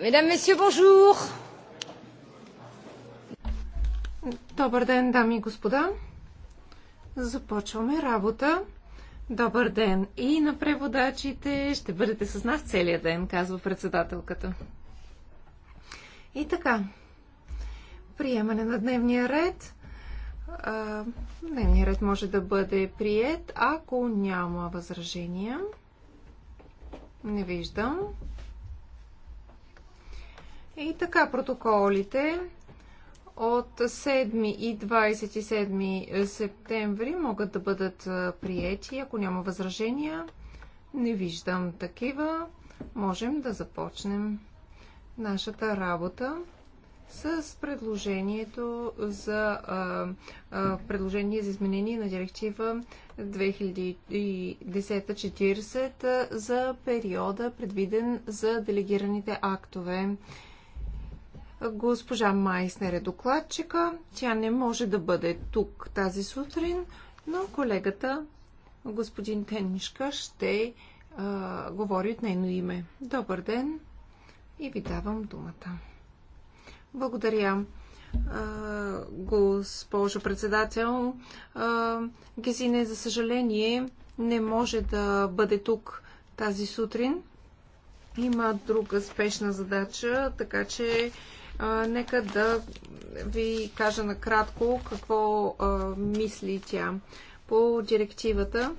Mesdames, Messieurs, bonjour. Добър ден, дами и господа. Започваме работа. Добър ден и на преводачите. Ще бъдете с нас целия ден, казва председателката. И така, приемане на дневния ред. Дневния ред може да бъде прият, ако няма възражения. Не виждам. И така, протоколите от 7 и 27 септември могат да бъдат приети, ако няма възражения. Не виждам такива. Можем да започнем нашата работа с предложението за а, а, предложение за изменение на директива 2010-40 за периода предвиден за делегираните актове. Госпожа Майснер е докладчика. Тя не може да бъде тук тази сутрин, но колегата господин Тенишка ще а, говори от нейно име. Добър ден и ви давам думата. Благодаря госпожо председател. Гезине, за съжаление, не може да бъде тук тази сутрин. Има друга спешна задача, така че нека да ви кажа накратко какво мисли тя по директивата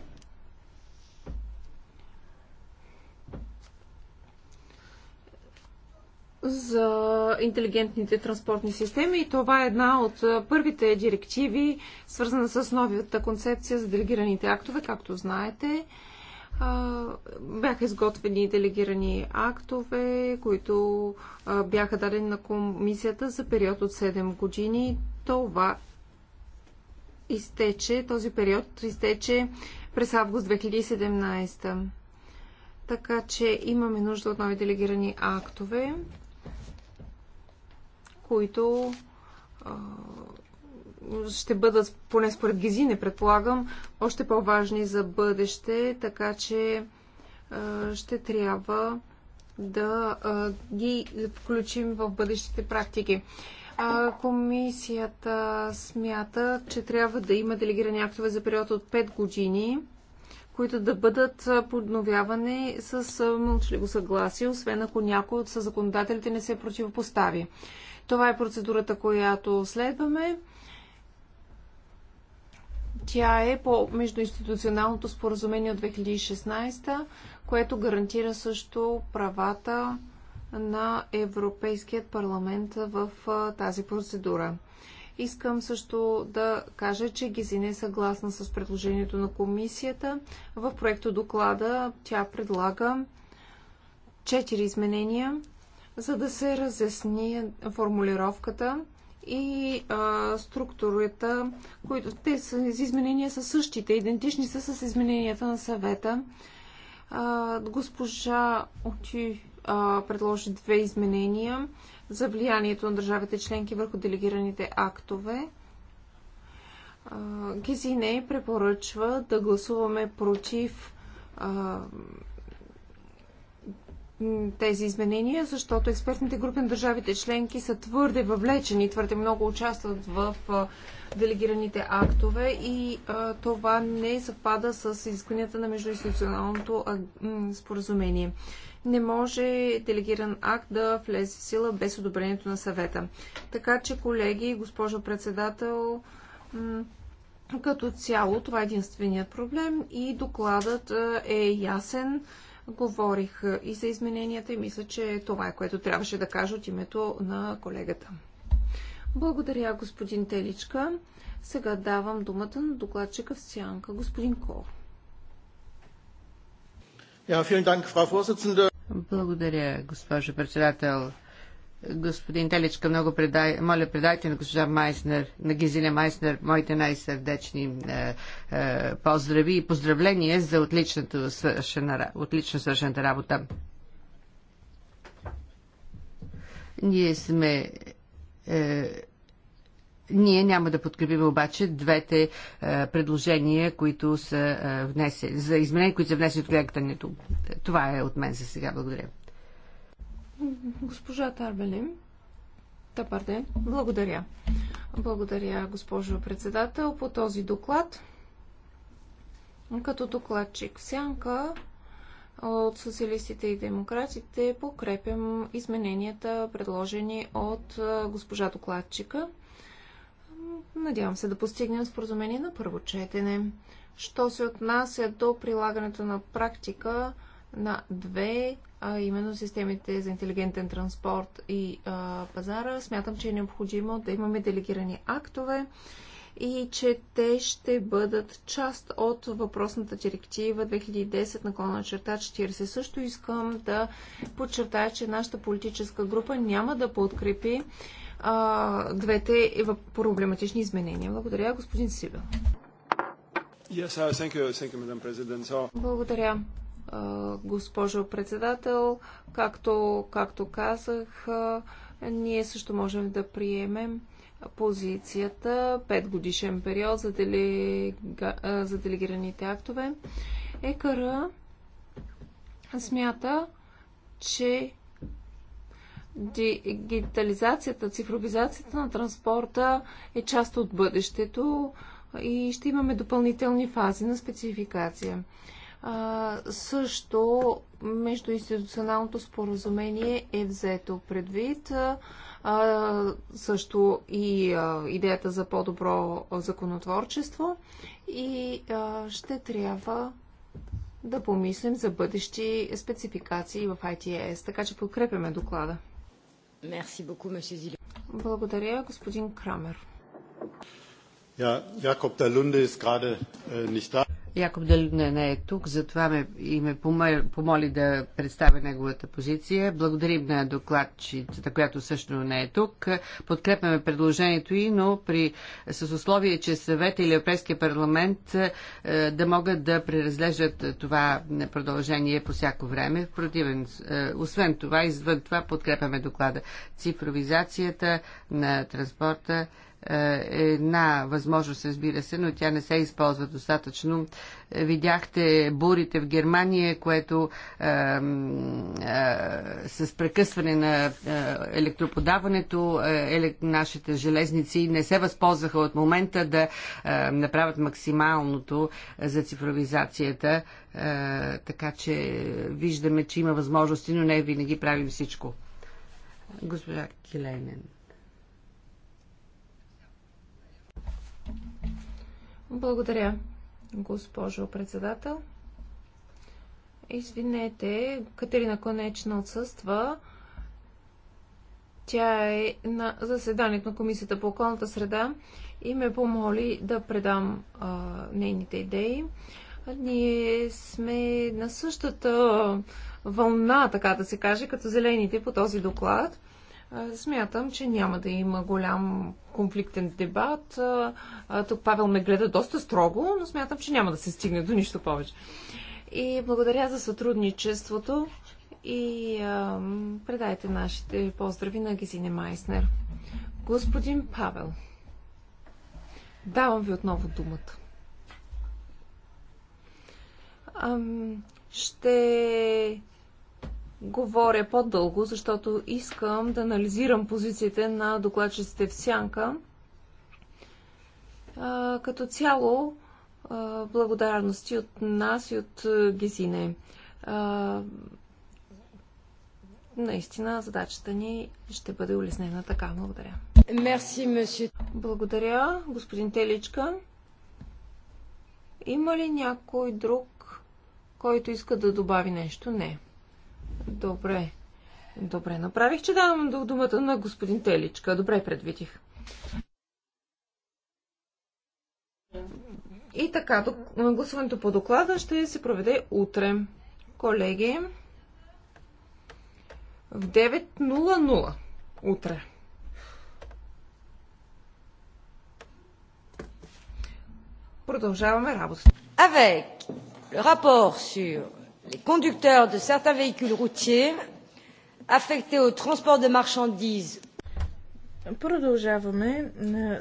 за интелигентните транспортни системи и това е една от първите директиви, свързана с новията концепция за делегираните актове, както знаете. Бяха изготвени делегирани актове, които бяха дадени на комисията за период от 7 години. Това изтече, този период изтече през август 2017. Така че имаме нужда от нови делегирани актове които ще бъдат, поне според Гизи, не предполагам, още по-важни за бъдеще, така че ще трябва да ги включим в бъдещите практики. Комисията смята, че трябва да има делегирани актове за период от 5 години, които да бъдат подновявани с мълчаливо съгласие, освен ако някой от законодателите не се противопостави. Това е процедурата, която следваме. Тя е по междуинституционалното споразумение от 2016, което гарантира също правата на Европейският парламент в тази процедура. Искам също да кажа, че Гизине е съгласна с предложението на комисията. В проекто доклада тя предлага четири изменения за да се разясни формулировката и а, структурата, които те са, изменения са същите, идентични са с измененията на съвета. А, госпожа Оти а, предложи две изменения за влиянието на държавите членки върху делегираните актове. Гезине препоръчва да гласуваме против а, тези изменения, защото експертните групи на държавите членки са твърде въвлечени, твърде много участват в делегираните актове и това не съвпада с изискванията на междуинституционалното споразумение. Не може делегиран акт да влезе в сила без одобрението на съвета. Така че, колеги, госпожо председател, като цяло това е единственият проблем и докладът е ясен Говорих и за измененията и мисля, че това е което трябваше да кажа от името на колегата. Благодаря, господин Теличка. Сега давам думата на докладчика в сянка, господин Кол. Благодаря, госпожо председател. Господин Теличка, много предай, моля, предайте на госпожа Майснер, на Гизиля Майснер, моите най-сърдечни е, е, поздрави и поздравления за отличната свършена, отлично свършената работа. Ние сме е, ние няма да подкрепим обаче двете е, предложения, които са е, внесени, за изменения, които са внесени от колегата Нето. Е, това е от мен за сега. Благодаря. Госпожа Тарбелин. Та, Благодаря. Благодаря, госпожо председател, по този доклад. Като докладчик в сянка от социалистите и демократите покрепям измененията, предложени от госпожа докладчика. Надявам се да постигнем споразумение на първо четене. Що се отнася до прилагането на практика на две а именно системите за интелигентен транспорт и а, пазара, смятам, че е необходимо да имаме делегирани актове и че те ще бъдат част от въпросната директива 2010 наклона черта 40. Също искам да подчертая, че нашата политическа група няма да подкрепи а, двете проблематични изменения. Благодаря, господин Сибел. Uh, Благодаря госпожо председател. Както, както казах, ние също можем да приемем позицията 5 годишен период за, делега, за делегираните актове. ЕКР смята, че дигитализацията, цифровизацията на транспорта е част от бъдещето и ще имаме допълнителни фази на спецификация а, също междуинституционалното споразумение е взето предвид. А, също и а, идеята за по-добро законотворчество и а, ще трябва да помислим за бъдещи спецификации в ITS. Така че подкрепяме доклада. Благодаря, господин Крамер. Ja, Jakob der Lunde ist äh, Якоб дали не е тук, затова ме, и ме помоли да представя неговата позиция. Благодарим на докладчицата, която също не е тук. Подкрепяме предложението и, но при, с условие, че съвета или Европейския парламент е, да могат да преразглеждат това продължение по всяко време. В противен, е, освен това, извън това, подкрепяме доклада. Цифровизацията на транспорта е, една възможност, разбира се, но тя не се използва достатъчно. Е, видяхте бурите в Германия, което е, е, с прекъсване на е, електроподаването е, нашите железници не се възползваха от момента да е, направят максималното за цифровизацията. Е, така че виждаме, че има възможности, но не винаги правим всичко. Госпожа Килейнен. Благодаря, госпожо председател. Извинете, Катерина Конечна отсъства. Тя е на заседанието на Комисията по околната среда и ме помоли да предам а, нейните идеи. Ние сме на същата вълна, така да се каже, като зелените по този доклад. Смятам, че няма да има голям конфликтен дебат. Тук Павел ме гледа доста строго, но смятам, че няма да се стигне до нищо повече. И благодаря за сътрудничеството и предайте нашите поздрави на Гезине Майснер. Господин Павел, давам ви отново думата. Ам, ще говоря по-дълго, защото искам да анализирам позициите на докладчиците в сянка. като цяло, благодарности от нас и от Гезине. наистина, задачата ни ще бъде улеснена така. Благодаря. Мерси, Благодаря, господин Теличка. Има ли някой друг, който иска да добави нещо? Не. Добре. Добре, направих, че давам думата на господин Теличка. Добре предвидих. И така, гласуването по доклада ще се проведе утре. Колеги, в 9.00 утре. Продължаваме работа. Avec le rapport sur les conducteurs de certains véhicules routiers affectés au transport de marchandises. Продължаваме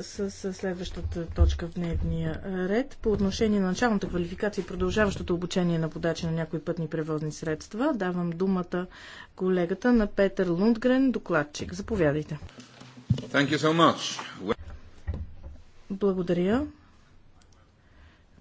с, следващата точка в дневния ред по отношение на началната квалификация и продължаващото обучение на подачи на някои пътни превозни средства. Давам думата колегата на Петър Лундгрен, докладчик. Заповядайте. Thank you so much. Благодаря.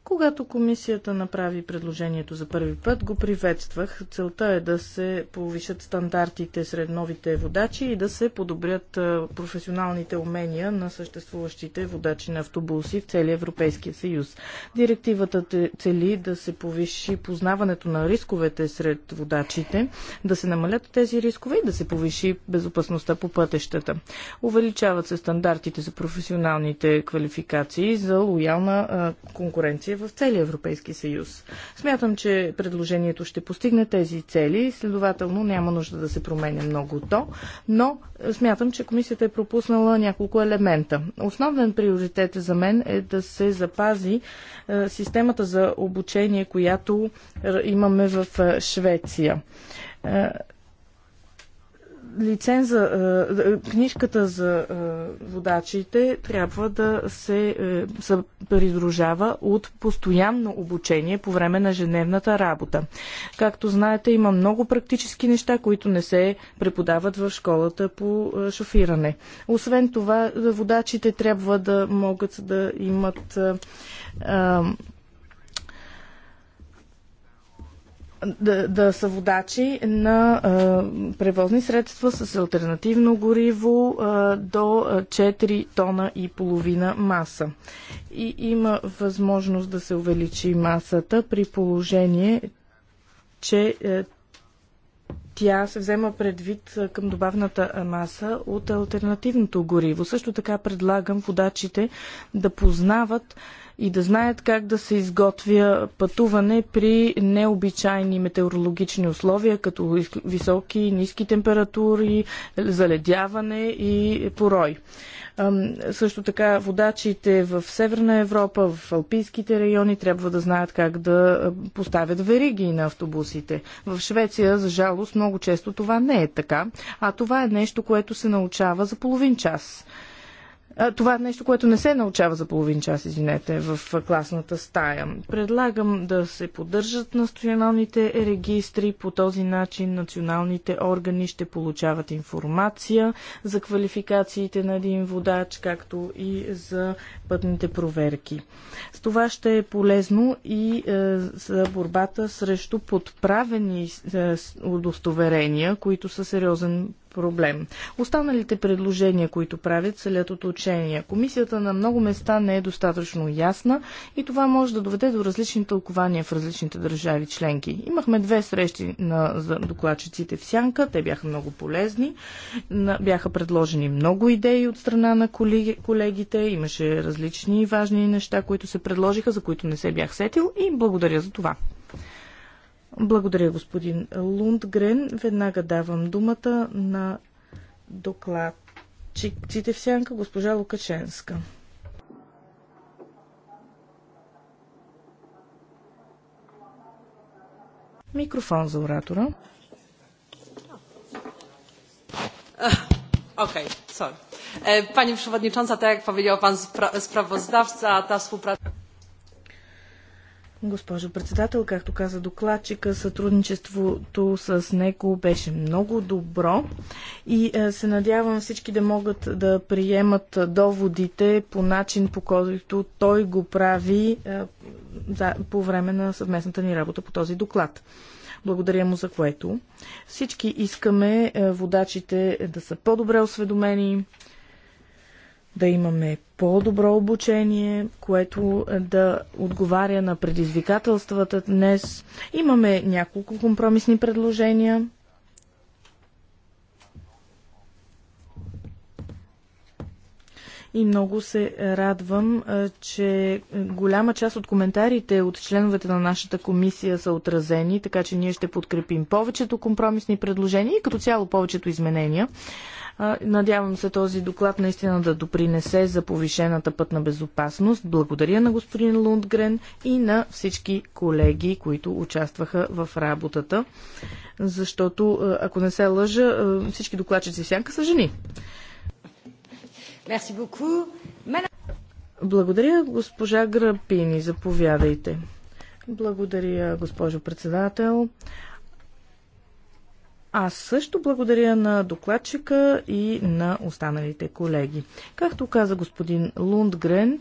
Когато комисията направи предложението за първи път, го приветствах. Целта е да се повишат стандартите сред новите водачи и да се подобрят професионалните умения на съществуващите водачи на автобуси в целия Европейския съюз. Директивата цели да се повиши познаването на рисковете сред водачите, да се намалят тези рискове и да се повиши безопасността по пътещата. Увеличават се стандартите за професионалните квалификации за лоялна конкуренция в целия Европейски съюз. Смятам, че предложението ще постигне тези цели, следователно няма нужда да се променя много то, но смятам, че комисията е пропуснала няколко елемента. Основен приоритет за мен е да се запази е, системата за обучение, която имаме в е, Швеция е, лиценза, е, е, книжката за е, водачите трябва да се придружава от постоянно обучение по време на женевната работа. Както знаете, има много практически неща, които не се преподават в школата по шофиране. Освен това, водачите трябва да могат да имат да, да са водачи на а, превозни средства с альтернативно гориво а, до 4 тона и половина маса. И има възможност да се увеличи масата при положение, че е, тя се взема предвид към добавната маса от альтернативното гориво. Също така предлагам водачите да познават и да знаят как да се изготвя пътуване при необичайни метеорологични условия, като високи и ниски температури, заледяване и порой. Също така водачите в Северна Европа, в алпийските райони трябва да знаят как да поставят вериги на автобусите. В Швеция, за жалост, много често това не е така, а това е нещо, което се научава за половин час. Това е нещо, което не се научава за половин час, извинете, в класната стая. Предлагам да се поддържат националните регистри. По този начин националните органи ще получават информация за квалификациите на един водач, както и за пътните проверки. С това ще е полезно и е, за борбата срещу подправени е, удостоверения, които са сериозен проблем. Останалите предложения, които правят, целят учения. Комисията на много места не е достатъчно ясна и това може да доведе до различни тълкования в различните държави членки. Имахме две срещи на докладчиците в Сянка, те бяха много полезни, бяха предложени много идеи от страна на колегите, имаше различни важни неща, които се предложиха, за които не се бях сетил и благодаря за това. Благодаря, господин Лундгрен. Веднага давам думата на докладчиците в сянка, госпожа Лукаченска. Микрофон за оратора. Okej, okay, sorry. Pani Przewodnicząca, tak jak powiedział Pan spra- sprawozdawca, ta współpraca... Госпожо председател, както каза докладчика, сътрудничеството с него беше много добро и е, се надявам всички да могат да приемат доводите по начин, по който той го прави е, по време на съвместната ни работа по този доклад. Благодаря му за което. Всички искаме е, водачите да са по-добре осведомени, да имаме по-добро обучение, което да отговаря на предизвикателствата днес. Имаме няколко компромисни предложения. И много се радвам, че голяма част от коментарите от членовете на нашата комисия са отразени, така че ние ще подкрепим повечето компромисни предложения и като цяло повечето изменения. Надявам се този доклад наистина да допринесе за повишената пътна безопасност. Благодаря на господин Лундгрен и на всички колеги, които участваха в работата. Защото, ако не се лъжа, всички докладчици сянка са жени. Благодаря, госпожа Грапини. Заповядайте. Благодаря, госпожо председател. Аз също благодаря на докладчика и на останалите колеги. Както каза господин Лундгрен,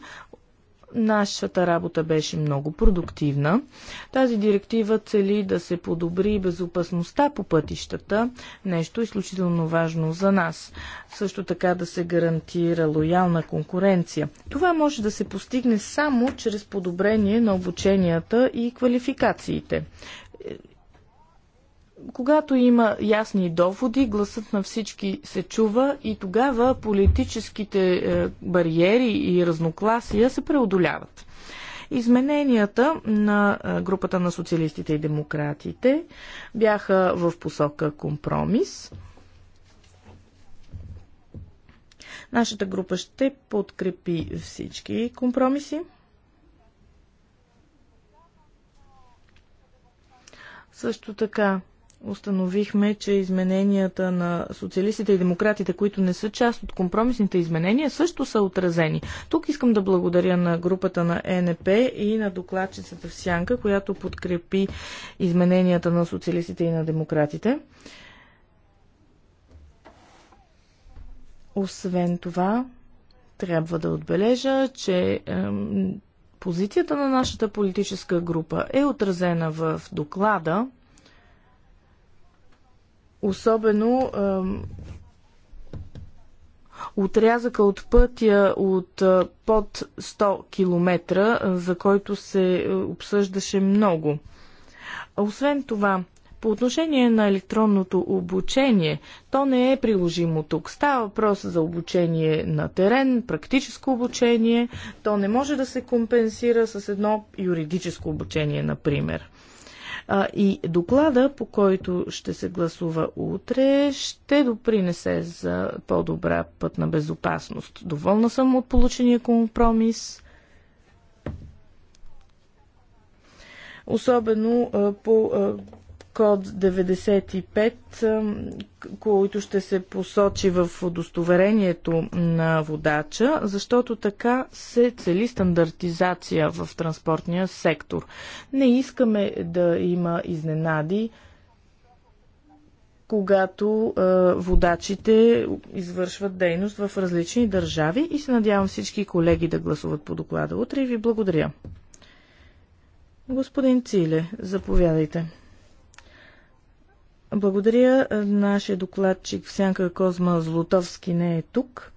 Нашата работа беше много продуктивна. Тази директива цели да се подобри безопасността по пътищата, нещо изключително важно за нас. Също така да се гарантира лоялна конкуренция. Това може да се постигне само чрез подобрение на обученията и квалификациите когато има ясни доводи, гласът на всички се чува и тогава политическите е, бариери и разнокласия се преодоляват. Измененията на е, групата на социалистите и демократите бяха в посока компромис. Нашата група ще подкрепи всички компромиси. Също така установихме, че измененията на социалистите и демократите, които не са част от компромисните изменения, също са отразени. Тук искам да благодаря на групата на ЕНП и на докладчицата в Сянка, която подкрепи измененията на социалистите и на демократите. Освен това, трябва да отбележа, че позицията на нашата политическа група е отразена в доклада Особено отрязъка от пътя от под 100 км, за който се обсъждаше много. Освен това, по отношение на електронното обучение, то не е приложимо тук. Става въпрос за обучение на терен, практическо обучение. То не може да се компенсира с едно юридическо обучение, например. А, и доклада, по който ще се гласува утре, ще допринесе за по-добра път на безопасност. Доволна съм от получения компромис. Особено по код 95, който ще се посочи в удостоверението на водача, защото така се цели стандартизация в транспортния сектор. Не искаме да има изненади, когато водачите извършват дейност в различни държави и се надявам всички колеги да гласуват по доклада утре и ви благодаря. Господин Циле, заповядайте. Благодаря. Нашия докладчик Сянка Козма Злотовски не е тук.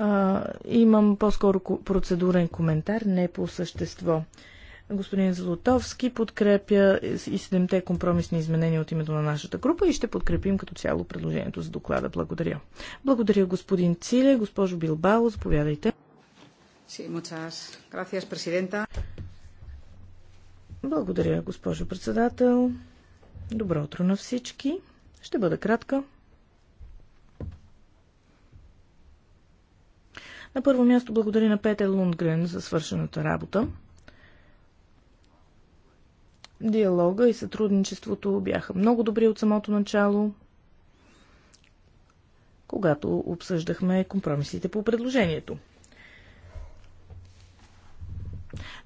А, имам по-скоро процедурен коментар, не по същество. Господин Злотовски подкрепя и седемте компромисни изменения от името на нашата група и ще подкрепим като цяло предложението за доклада. Благодаря. Благодаря господин Циле. Госпожо Билбао, заповядайте. Благодаря, госпожо председател. Добро утро на всички. Ще бъда кратка. На първо място благодаря на Пете Лундгрен за свършената работа. Диалога и сътрудничеството бяха много добри от самото начало, когато обсъждахме компромисите по предложението.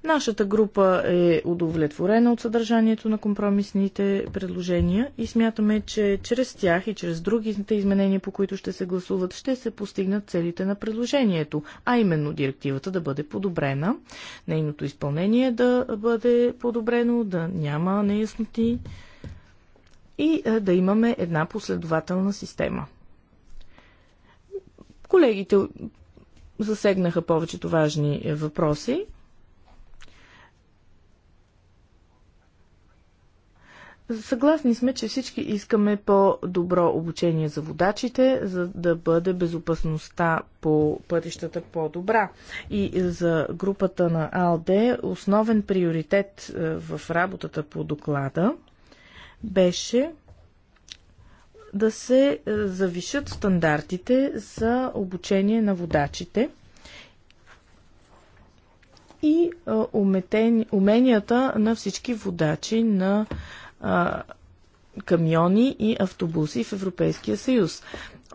Нашата група е удовлетворена от съдържанието на компромисните предложения и смятаме, че чрез тях и чрез другите изменения, по които ще се гласуват, ще се постигнат целите на предложението, а именно директивата да бъде подобрена, нейното изпълнение да бъде подобрено, да няма неясноти и е, да имаме една последователна система. Колегите засегнаха повечето важни въпроси. Съгласни сме, че всички искаме по-добро обучение за водачите, за да бъде безопасността по пътищата по-добра. И за групата на АЛД основен приоритет е, в работата по доклада беше да се е, завишат стандартите за обучение на водачите и е, уменията на всички водачи на камиони и автобуси в Европейския съюз.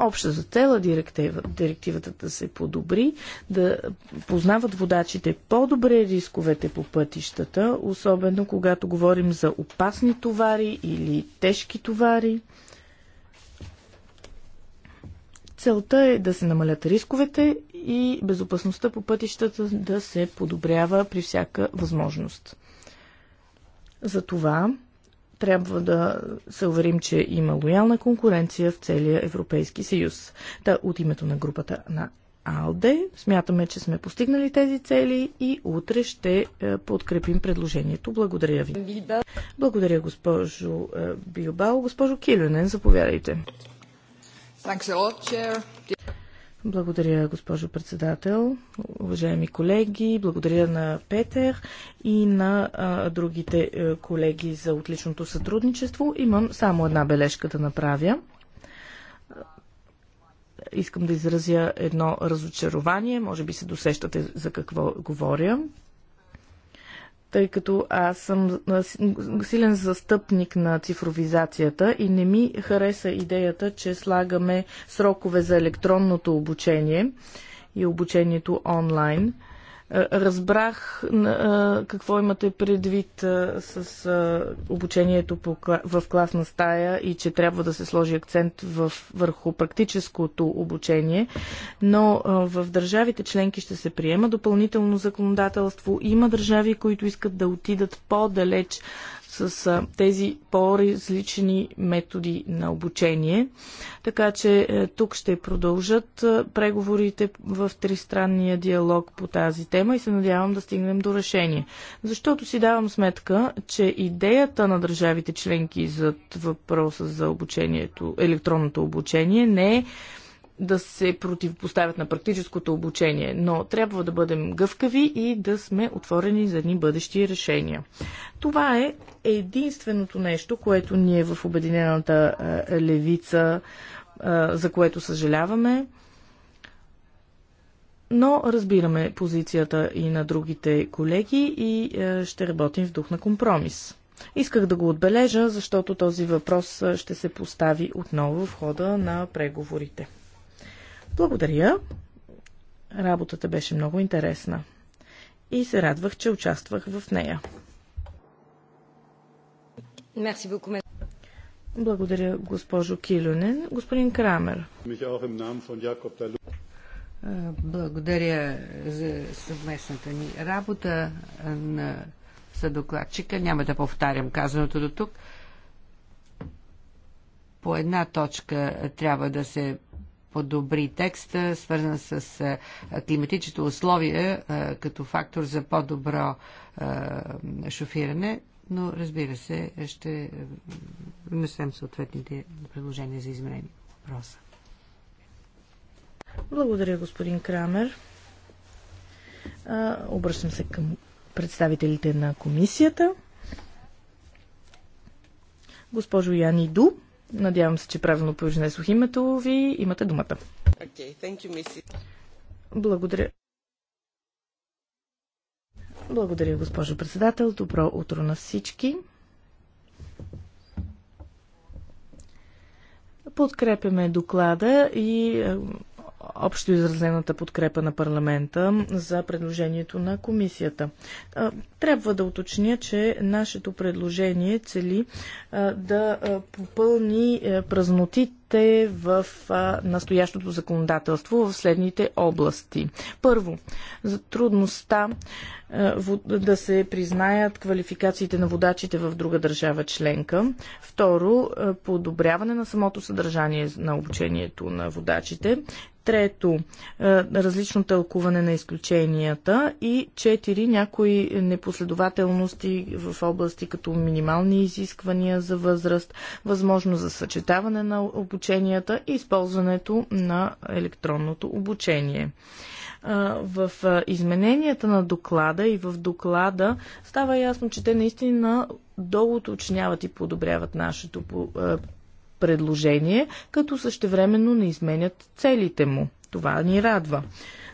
Общата цел цела директива, директивата да се подобри, да познават водачите по-добре рисковете по пътищата, особено когато говорим за опасни товари или тежки товари. Целта е да се намалят рисковете и безопасността по пътищата да се подобрява при всяка възможност. Затова трябва да се уверим, че има лоялна конкуренция в целия Европейски съюз. Та от името на групата на АЛДЕ смятаме, че сме постигнали тези цели и утре ще е, подкрепим предложението. Благодаря ви. Благодаря, госпожо е, Билбао. Госпожо Килюнен, заповядайте. Благодаря, госпожо председател. Уважаеми колеги, благодаря на Петър и на а, другите а, е, колеги за отличното сътрудничество. Имам само една бележка да направя. Искам да изразя едно разочарование. Може би се досещате за какво говоря тъй като аз съм силен застъпник на цифровизацията и не ми хареса идеята, че слагаме срокове за електронното обучение и обучението онлайн – Разбрах какво имате предвид с обучението в класна стая и че трябва да се сложи акцент върху практическото обучение, но в държавите членки ще се приема допълнително законодателство. Има държави, които искат да отидат по-далеч с тези по-различни методи на обучение. Така че е, тук ще продължат е, преговорите в тристранния диалог по тази тема и се надявам да стигнем до решение. Защото си давам сметка, че идеята на държавите членки за въпроса за обучението, електронното обучение не е да се противопоставят на практическото обучение, но трябва да бъдем гъвкави и да сме отворени за едни бъдещи решения. Това е единственото нещо, което ние в Обединената левица, за което съжаляваме, но разбираме позицията и на другите колеги и ще работим в дух на компромис. Исках да го отбележа, защото този въпрос ще се постави отново в хода на преговорите. Благодаря. Работата беше много интересна. И се радвах, че участвах в нея. Благодаря, госпожо Килюнен. Господин Крамер. Благодаря за съвместната ни работа на съдокладчика. Няма да повтарям казаното до тук. По една точка трябва да се подобри текста, свързан с климатичните условия като фактор за по-добро шофиране, но разбира се, ще внесем съответните предложения за изменение. Въпроса. Благодаря, господин Крамер. Обръщам се към представителите на комисията. Госпожо Яни Ду. Надявам се, че правилно произнесох името ви. Имате думата. Okay, thank you, Missy. Благодаря. Благодаря, госпожо председател. Добро утро на всички. Подкрепяме доклада и е, общо изразената подкрепа на парламента за предложението на комисията. Трябва да уточня, че нашето предложение цели да попълни празнотите промените в настоящото законодателство в следните области. Първо, за трудността да се признаят квалификациите на водачите в друга държава членка. Второ, подобряване на самото съдържание на обучението на водачите. Трето, различно тълкуване на изключенията. И четири, някои непоследователности в области като минимални изисквания за възраст, възможност за съчетаване на обучението обученията и използването на електронното обучение. В измененията на доклада и в доклада става ясно, че те наистина доуточняват и подобряват нашето предложение, като същевременно не изменят целите му. Това ни радва.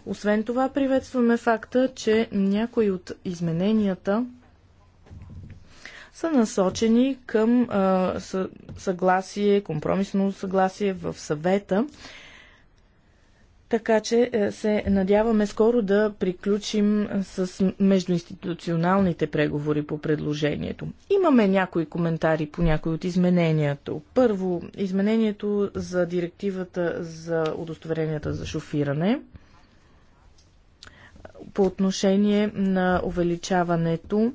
Освен това, приветстваме факта, че някои от измененията са насочени към а, съгласие, компромисно съгласие в съвета. Така че е, се надяваме скоро да приключим с междуинституционалните преговори по предложението. Имаме някои коментари по някои от изменението. Първо, изменението за директивата за удостоверенията за шофиране – по отношение на увеличаването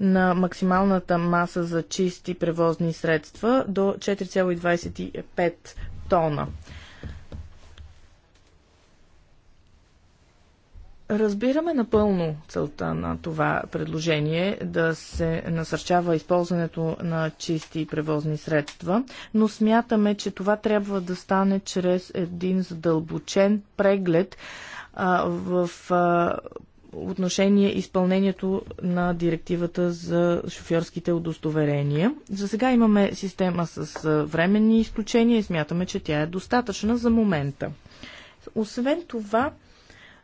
на максималната маса за чисти превозни средства до 4,25 тона. Разбираме напълно целта на това предложение да се насърчава използването на чисти превозни средства, но смятаме, че това трябва да стане чрез един задълбочен преглед в отношение изпълнението на директивата за шофьорските удостоверения. За сега имаме система с временни изключения и смятаме, че тя е достатъчна за момента. Освен това,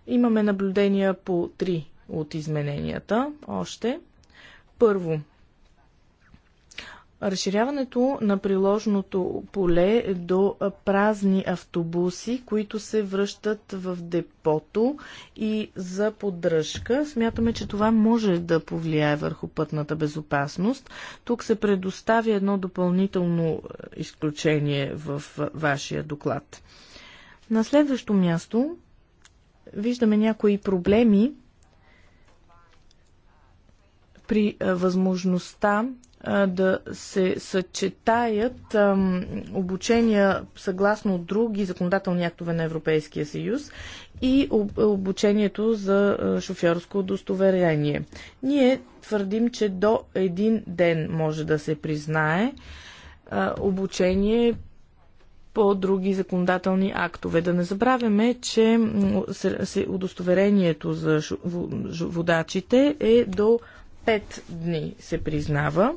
имаме наблюдения по три от измененията още. Първо, Разширяването на приложното поле до празни автобуси, които се връщат в депото и за поддръжка. Смятаме, че това може да повлияе върху пътната безопасност. Тук се предоставя едно допълнително е, изключение в е, вашия доклад. На следващо място виждаме някои проблеми, при е, възможността е, да се съчетаят е, обучения съгласно други законодателни актове на Европейския съюз и обучението за шофьорско удостоверение. Ние твърдим, че до един ден може да се признае обучение по други законодателни актове. Да не забравяме, че удостоверението за водачите е до 5 дни се признава.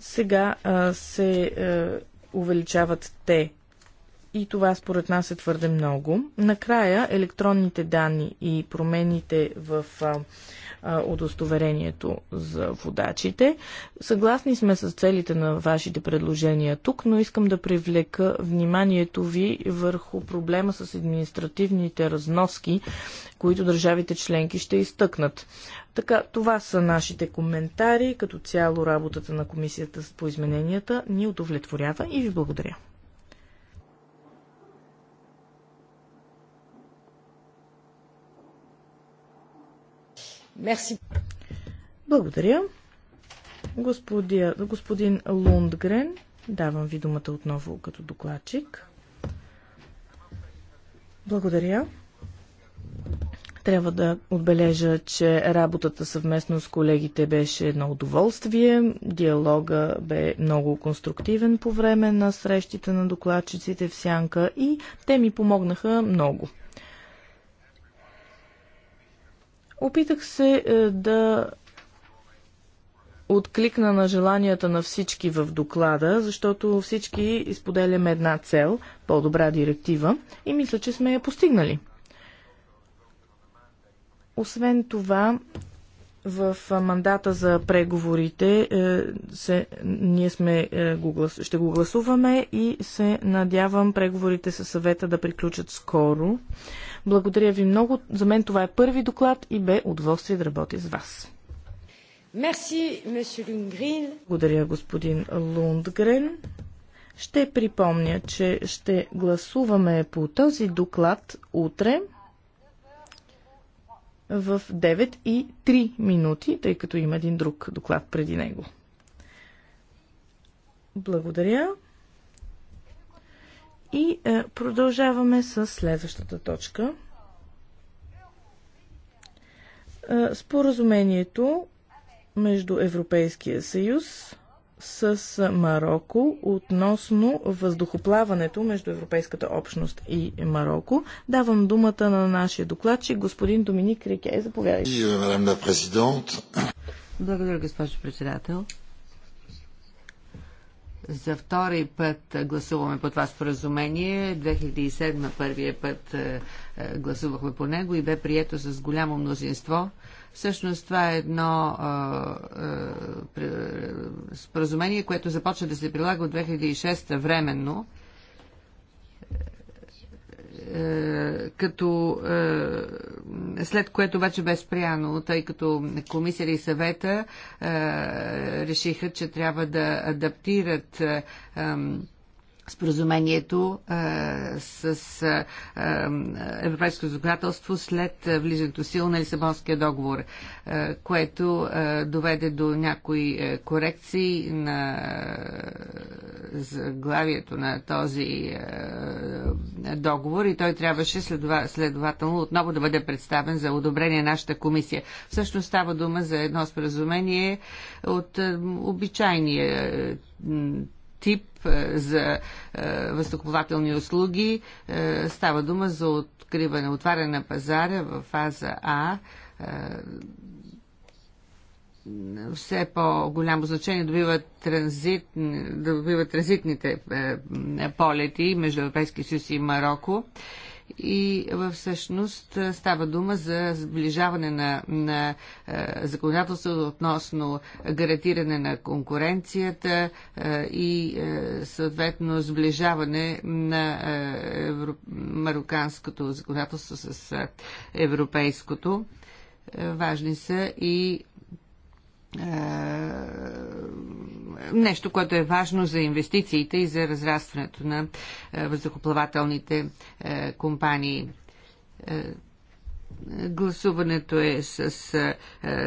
Сега а, се а, увеличават те. И това според нас е твърде много. Накрая електронните данни и промените в а, а, удостоверението за водачите. Съгласни сме с целите на вашите предложения тук, но искам да привлека вниманието ви върху проблема с административните разноски, които държавите членки ще изтъкнат. Така, това са нашите коментари. Като цяло работата на комисията по измененията ни удовлетворява и ви благодаря. Мерси. Благодаря. Господия, господин Лундгрен, давам ви думата отново като докладчик. Благодаря. Трябва да отбележа, че работата съвместно с колегите беше едно удоволствие. Диалога бе много конструктивен по време на срещите на докладчиците в Сянка и те ми помогнаха много. Опитах се е, да откликна на желанията на всички в доклада, защото всички изподеляме една цел по-добра директива и мисля, че сме я постигнали. Освен това, в мандата за преговорите е, се, ние сме, е, го, ще го гласуваме и се надявам преговорите със съвета да приключат скоро. Благодаря ви много. За мен това е първи доклад и бе удоволствие да работя с вас. Merci, Благодаря, господин Лундгрен. Ще припомня, че ще гласуваме по този доклад утре в 9 и 3 минути, тъй като има един друг доклад преди него. Благодаря. И е, продължаваме с следващата точка. Е, споразумението между Европейския съюз с Марокко относно въздухоплаването между Европейската общност и Марокко. Давам думата на нашия докладчик, господин Доминик Рике. Заповядайте. Euh, Благодаря, госпожо председател. За втори път гласуваме по това споразумение. 2007 първия път е, е, гласувахме по него и бе прието с голямо мнозинство Всъщност това е едно споразумение, което започва да се прилага от 2006 временно е, е, като е, след което вече бе спряно, тъй като комисията и съвета решиха, че трябва да адаптират споразумението а, с европейското законодателство след влизането сил на Лисабонския договор, а, което а, доведе до някои а, корекции на заглавието на този а, договор и той трябваше следова, следователно отново да бъде представен за одобрение на нашата комисия. Всъщност става дума за едно споразумение от а, обичайния тип е, за е, въздухоплавателни услуги. Е, става дума за откриване, отваряне на пазара в фаза А все по-голямо значение добиват, транзит, добиват транзитните полети между Европейския съюз и Марокко и всъщност става дума за сближаване на, на законодателството относно гарантиране на конкуренцията и съответно сближаване на евро... мароканското законодателство с европейското. Важни са и нещо, което е важно за инвестициите и за разрастването на е, въздухоплавателните е, компании. Е, гласуването е с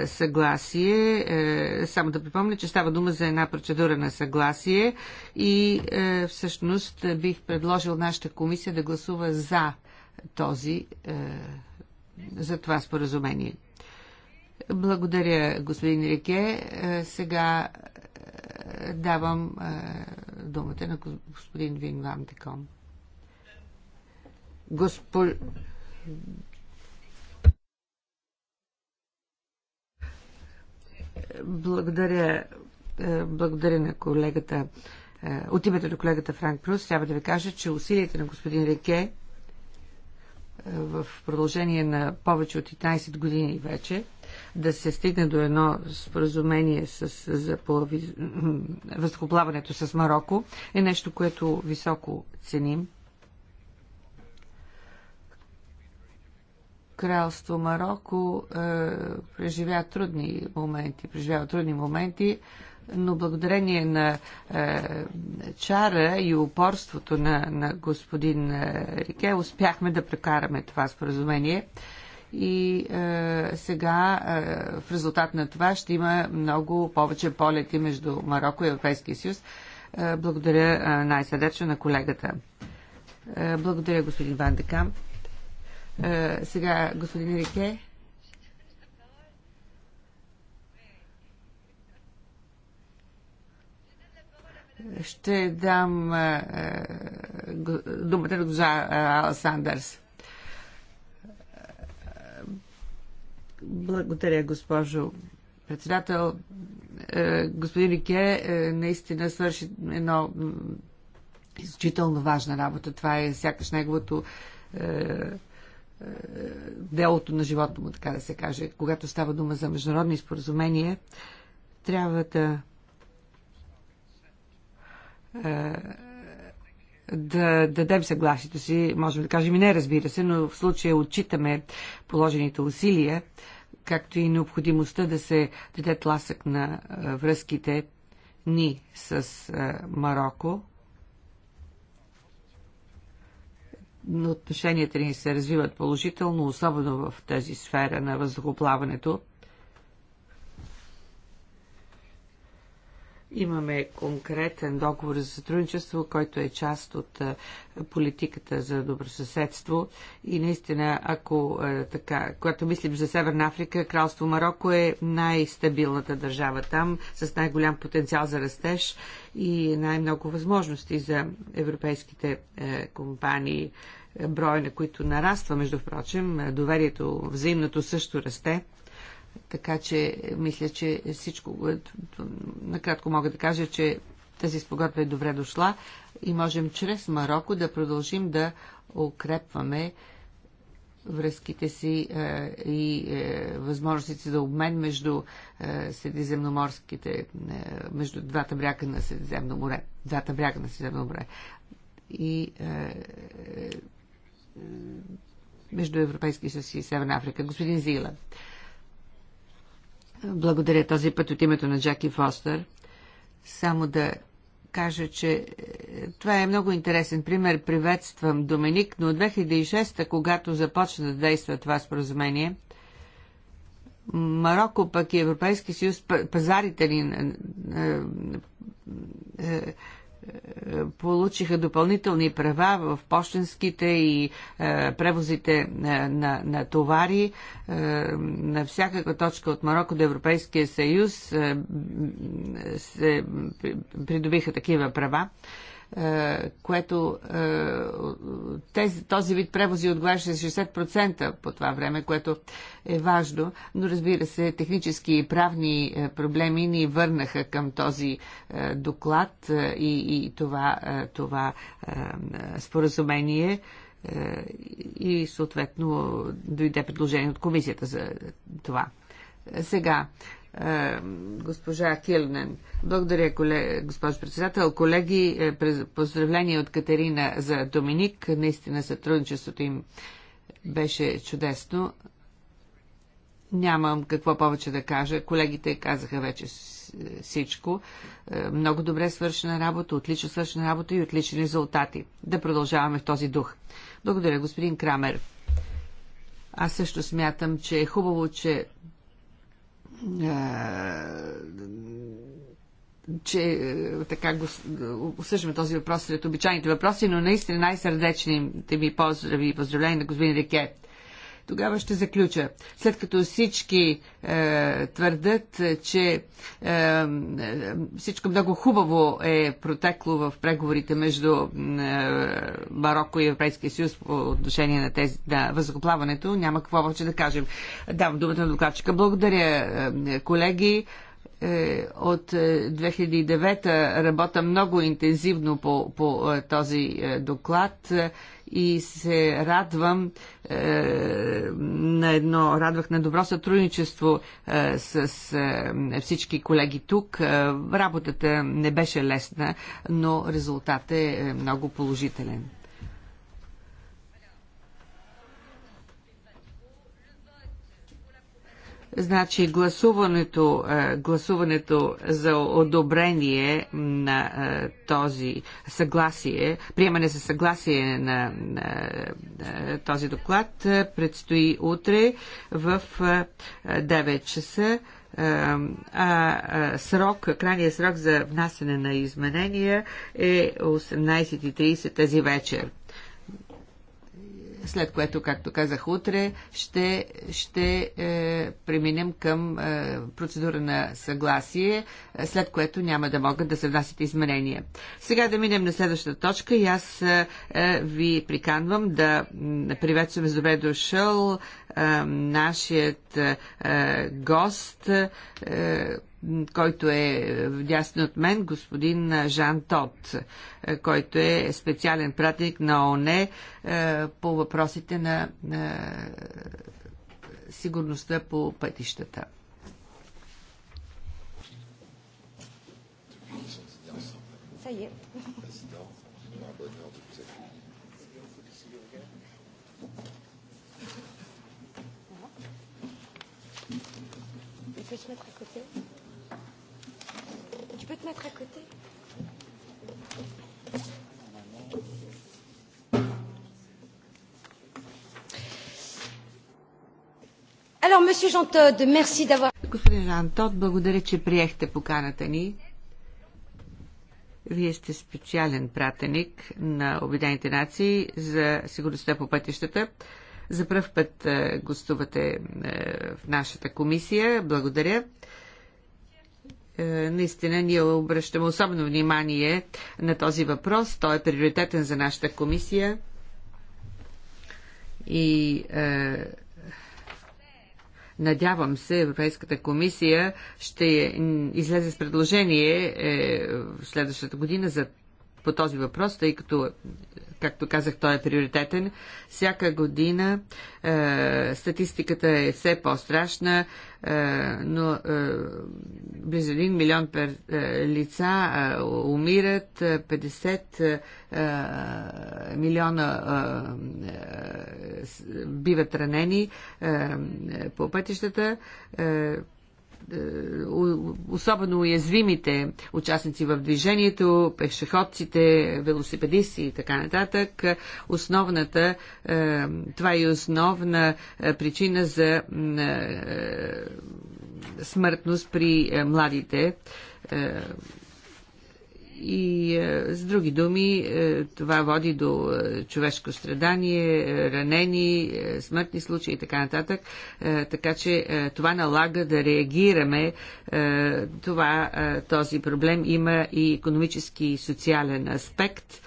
съгласие. Само да припомня, че става дума за една процедура на съгласие и всъщност бих предложил нашата комисия да гласува за този, за това споразумение. Благодаря, господин Реке. Сега давам е, думата на господин Вингван Деком. Госпо... Благодаря, е, благодаря на колегата. Е, от името на колегата Франк Прус трябва да ви кажа, че усилията на господин Реке в продължение на повече от 15 години вече – да се стигне до едно споразумение с, за по, с Марокко е нещо, което високо ценим. Кралство Марокко е, преживя трудни моменти, преживява трудни моменти, но благодарение на е, чара и упорството на, на господин е, Рике успяхме да прекараме това споразумение. Е, и е, сега е, в резултат на това ще има много повече полети между Марокко и Европейския съюз. Е, благодаря е, най-сърдечно на колегата. Е, благодаря, господин Декам. Е, сега, господин Рике. Ще дам е, е думата на госпожа е, Сандърс. Благодаря, госпожо председател. Е, господин Рике е, наистина свърши едно изключително важна работа. Това е сякаш неговото е, делото на живота му, така да се каже. Когато става дума за международни споразумения, трябва да да дадем съгласието си, можем да кажем и не, разбира се, но в случая отчитаме положените усилия както и необходимостта да се даде тласък на връзките ни с Марокко. Но отношенията ни се развиват положително, особено в тази сфера на въздухоплаването – Имаме конкретен договор за сътрудничество, който е част от политиката за добросъседство. И наистина, ако така, когато мислим за Северна Африка, Кралство Марокко е най-стабилната държава там, с най-голям потенциал за растеж и най-много възможности за европейските е, компании е, брой на които нараства, между прочим, е, доверието взаимното също расте. Така че мисля, че всичко. Накратко мога да кажа, че тази спогодба е добре дошла и можем чрез Марокко да продължим да укрепваме връзките си е, и е, възможностите за обмен между е, средиземноморските, е, между двата бряга на Средиземно море, двата бряга на Средиземно море и е, е, между Европейския съюз и Северна Африка. Господин Зила. Е, благодаря този път от името на Джаки Фостер. Само да кажа, че е, това е много интересен пример. Приветствам Доминик, но от 2006, когато започна да действа това споразумение, Марокко пък и Европейски съюз, пазарите ни е, е, получиха допълнителни права в почтенските и е, превозите на, на, на товари е, на всякаква точка от Марокко до Европейския съюз е, се придобиха такива права. Е, е, което е, този вид превози отговаряше 60% по това време, което е важно, но разбира се, технически и правни е, проблеми ни върнаха към този доклад и, и това, това споразумение и съответно дойде предложение от комисията за това. Сега, е, госпожа Килнен. Благодаря, госпожо председател. Колеги, е, поздравления от Катерина за Доминик. Наистина сътрудничеството им беше чудесно. Нямам какво повече да кажа. Колегите казаха вече всичко. Е, много добре свършена работа, отлично свършена работа и отлични резултати. Да продължаваме в този дух. Благодаря, господин Крамер. Аз също смятам, че е хубаво, че че е, така го, обсъждаме този въпрос сред обичайните въпроси, но наистина най-сърдечните ми поздрави и поздравления на господин Рикет. Тогава ще заключа. След като всички е, твърдят, че е, всичко много хубаво е протекло в преговорите между е, Марокко и Европейския съюз по отношение на, тези, на въздухоплаването, няма какво повече да кажем. Давам думата на докладчика. Благодаря, е, колеги. Е, от 2009 е, работя много интензивно по, по е, този доклад и се радвам на едно, радвах на добро сътрудничество с всички колеги тук. работата не беше лесна, но резултатът е много положителен. Значи гласуването, е, гласуването за одобрение на е, този съгласие, приемане за съгласие на, на е, този доклад предстои утре в 9 часа а, срок, крайният срок за внасяне на изменения е 18.30 тази вечер след което, както казах, утре ще, ще е, преминем към е, процедура на съгласие, е, след което няма да могат да се внасят изменения. Сега да минем на следващата точка и аз е, е ви приканвам да приветствам с добре дошъл е, нашият е, е гост. Е, който е вдясно от мен, господин Жан Тот, който е специален пратник на ОНЕ по въпросите на, сигурността по пътищата. Je peux se mettre à côté peux te mettre à côté Alors, monsieur Jean Todd, merci d'avoir... Господин Жан Тод, благодаря, че приехте поканата ни. Вие сте специален пратеник на Обединените нации за сигурността по пътищата. За първ път гостувате в нашата комисия. Благодаря. Е, наистина ние обръщаме особено внимание на този въпрос. Той е приоритетен за нашата комисия. И е, Надявам се, Европейската комисия ще излезе с предложение е, в следващата година за по този въпрос, тъй като, както казах, той е приоритетен. Всяка година е, статистиката е все по-страшна, е, но е, близо 1 милион пер, е, лица е, умират, 50 е, е, е, милиона е, е, биват ранени е, е, по пътищата. Е, е, особено уязвимите участници в движението, пешеходците, велосипедисти и така нататък, основната, е, това е основна е, причина за смъртност при младите и е, с други думи, е, това води до е, човешко страдание, ранени, смъртни случаи и така нататък. Така че това налага да реагираме. Това, този проблем има и економически и социален аспект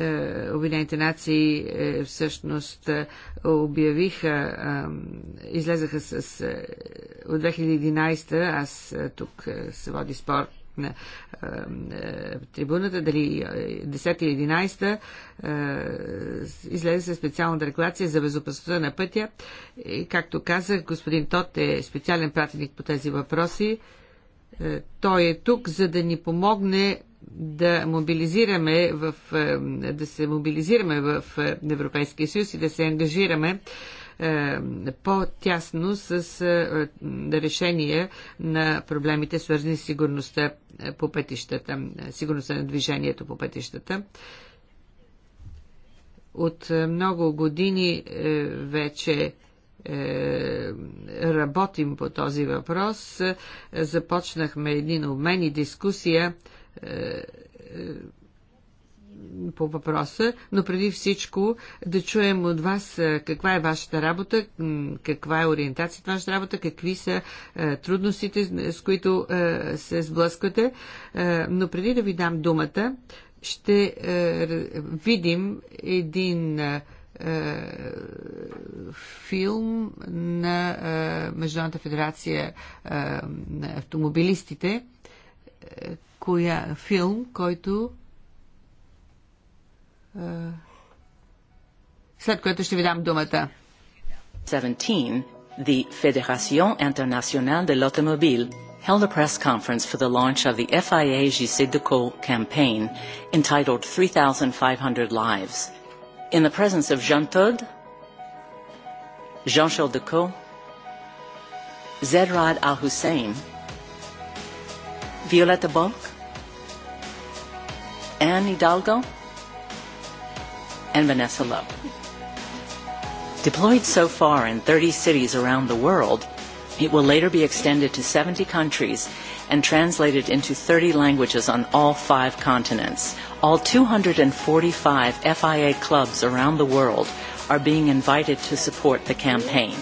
е, Обединените нации е, всъщност е, обявиха, излезаха с от 2011, аз тук се води спор на трибуната, дали 10 или 11 излезе със специалната декларация за безопасността на пътя. И, както казах, господин Тот е специален пратеник по тези въпроси. Той е тук, за да ни помогне да мобилизираме в, е, да се мобилизираме в е, Европейския съюз и да се ангажираме е, по-тясно с решение на проблемите, свързани с сигурността по пътищата, сигурността на движението по пътищата. От много години вече работим по този въпрос. Започнахме един обмен и дискусия е, е, по въпроса, но преди всичко да чуем от вас е, каква е вашата работа, каква е ориентацията на вашата работа, какви са трудностите, с които се сблъсквате. Но преди да ви дам думата, ще видим един филм на Международната федерация на автомобилистите, коя, филм, който след което ще ви дам думата. 17, the Fédération Internationale de l'Automobile held a press conference for the launch of the FIA Gisedeco campaign entitled 3,500 Lives. In the presence of Jean Todd, Jean-Charles Decaux, Zedrad Al-Hussein, Violetta Bonk, Anne Hidalgo and Vanessa Lowe. Deployed so far in 30 cities around the world, it will later be extended to 70 countries and translated into 30 languages on all five continents. All 245 FIA clubs around the world are being invited to support the campaign.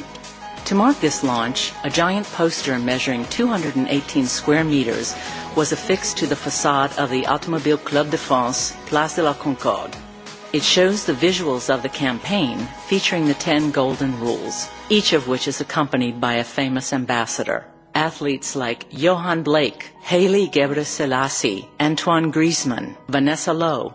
To mark this launch, a giant poster measuring 218 square meters was affixed to the facade of the Automobile Club de France, Place de la Concorde. It shows the visuals of the campaign featuring the 10 golden rules, each of which is accompanied by a famous ambassador. Athletes like Johan Blake, Haley Gebre Selassie, Antoine Griezmann, Vanessa Lowe,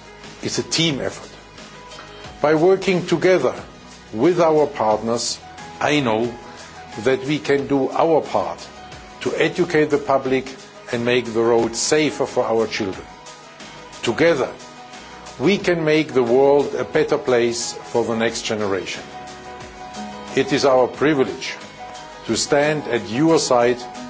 is a team effort. By working together with our partners, I know that we can do our part to educate the public and make the road safer for our children. Together, we can make the world a better place for the next generation. It is our privilege to stand at your side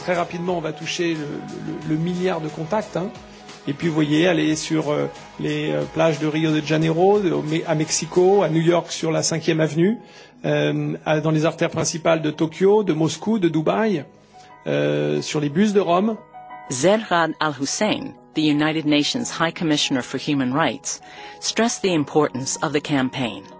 très rapidement, on va toucher le, le, le milliard de contacts. Hein. Et puis, vous voyez, aller sur euh, les plages de Rio de Janeiro, de, à Mexico, à New York, sur la 5e avenue, euh, à, dans les artères principales de Tokyo, de Moscou, de Dubaï, euh, sur les bus de Rome. Zerhan al-Hussein, the United Nations High Commissioner for Human Rights, stressed the importance of the campaign –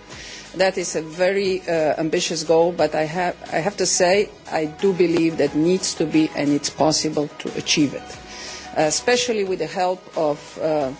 That is a very uh, ambitious goal, but I have, I have to say I do believe that needs to be and it's possible to achieve it, especially with the help of uh,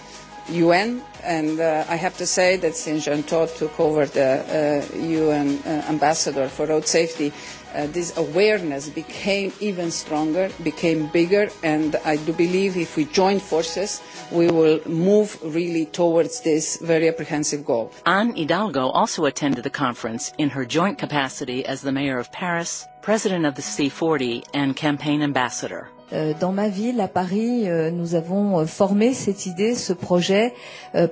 UN, and uh, I have to say that since Jean Todt took over the uh, UN uh, ambassador for road safety, uh, this awareness became even stronger, became bigger, and I do believe if we join forces, we will move really towards this very apprehensive goal. Anne Hidalgo also attended the conference in her joint capacity as the mayor of Paris, president of the C40, and campaign ambassador dans ma ville, à Paris, nous avons formé cette idée, ce projet,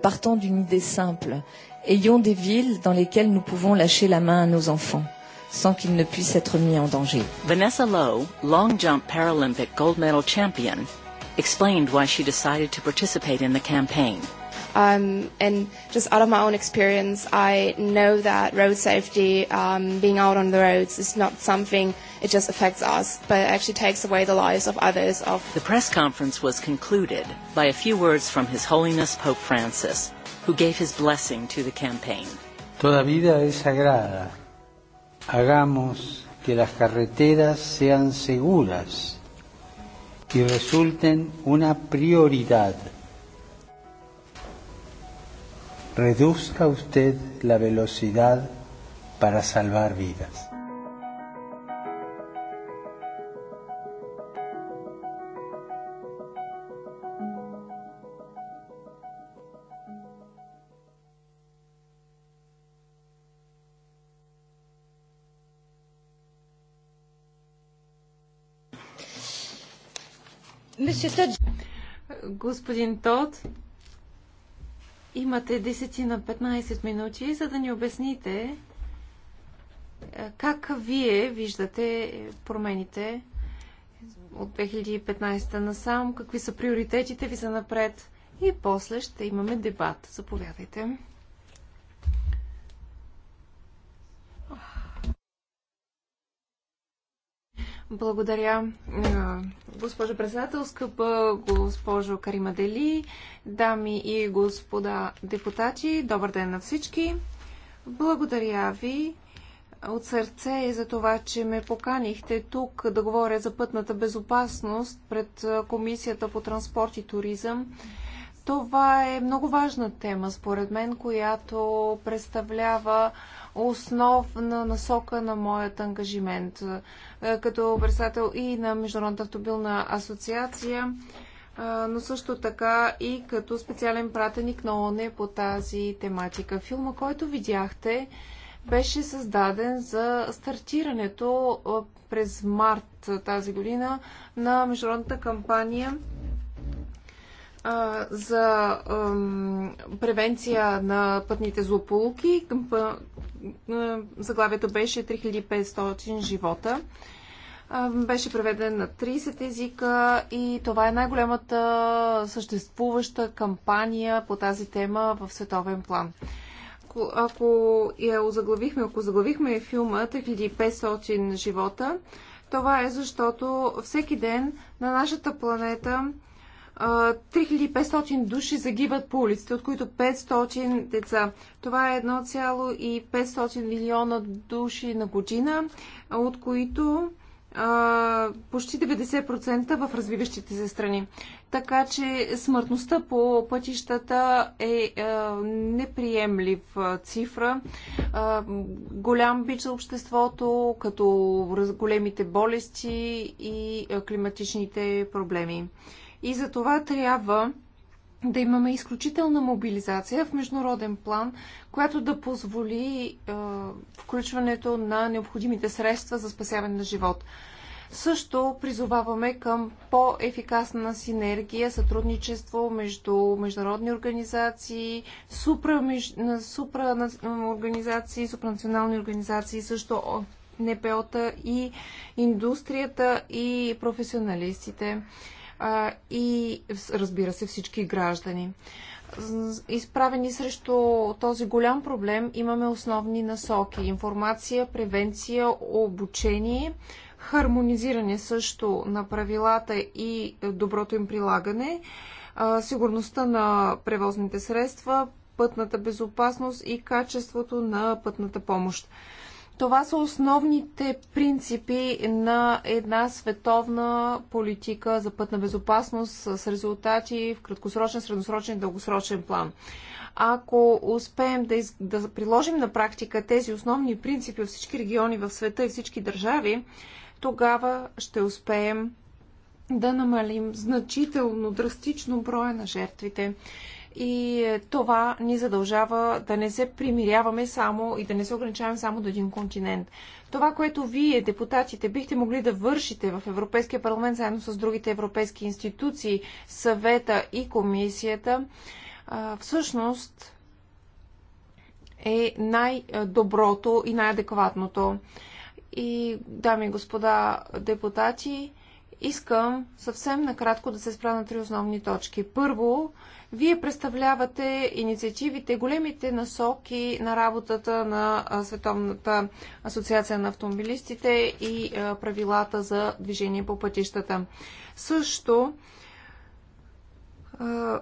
partant d'une idée simple. Ayons des villes dans lesquelles nous pouvons lâcher la main à nos enfants sans qu'ils ne puissent être mis en danger. Vanessa Lowe, long jump Paralympic gold medal champion, explained why she decided to participate in the campaign. Um, and just out of my own experience, I know that road safety, um, being out on the roads, is not something it just affects us, but it actually takes away the lives of others. Of the press conference was concluded by a few words from His Holiness Pope Francis, who gave his blessing to the campaign. Toda vida es sagrada. Hagamos que las carreteras sean seguras y resulten una prioridad. Reduzca usted la velocidad para salvar vidas. Господин Тод, имате 10 на 15 минути, за да ни обясните е, как вие виждате промените от 2015 насам, какви са приоритетите ви за напред и после ще имаме дебат. Заповядайте. Благодаря, госпожо председател, скъпа госпожо Карима Дели, дами и господа депутати. Добър ден на всички. Благодаря ви от сърце и за това, че ме поканихте тук да говоря за пътната безопасност пред Комисията по транспорт и туризъм. Това е много важна тема, според мен, която представлява основна насока на моят ангажимент. Е, като председател и на Международната автобилна асоциация, е, но също така и като специален пратеник на ОНЕ по тази тематика. Филма, който видяхте, беше създаден за стартирането е, през март тази година на международната кампания а, за превенция на пътните злополуки. Заглавието беше 3500 живота. беше преведен на 30 езика и това е най-голямата съществуваща кампания по тази тема в световен план ако, ако я озаглавихме, ако заглавихме филма 3500 живота, това е защото всеки ден на нашата планета 3500 души загиват по улиците, от които 500 деца. Това е 1,500 милиона души на година, от които почти 90% в развиващите се страни. Така че смъртността по пътищата е неприемлив цифра. голям бич за обществото, като големите болести и климатичните проблеми. И за това трябва да имаме изключителна мобилизация в международен план, която да позволи е, включването на необходимите средства за спасяване на живот. Също призоваваме към по-ефикасна синергия, сътрудничество между международни организации, супра, супра супранационални организации, също НПО-та и индустрията и професионалистите а, и разбира се всички граждани. Изправени срещу този голям проблем имаме основни насоки информация, превенция, обучение, хармонизиране също на правилата и доброто им прилагане, сигурността на превозните средства, пътната безопасност и качеството на пътната помощ. Това са основните принципи на една световна политика за пътна безопасност с резултати в краткосрочен, средносрочен и дългосрочен план. Ако успеем да, из... да приложим на практика тези основни принципи във всички региони в света и всички държави, тогава ще успеем да намалим значително, драстично броя на жертвите и е, това ни задължава да не се примиряваме само и да не се ограничаваме само до един континент. Това, което вие, депутатите, бихте могли да вършите в Европейския парламент, заедно с другите европейски институции, съвета и комисията, всъщност е най-доброто и най-адекватното. И, дами и господа депутати, Искам съвсем накратко да се спра на три основни точки. Първо, вие представлявате инициативите, големите насоки на работата на Световната асоциация на автомобилистите и правилата за движение по пътищата. Също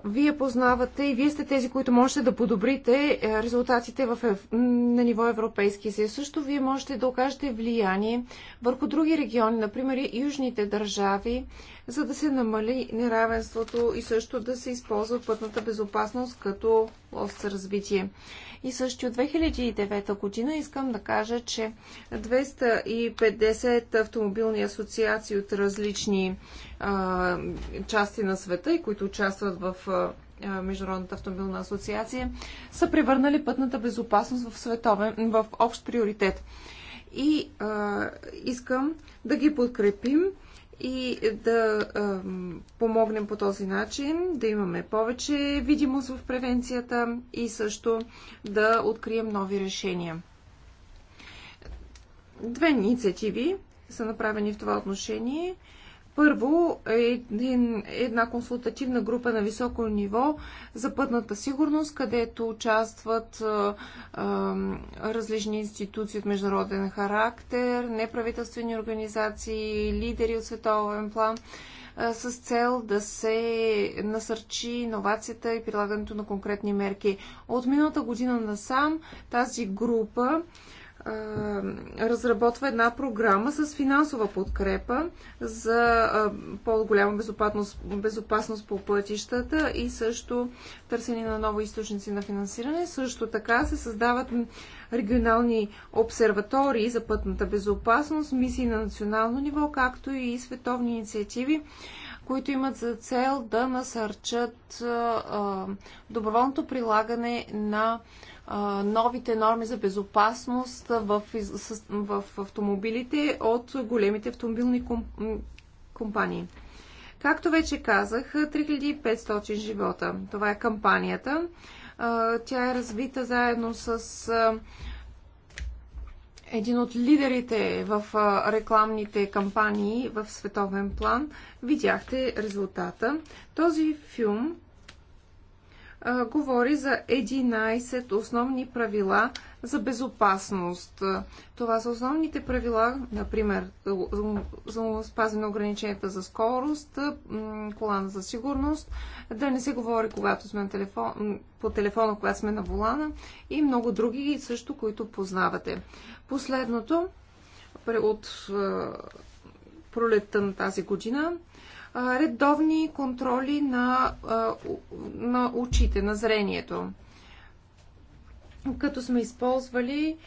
вие познавате и вие сте тези, които можете да подобрите е, резултатите в, на ниво европейски, съюз. Също вие можете да окажете влияние върху други региони, например южните държави, за да се намали неравенството и също да се използва пътната безопасност като лост за развитие. И също от 2009 година искам да кажа, че 250 автомобилни асоциации от различни а, части на света и които участват в а, Международната автомобилна асоциация са превърнали пътната безопасност в, световен, в общ приоритет. И а, искам да ги подкрепим и да ем, помогнем по този начин, да имаме повече видимост в превенцията и също да открием нови решения. Две инициативи са направени в това отношение. Първо, е една консултативна група на високо ниво за пътната сигурност, където участват различни институции от международен характер, неправителствени организации, лидери от световен план с цел да се насърчи иновацията и прилагането на конкретни мерки. От миналата година насам тази група разработва една програма с финансова подкрепа за по-голяма безопасност, безопасност по пътищата и също търсене на нови източници на финансиране. Също така се създават регионални обсерватории за пътната безопасност, мисии на национално ниво, както и световни инициативи които имат за цел да насърчат доброволното прилагане на новите норми за безопасност в, в автомобилите от големите автомобилни компании. Както вече казах, 3500 живота. Това е кампанията. Тя е развита заедно с един от лидерите в рекламните кампании в световен план, видяхте резултата. Този филм говори за 11 основни правила за безопасност. Това са основните правила, например, за спазване на ограниченията за скорост, колана за сигурност, да не се говори когато сме на телефон, по телефона, когато сме на волана и много други също, които познавате. Последното от пролетта на тази година редовни контроли на, на очите, на зрението като сме използвали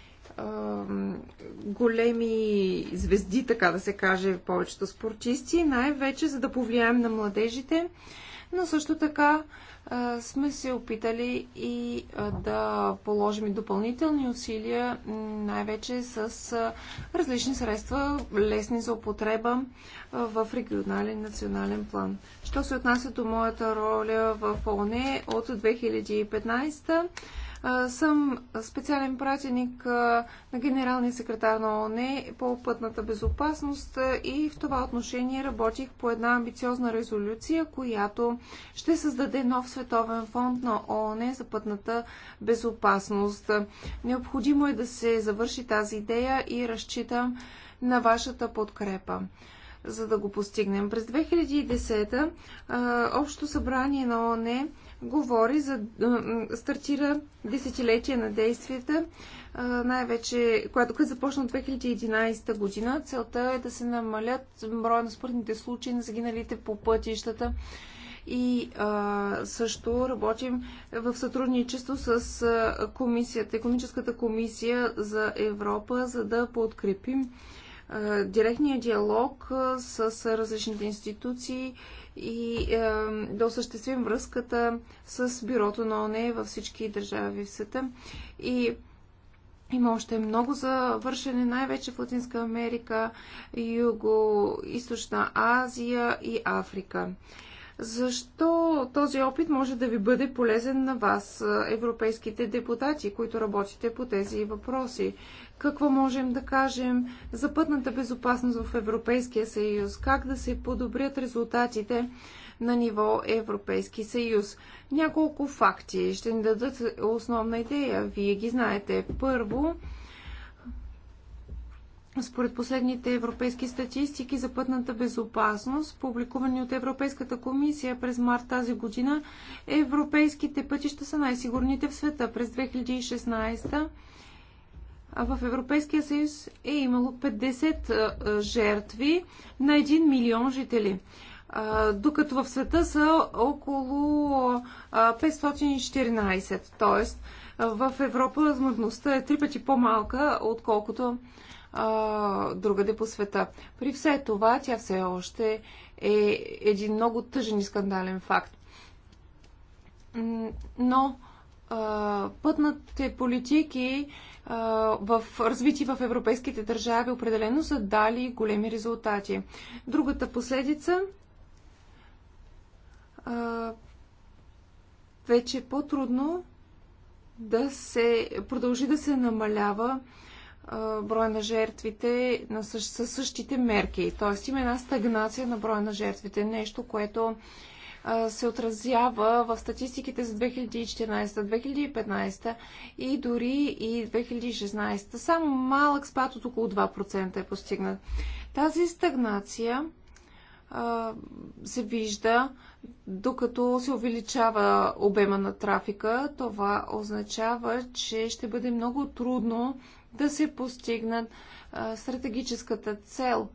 големи звезди, така да се каже, повечето спортисти, най-вече за да повлияем на младежите, но също така сме се опитали и да положим допълнителни усилия, най-вече с различни средства, лесни за употреба в регионален и национален план. Що се отнася до моята роля в ОНЕ от 2015 съм специален пратеник на генералния секретар на ООН по пътната безопасност и в това отношение работих по една амбициозна резолюция, която ще създаде нов световен фонд на ООН за пътната безопасност. Необходимо е да се завърши тази идея и разчитам на вашата подкрепа за да го постигнем. През 2010 Общо събрание на ОНЕ говори за стартира десетилетие на действията, най-вече, което е започна от 2011 година. Целта е да се намалят броя на смъртните случаи на загиналите по пътищата и а, също работим в сътрудничество с комисията, економическата комисия за Европа, за да подкрепим а, директния диалог а, с различните институции и е, да осъществим връзката с бюрото на ОНЕ във всички държави в света. И има още много за вършене, най-вече в Латинска Америка, Юго, Източна Азия и Африка. Защо този опит може да ви бъде полезен на вас, европейските депутати, които работите по тези въпроси? Какво можем да кажем за пътната безопасност в Европейския съюз? Как да се подобрят резултатите на ниво Европейски съюз? Няколко факти ще ни дадат основна идея. Вие ги знаете. Първо, според последните европейски статистики за пътната безопасност, публикувани от Европейската комисия през март тази година, европейските пътища са най-сигурните в света. През 2016 в Европейския съюз е имало 50 жертви на 1 милион жители. Докато в света са около 514. Тоест, в Европа възможността е три пъти по-малка, отколкото другаде по света. При все това, тя все още е един много тъжен и скандален факт. Но а, пътните политики а, в развитие в европейските държави определено са дали големи резултати. Другата последица а, вече е по-трудно да се продължи да се намалява броя на жертвите на същ, със същите мерки. Тоест има една стагнация на броя на жертвите. Нещо, което се отразява в статистиките за 2014, 2015 и дори и 2016. Само малък спад от около 2% е постигнат. Тази стагнация а, се вижда докато се увеличава обема на трафика. Това означава, че ще бъде много трудно да се постигнат а, стратегическата цел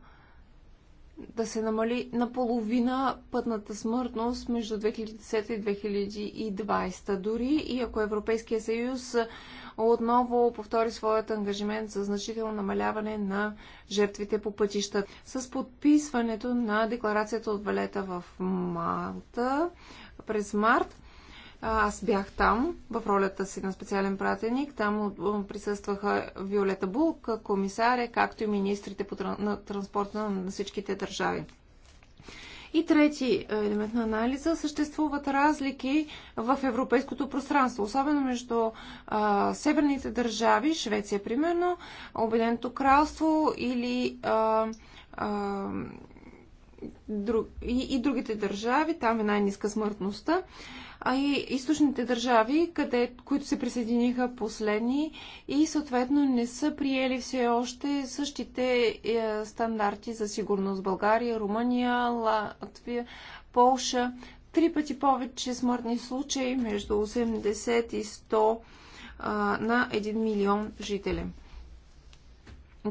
да се намали наполовина пътната смъртност между 2010 и 2020. Дори и ако Европейския съюз отново повтори своят ангажимент за значително намаляване на жертвите по пътища. С подписването на декларацията от Валета в Малта през март, аз бях там в ролята си на специален пратеник. Там присъстваха Виолета Булк, комисаря, както и министрите по транспорта на всичките държави. И трети е, елемент на анализа съществуват разлики в европейското пространство, особено между а, северните държави, Швеция примерно, Обединеното кралство или а, а, и, и другите държави, там е най-ниска смъртността, а и източните държави, къде, които се присъединиха последни и съответно не са приели все още същите е, стандарти за сигурност. България, Румъния, Латвия, Полша. Три пъти повече смъртни случаи между 80 и 100 а, на 1 милион жители.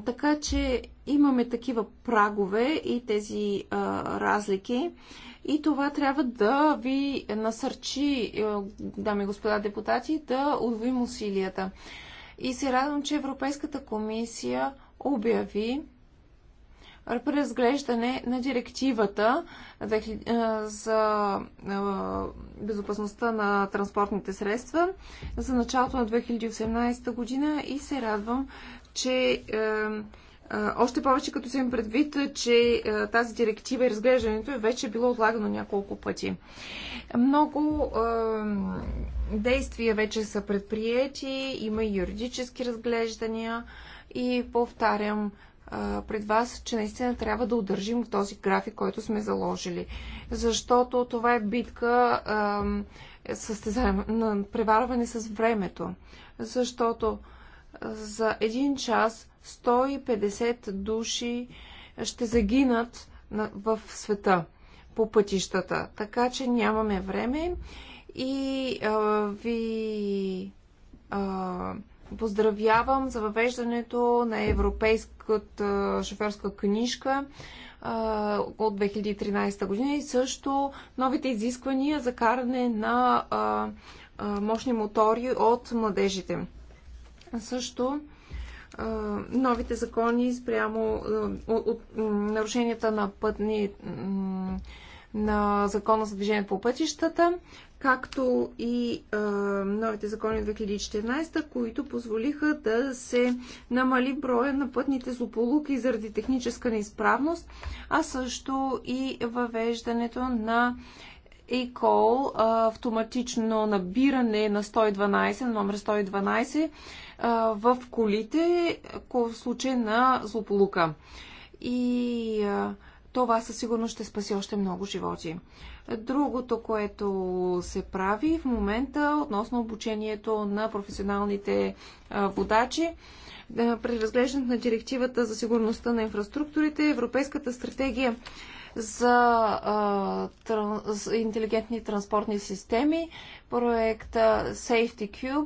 Така че имаме такива прагове и тези а, разлики. И това трябва да ви насърчи, дами и господа депутати, да удвоим усилията. И се радвам, че Европейската комисия обяви преразглеждане на директивата за безопасността на транспортните средства за началото на 2018 година и се радвам, че още повече като се им предвид, че тази директива и разглеждането е вече било отлагано няколко пъти. Много е, действия вече са предприяти, има и юридически разглеждания и повтарям е, пред вас, че наистина трябва да удържим този график, който сме заложили. Защото това е битка е, на преварване с времето. Защото за един час 150 души ще загинат в света по пътищата. Така че нямаме време и а, ви а, поздравявам за въвеждането на европейската шофьорска книжка а, от 2013 година и също новите изисквания за каране на а, а, мощни мотори от младежите. Също новите закони спрямо от нарушенията на пътни на закона за движение по пътищата, както и новите закони от 2014, които позволиха да се намали броя на пътните злополуки заради техническа неизправност, а също и въвеждането на ECOL автоматично набиране на 112, на номер 112, в колите в случай на злополука. И това със сигурност ще спаси още много животи. Другото, което се прави в момента относно обучението на професионалните водачи, при разглеждането на директивата за сигурността на инфраструктурите, Европейската стратегия за а, транс, интелигентни транспортни системи, проекта Safety Cube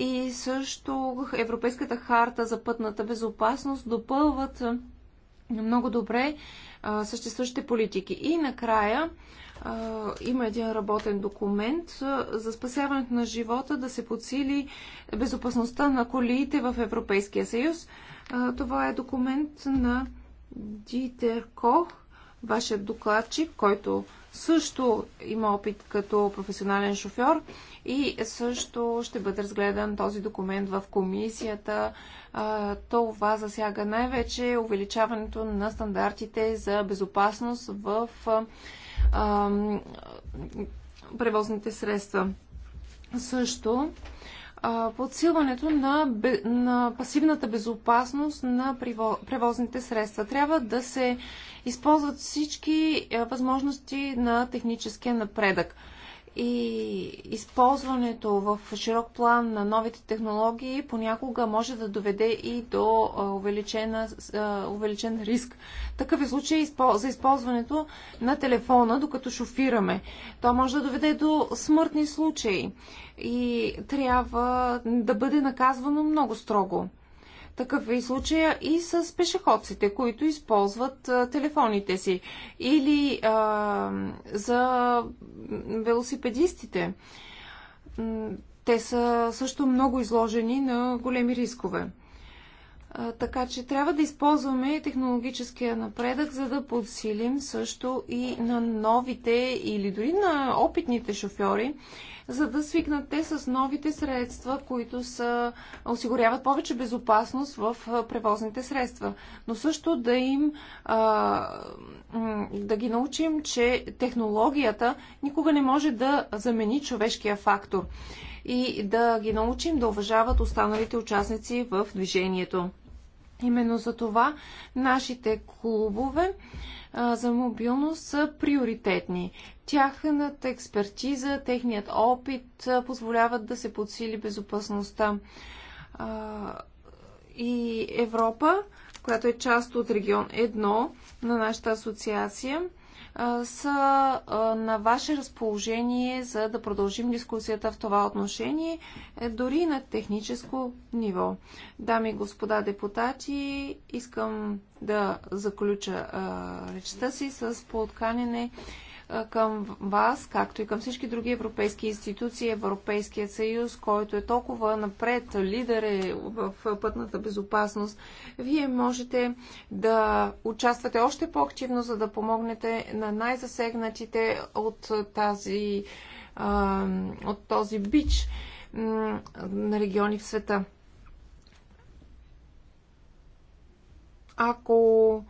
и също Европейската харта за пътната безопасност допълват много добре съществуващите политики. И накрая има един работен документ за спасяването на живота да се подсили безопасността на колиите в Европейския съюз. Това е документ на Дитер Кох, вашия докладчик, който също има опит като професионален шофьор и също ще бъде разгледан този документ в комисията. Това засяга най-вече увеличаването на стандартите за безопасност в превозните средства. Също подсилването на, на пасивната безопасност на превозните средства. Трябва да се използват всички възможности на техническия напредък и използването в широк план на новите технологии понякога може да доведе и до увеличена, увеличен риск. Такъв е случай за използването на телефона, докато шофираме. То може да доведе до смъртни случаи и трябва да бъде наказвано много строго. Такъв е и случая и с пешеходците, които използват а, телефоните си. Или а, за велосипедистите. Те са също много изложени на големи рискове. А, така че трябва да използваме технологическия напредък, за да подсилим също и на новите или дори на опитните шофьори за да свикнат те с новите средства, които са, осигуряват повече безопасност в превозните средства. Но също да им а, да ги научим, че технологията никога не може да замени човешкия фактор и да ги научим да уважават останалите участници в движението. Именно за това нашите клубове за мобилност са приоритетни. Тяхната експертиза, техният опит позволяват да се подсили безопасността. И Европа, която е част от регион 1 на нашата асоциация, са на ваше разположение, за да продължим дискусията в това отношение, е, дори на техническо ниво. Дами и господа депутати, искам да заключа речта си с подканене към вас, както и към всички други европейски институции, Европейският съюз, който е толкова напред, лидер е в пътната безопасност. Вие можете да участвате още по-активно, за да помогнете на най-засегнатите от, тази, от този бич на региони в света. Ако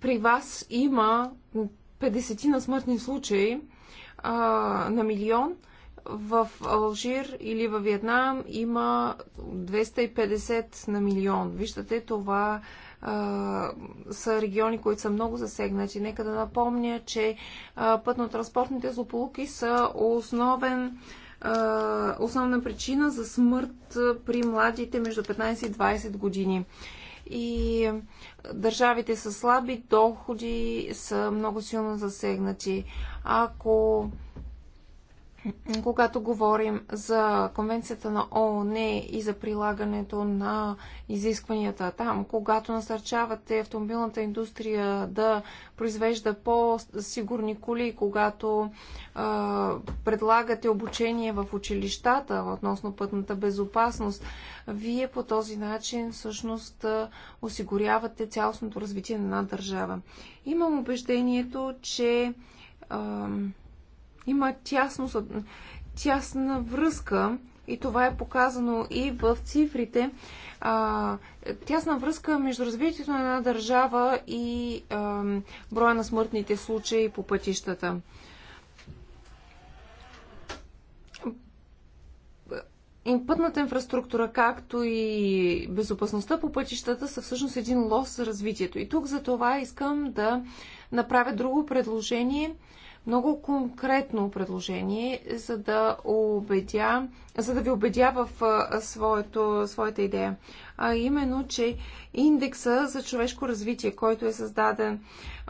при вас има 50 на смъртни случаи а, на милион. В Алжир или във Виетнам има 250 на милион. Виждате, това а, са региони, които са много засегнати. Нека да напомня, че пътно-транспортните злополуки са основен основна причина за смърт при младите между 15 и 20 години и държавите с слаби доходи са много силно засегнати. Ако когато говорим за конвенцията на ООН и за прилагането на изискванията там, когато насърчавате автомобилната индустрия да произвежда по-сигурни коли, когато а, предлагате обучение в училищата относно пътната безопасност, вие по този начин всъщност осигурявате цялостното развитие на една държава. Имам убеждението, че а, има тясно, тясна връзка и това е показано и в цифрите. А, тясна връзка между развитието на една държава и а, броя на смъртните случаи по пътищата. И пътната инфраструктура, както и безопасността по пътищата са всъщност един лос за развитието. И тук за това искам да направя друго предложение – много конкретно предложение, за да, убедя, за да ви убедя в своето, своята идея. А именно, че индекса за човешко развитие, който е създаден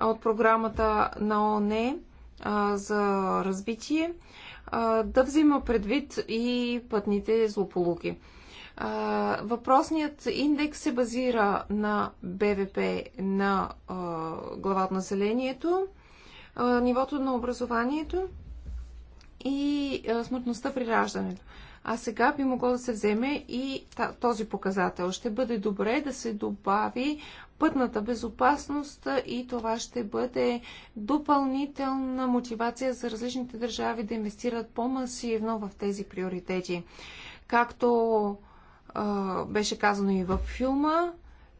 от програмата на ОНЕ за развитие, да взима предвид и пътните злополуки. Въпросният индекс се базира на БВП на глава от населението нивото на образованието и смъртността при раждането. А сега би могло да се вземе и този показател. Ще бъде добре да се добави пътната безопасност и това ще бъде допълнителна мотивация за различните държави да инвестират по-масивно в тези приоритети. Както беше казано и във филма,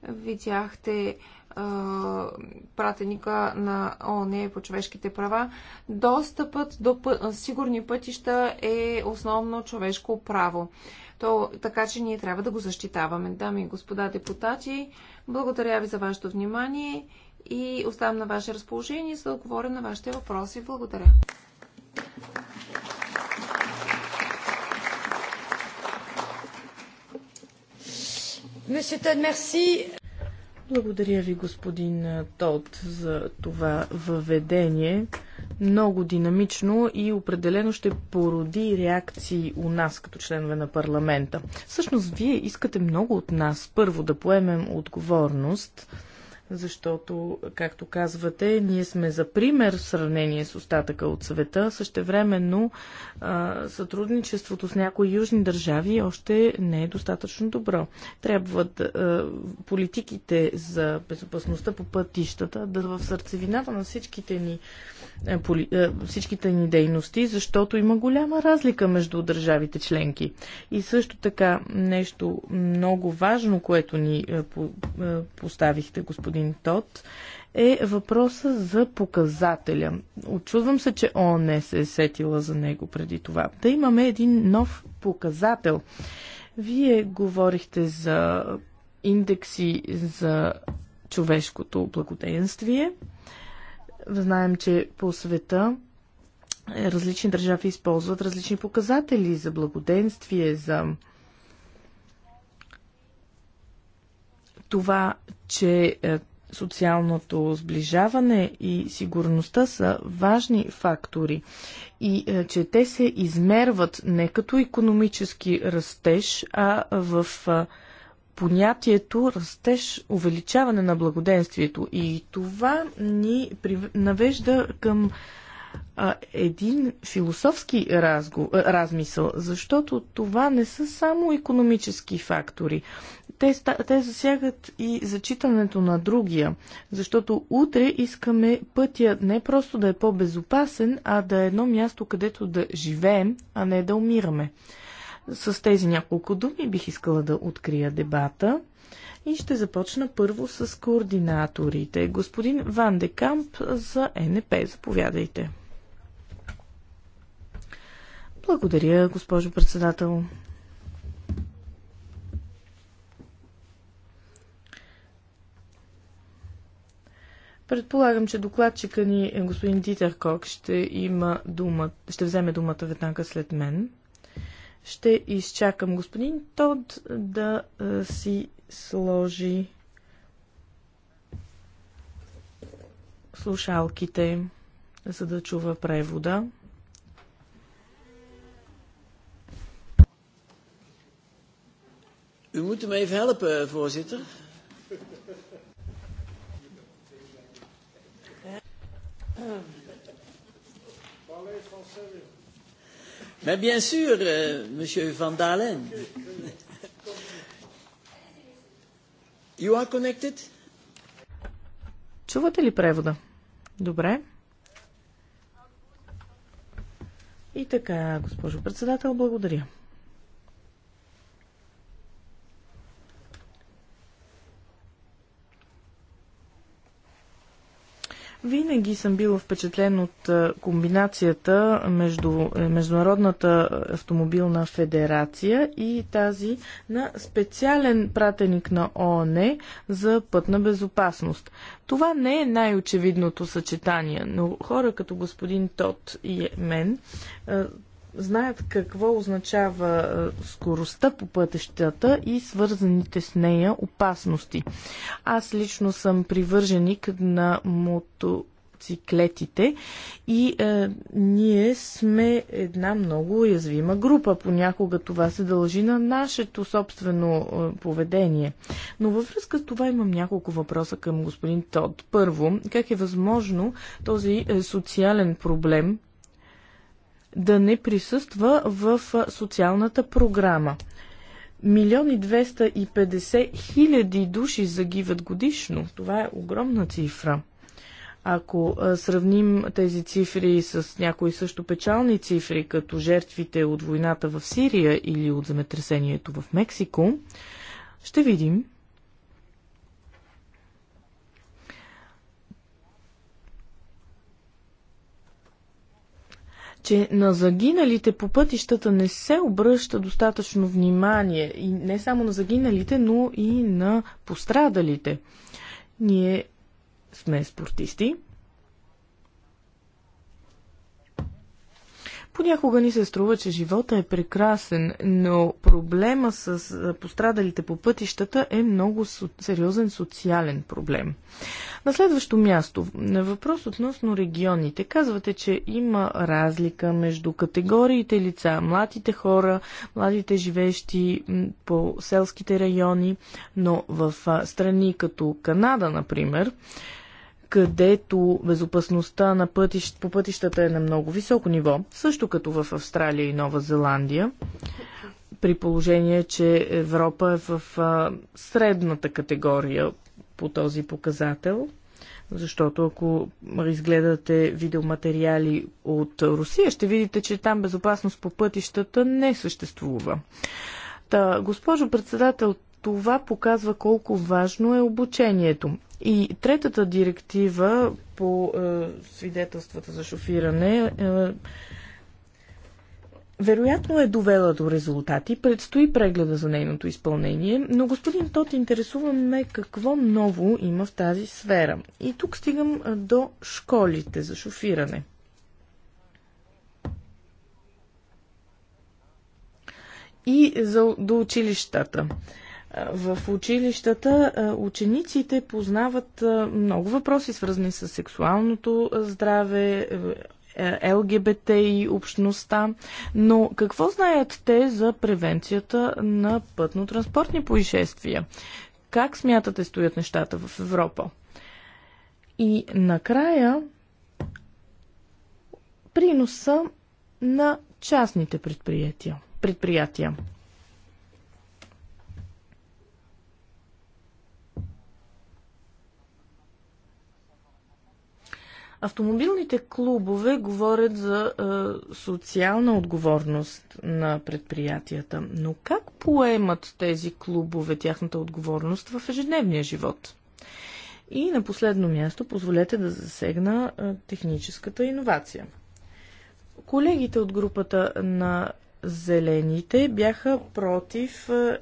видяхте пратеника на ООН по човешките права. Достъпът до сигурни пътища е основно човешко право. То, така че ние трябва да го защитаваме. Дами и господа депутати, благодаря ви за вашето внимание и оставам на ваше разположение, за да отговоря на вашите въпроси. Благодаря. Monsieur Todd, merci. Благодаря ви, господин Тод, за това въведение. Много динамично и определено ще породи реакции у нас, като членове на парламента. Всъщност, вие искате много от нас първо да поемем отговорност защото, както казвате, ние сме за пример в сравнение с остатъка от света. Същевременно сътрудничеството с някои южни държави още не е достатъчно добро. Трябват политиките за безопасността по пътищата да в сърцевината на всичките ни е, е, всичките ни дейности, защото има голяма разлика между държавите членки. И също така нещо много важно, което ни е, поставихте, господин Тот, е въпроса за показателя. Очудвам се, че ООН се е сетила за него преди това. Да имаме един нов показател. Вие говорихте за индекси за човешкото благоденствие. Знаем, че по света е, различни държави използват различни показатели за благоденствие, за това, че е, социалното сближаване и сигурността са важни фактори и е, че те се измерват не като економически растеж, а в понятието растеж, увеличаване на благоденствието. И това ни навежда към а, един философски разго, размисъл, защото това не са само економически фактори. Те, те засягат и зачитането на другия, защото утре искаме пътя не просто да е по-безопасен, а да е едно място, където да живеем, а не да умираме. С тези няколко думи бих искала да открия дебата и ще започна първо с координаторите. Господин Ван де Камп за НП. Заповядайте. Благодаря, госпожо председател. Предполагам, че докладчика ни, господин Дитер Кок, ще има дума, ще вземе думата веднага след мен. Ще изчакам господин Тод да си сложи слушалките, за да чува превода. U moet hem even helpen, eh, voorzitter. Um. Mais bien sûr, euh, Monsieur Van Dalen. You are connected? Чувате ли превода? Добре. И така, госпожо председател, благодаря. Винаги съм била впечатлен от комбинацията между е, Международната автомобилна федерация и тази на специален пратеник на ООН за пътна безопасност. Това не е най-очевидното съчетание, но хора като господин Тот и мен знаят какво означава е, скоростта по пътещата и свързаните с нея опасности. Аз лично съм привърженик на мото циклетите и е, ние сме една много уязвима група. Понякога това се дължи на нашето собствено е, поведение. Но във връзка с това имам няколко въпроса към господин Тод. Първо, как е възможно този е, социален проблем да не присъства в социалната програма. Милиони 250 хиляди души загиват годишно. Това е огромна цифра. Ако сравним тези цифри с някои също печални цифри, като жертвите от войната в Сирия или от земетресението в Мексико, ще видим, че на загиналите по пътищата не се обръща достатъчно внимание. И не само на загиналите, но и на пострадалите. Ние сме спортисти Понякога ни се струва, че живота е прекрасен, но проблема с пострадалите по пътищата е много со- сериозен социален проблем. На следващо място, въпрос относно регионите. Казвате, че има разлика между категориите лица, младите хора, младите живещи по селските райони, но в страни като Канада, например, където безопасността на пътищ, по пътищата е на много високо ниво, също като в Австралия и Нова Зеландия, при положение, че Европа е в средната категория по този показател. Защото ако изгледате видеоматериали от Русия, ще видите, че там безопасност по пътищата не съществува. Та, госпожо председател, това показва колко важно е обучението. И третата директива по е, свидетелствата за шофиране е, вероятно е довела до резултати. Предстои прегледа за нейното изпълнение, но господин Тот ме какво ново има в тази сфера. И тук стигам е, до школите за шофиране. И за, до училищата в училищата учениците познават много въпроси, свързани с сексуалното здраве, ЛГБТ и общността. Но какво знаят те за превенцията на пътно-транспортни происшествия? Как смятате стоят нещата в Европа? И накрая приноса на частните предприятия. предприятия. Автомобилните клубове говорят за е, социална отговорност на предприятията, но как поемат тези клубове тяхната отговорност в ежедневния живот? И на последно място позволете да засегна е, техническата иновация. Колегите от групата на зелените бяха против е,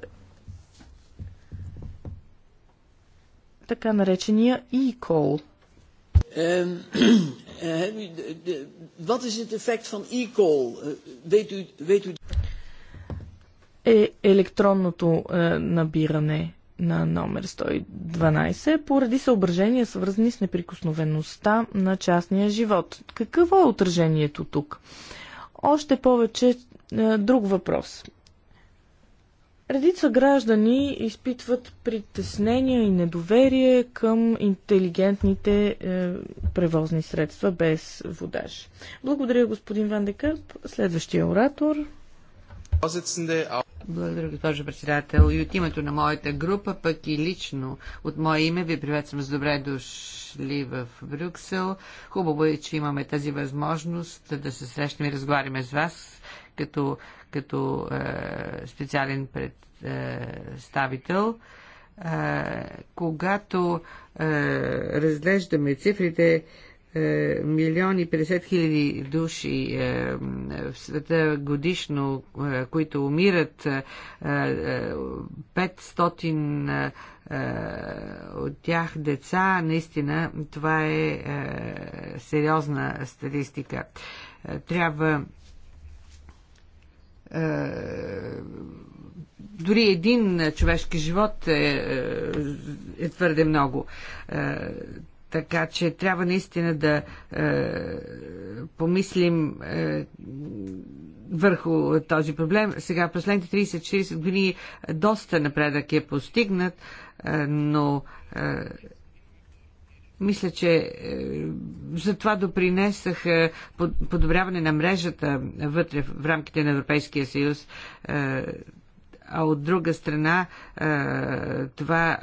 така наречения e-call – Ehm, eh, wat is het effect van e-call? Eh, weet u, weet u... Е електронното е, набиране на номер 112 е поради съображения свързани с неприкосновеността на частния живот. Какво е отражението тук? Още повече е, друг въпрос. Редица граждани изпитват притеснения и недоверие към интелигентните е, превозни средства без водаж. Благодаря, господин Ван Декърп. Следващия оратор. Благодаря, госпожо председател. И от името на моята група, пък и лично от мое име ви приветствам с добре дошли в Брюксел. Хубаво е, че имаме тази възможност да се срещнем и разговаряме с вас като като е, специален представител. Е, е, когато разглеждаме цифрите, милиони 50 хиляди души в света годишно, които умират, 500 от тях деца, наистина това е сериозна статистика. Трябва е, дори един човешки живот е, е, е твърде много. Е, така че трябва наистина да е, помислим е, върху този проблем. Сега, последните 30-40 години доста напредък е постигнат, е, но. Е, мисля, че е, за това допринесах подобряване на мрежата вътре в рамките на Европейския съюз е, а от друга страна е, това,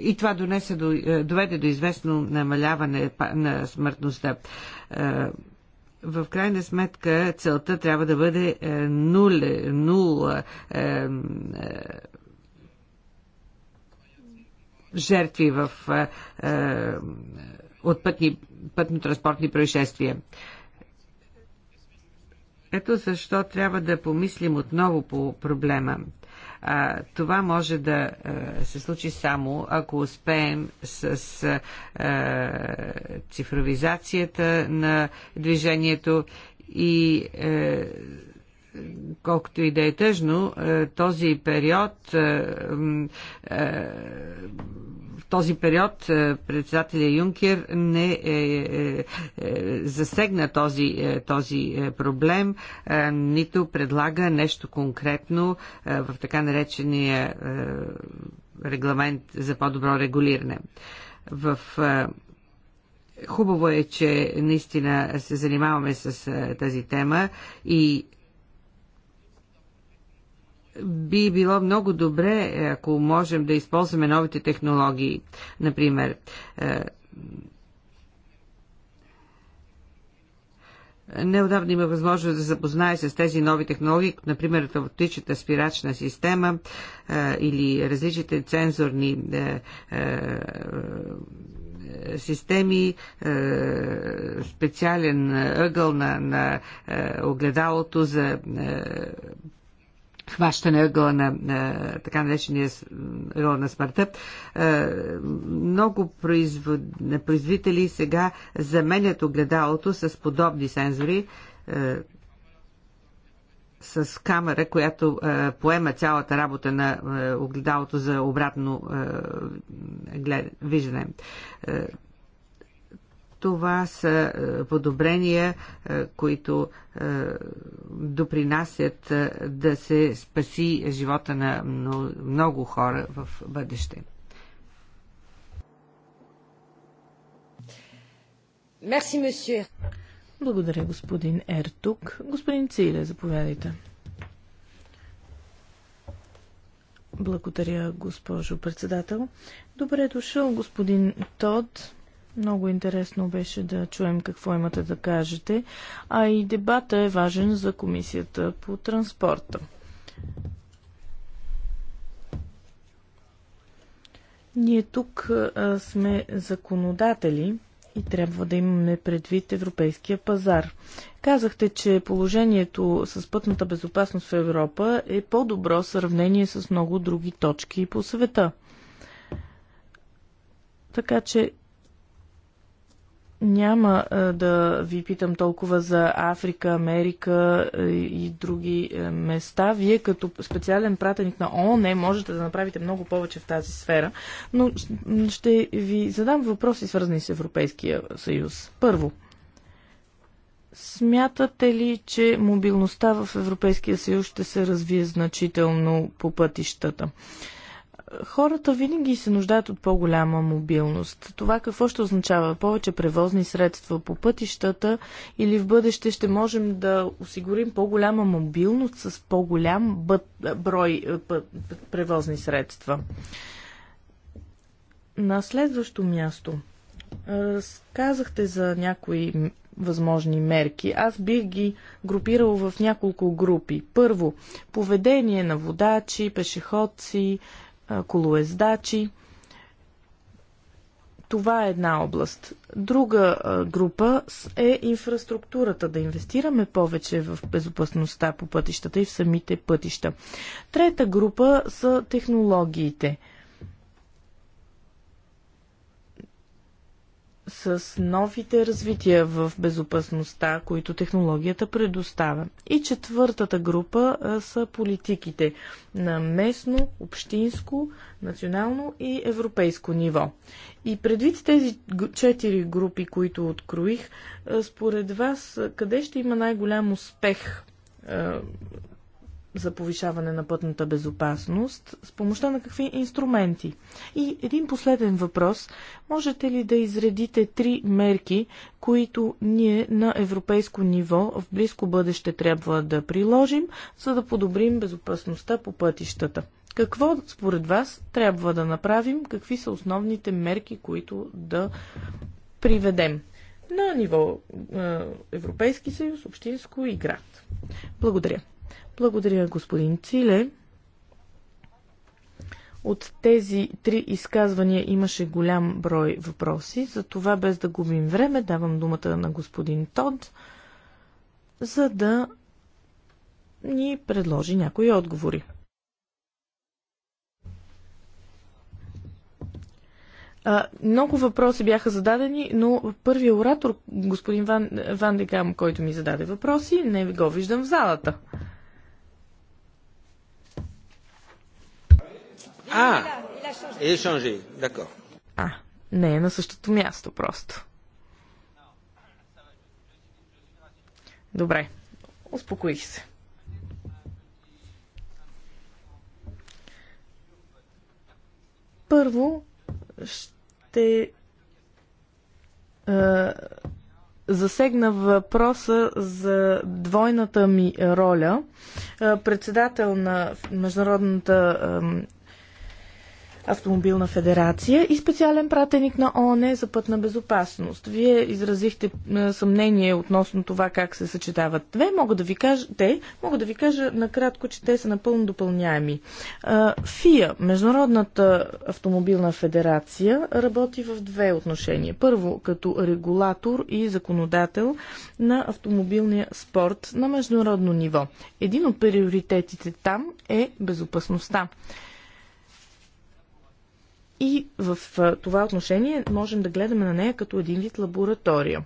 и това донесе доведе до известно намаляване на смъртността. В крайна сметка целта трябва да бъде нуле, нула жертви в, е, е, от пътни, пътно-транспортни происшествия. Ето защо трябва да помислим отново по проблема. А, това може да а, е, се случи само ако успеем с а, цифровизацията на движението и колкото и да е тъжно, е, този период в е, е, този период председателя Юнкер не е, е, е, засегна този, е, този проблем, е, нито предлага нещо конкретно е, в така наречения е, регламент за по-добро регулиране. В е, Хубаво е, че наистина се занимаваме с тази тема и би било много добре, е, ако можем да използваме новите технологии, например. Е, Неодавна има възможност да запознае с тези нови технологии, например автоматичната спирачна система е, или различните цензорни системи, специален ъгъл на, на огледалото за хващане ъгъла на, така наречения ъгъл на смъртта. Е, много производ... производители сега заменят огледалото с подобни сензори, е, с камера, която е, поема цялата работа на огледалото за обратно глед, виждане. Това са е, подобрения, е, които е, допринасят да се спаси живота на много хора в бъдеще. Мерси, Благодаря, господин Ертук. Господин Циле, заповядайте. Благодаря, госпожо председател. Добре дошъл, господин Тод. Много интересно беше да чуем какво имате да кажете, а и дебата е важен за комисията по транспорта. Ние тук а, сме законодатели и трябва да имаме предвид европейския пазар. Казахте, че положението с пътната безопасност в Европа е по-добро в сравнение с много други точки по света. Така че няма е, да ви питам толкова за Африка, Америка е, и други е, места. Вие като специален пратеник на ООН можете да направите много повече в тази сфера, но ще ви задам въпроси свързани с Европейския съюз. Първо, смятате ли, че мобилността в Европейския съюз ще се развие значително по пътищата? Хората винаги се нуждаят от по-голяма мобилност. Това какво ще означава? Повече превозни средства по пътищата или в бъдеще ще можем да осигурим по-голяма мобилност с по-голям брой е, превозни средства? На следващо място. казахте за някои възможни мерки. Аз бих ги групирал в няколко групи. Първо, поведение на водачи, пешеходци, колоездачи. Това е една област. Друга група е инфраструктурата, да инвестираме повече в безопасността по пътищата и в самите пътища. Трета група са технологиите – с новите развития в безопасността, които технологията предоставя. И четвъртата група са политиките на местно, общинско, национално и европейско ниво. И предвид тези четири групи, които откроих, според вас къде ще има най-голям успех за повишаване на пътната безопасност, с помощта на какви инструменти? И един последен въпрос. Можете ли да изредите три мерки, които ние на европейско ниво в близко бъдеще трябва да приложим, за да подобрим безопасността по пътищата? Какво според вас трябва да направим? Какви са основните мерки, които да приведем? на ниво е, Европейски съюз, общинско и град. Благодаря. Благодаря, господин Циле. От тези три изказвания имаше голям брой въпроси, затова без да губим време давам думата на господин Тод, за да ни предложи някои отговори. А, много въпроси бяха зададени, но първият оратор, господин Ван, Ван Дегам, който ми зададе въпроси, не го виждам в залата. А, е шанжи, d'accord. А, не е на същото място просто. Добре, успокоих се. Първо ще засегна въпроса за двойната ми роля. Председател на Международната автомобилна федерация и специален пратеник на ООН за пътна безопасност. Вие изразихте съмнение относно това как се съчетават две. Мога да ви кажа, те, мога да ви кажа накратко, че те са напълно допълняеми. ФИА, Международната автомобилна федерация, работи в две отношения. Първо, като регулатор и законодател на автомобилния спорт на международно ниво. Един от приоритетите там е безопасността. И в това отношение можем да гледаме на нея като един вид лаборатория.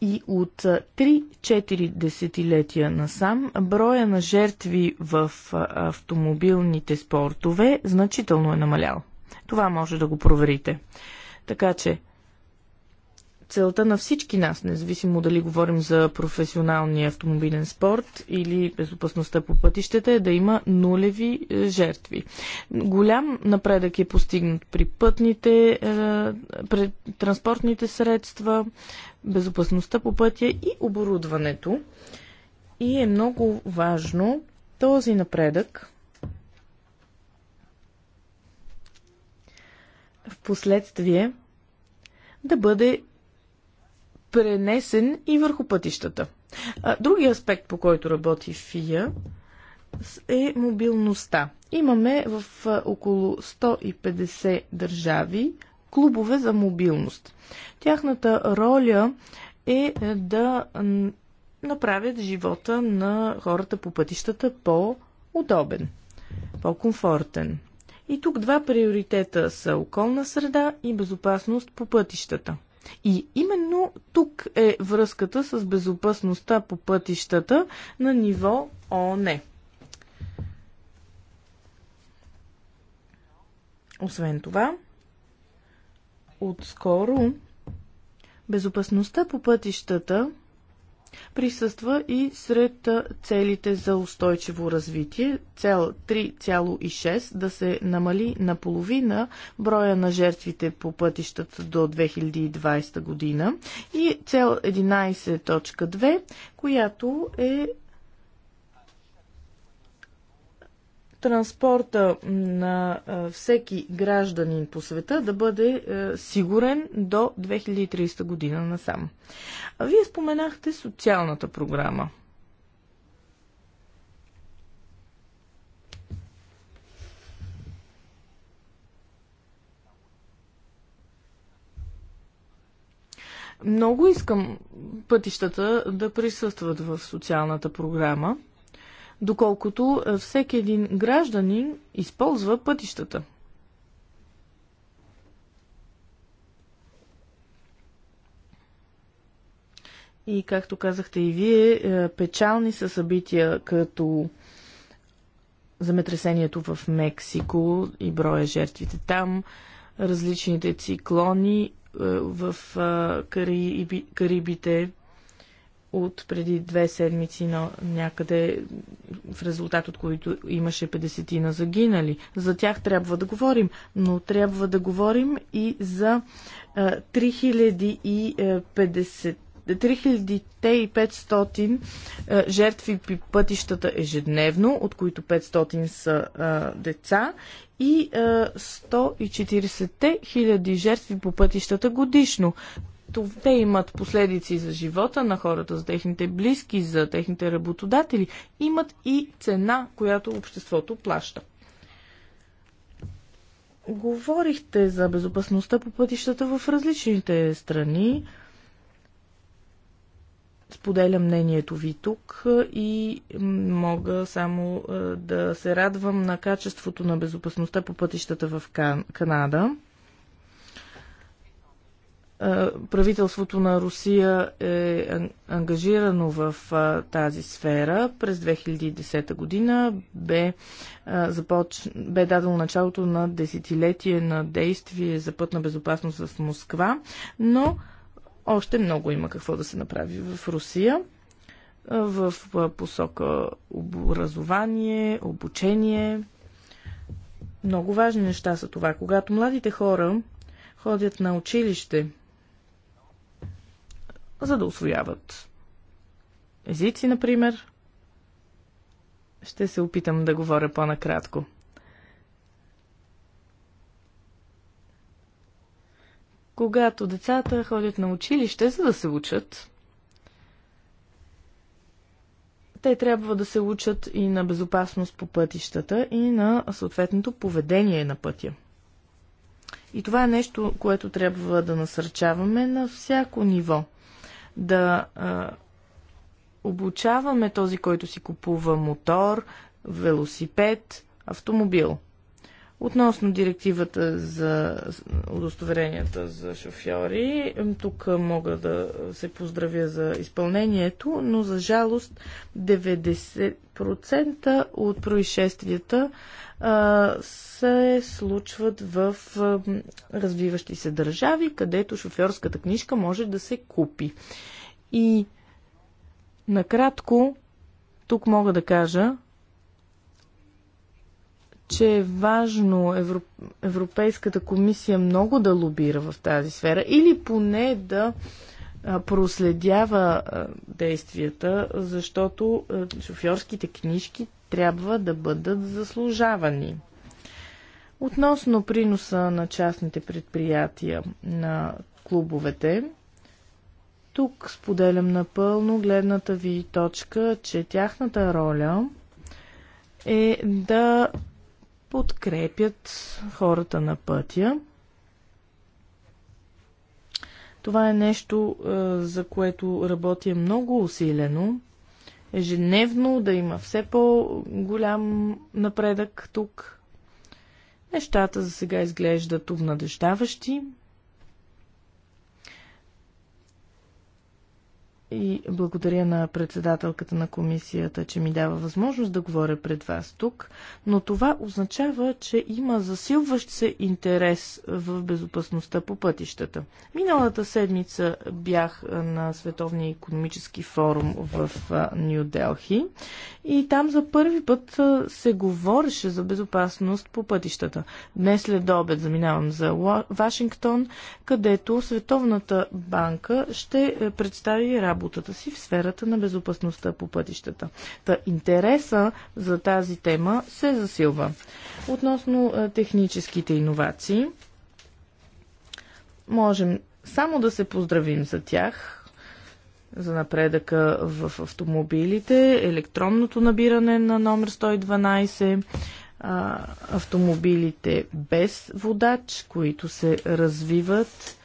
И от 3-4 десетилетия насам броя на жертви в автомобилните спортове значително е намалял. Това може да го проверите. Така че целта на всички нас, независимо дали говорим за професионалния автомобилен спорт или безопасността по пътищата, е да има нулеви е, жертви. Голям напредък е постигнат при пътните, е, при транспортните средства, безопасността по пътя и оборудването. И е много важно този напредък в последствие да бъде пренесен и върху пътищата. Другия аспект, по който работи ФИА е мобилността. Имаме в около 150 държави клубове за мобилност. Тяхната роля е, е да направят живота на хората по пътищата по-удобен, по-комфортен. И тук два приоритета са околна среда и безопасност по пътищата. И именно тук е връзката с безопасността по пътищата на ниво ООН. Освен това, отскоро безопасността по пътищата присъства и сред целите за устойчиво развитие. Цел 3,6 да се намали наполовина броя на жертвите по пътищата до 2020 година и цел 11.2, която е транспорта на всеки гражданин по света да бъде сигурен до 2030 година насам. А вие споменахте социалната програма. Много искам пътищата да присъстват в социалната програма – доколкото е, всеки един гражданин използва пътищата. И както казахте и вие, е, печални са събития като земетресението в Мексико и броя жертвите там, различните циклони е, в Карибите, от преди две седмици на някъде, в резултат от които имаше 50 на загинали. За тях трябва да говорим, но трябва да говорим и за 3050 3500 жертви при пътищата ежедневно, от които 500 са деца и 140 хиляди жертви по пътищата годишно те имат последици за живота на хората, за техните близки, за техните работодатели. Имат и цена, която обществото плаща. Говорихте за безопасността по пътищата в различните страни. Споделя мнението ви тук и мога само да се радвам на качеството на безопасността по пътищата в Кан... Канада. Е, правителството на Русия е ангажирано в тази сфера. През 2010 година бе, започ... бе дадено началото на десетилетие на действие за пътна безопасност в Москва, но още много има какво да се направи в Русия в посока образование, обучение. Много важни неща са това. Когато младите хора ходят на училище – за да освояват езици, например. Ще се опитам да говоря по-накратко. Когато децата ходят на училище, за да се учат, те трябва да се учат и на безопасност по пътищата и на съответното поведение на пътя. И това е нещо, което трябва да насърчаваме на всяко ниво – да а, обучаваме този, който си купува мотор, велосипед, автомобил. Относно директивата за удостоверенията за шофьори, тук мога да се поздравя за изпълнението, но за жалост 90% от происшествията се случват в развиващи се държави, където шофьорската книжка може да се купи. И накратко, тук мога да кажа, че е важно Европейската комисия много да лобира в тази сфера или поне да проследява действията, защото шофьорските книжки трябва да бъдат заслужавани. Относно приноса на частните предприятия на клубовете, тук споделям напълно гледната ви точка, че тяхната роля е да подкрепят хората на пътя. Това е нещо, е, за което работя много усилено. Ежедневно да има все по-голям напредък тук. Нещата за сега изглеждат обнадеждаващи, И благодаря на председателката на комисията, че ми дава възможност да говоря пред вас тук, но това означава, че има засилващ се интерес в безопасността по пътищата. Миналата седмица бях на Световния економически форум в Нью Делхи и там за първи път се говореше за безопасност по пътищата. Днес след обед заминавам за Вашингтон, където Световната банка ще представи работа работата си в сферата на безопасността по пътищата. Та интереса за тази тема се засилва. Относно е, техническите иновации, можем само да се поздравим за тях, за напредъка в автомобилите, електронното набиране на номер 112, автомобилите без водач, които се развиват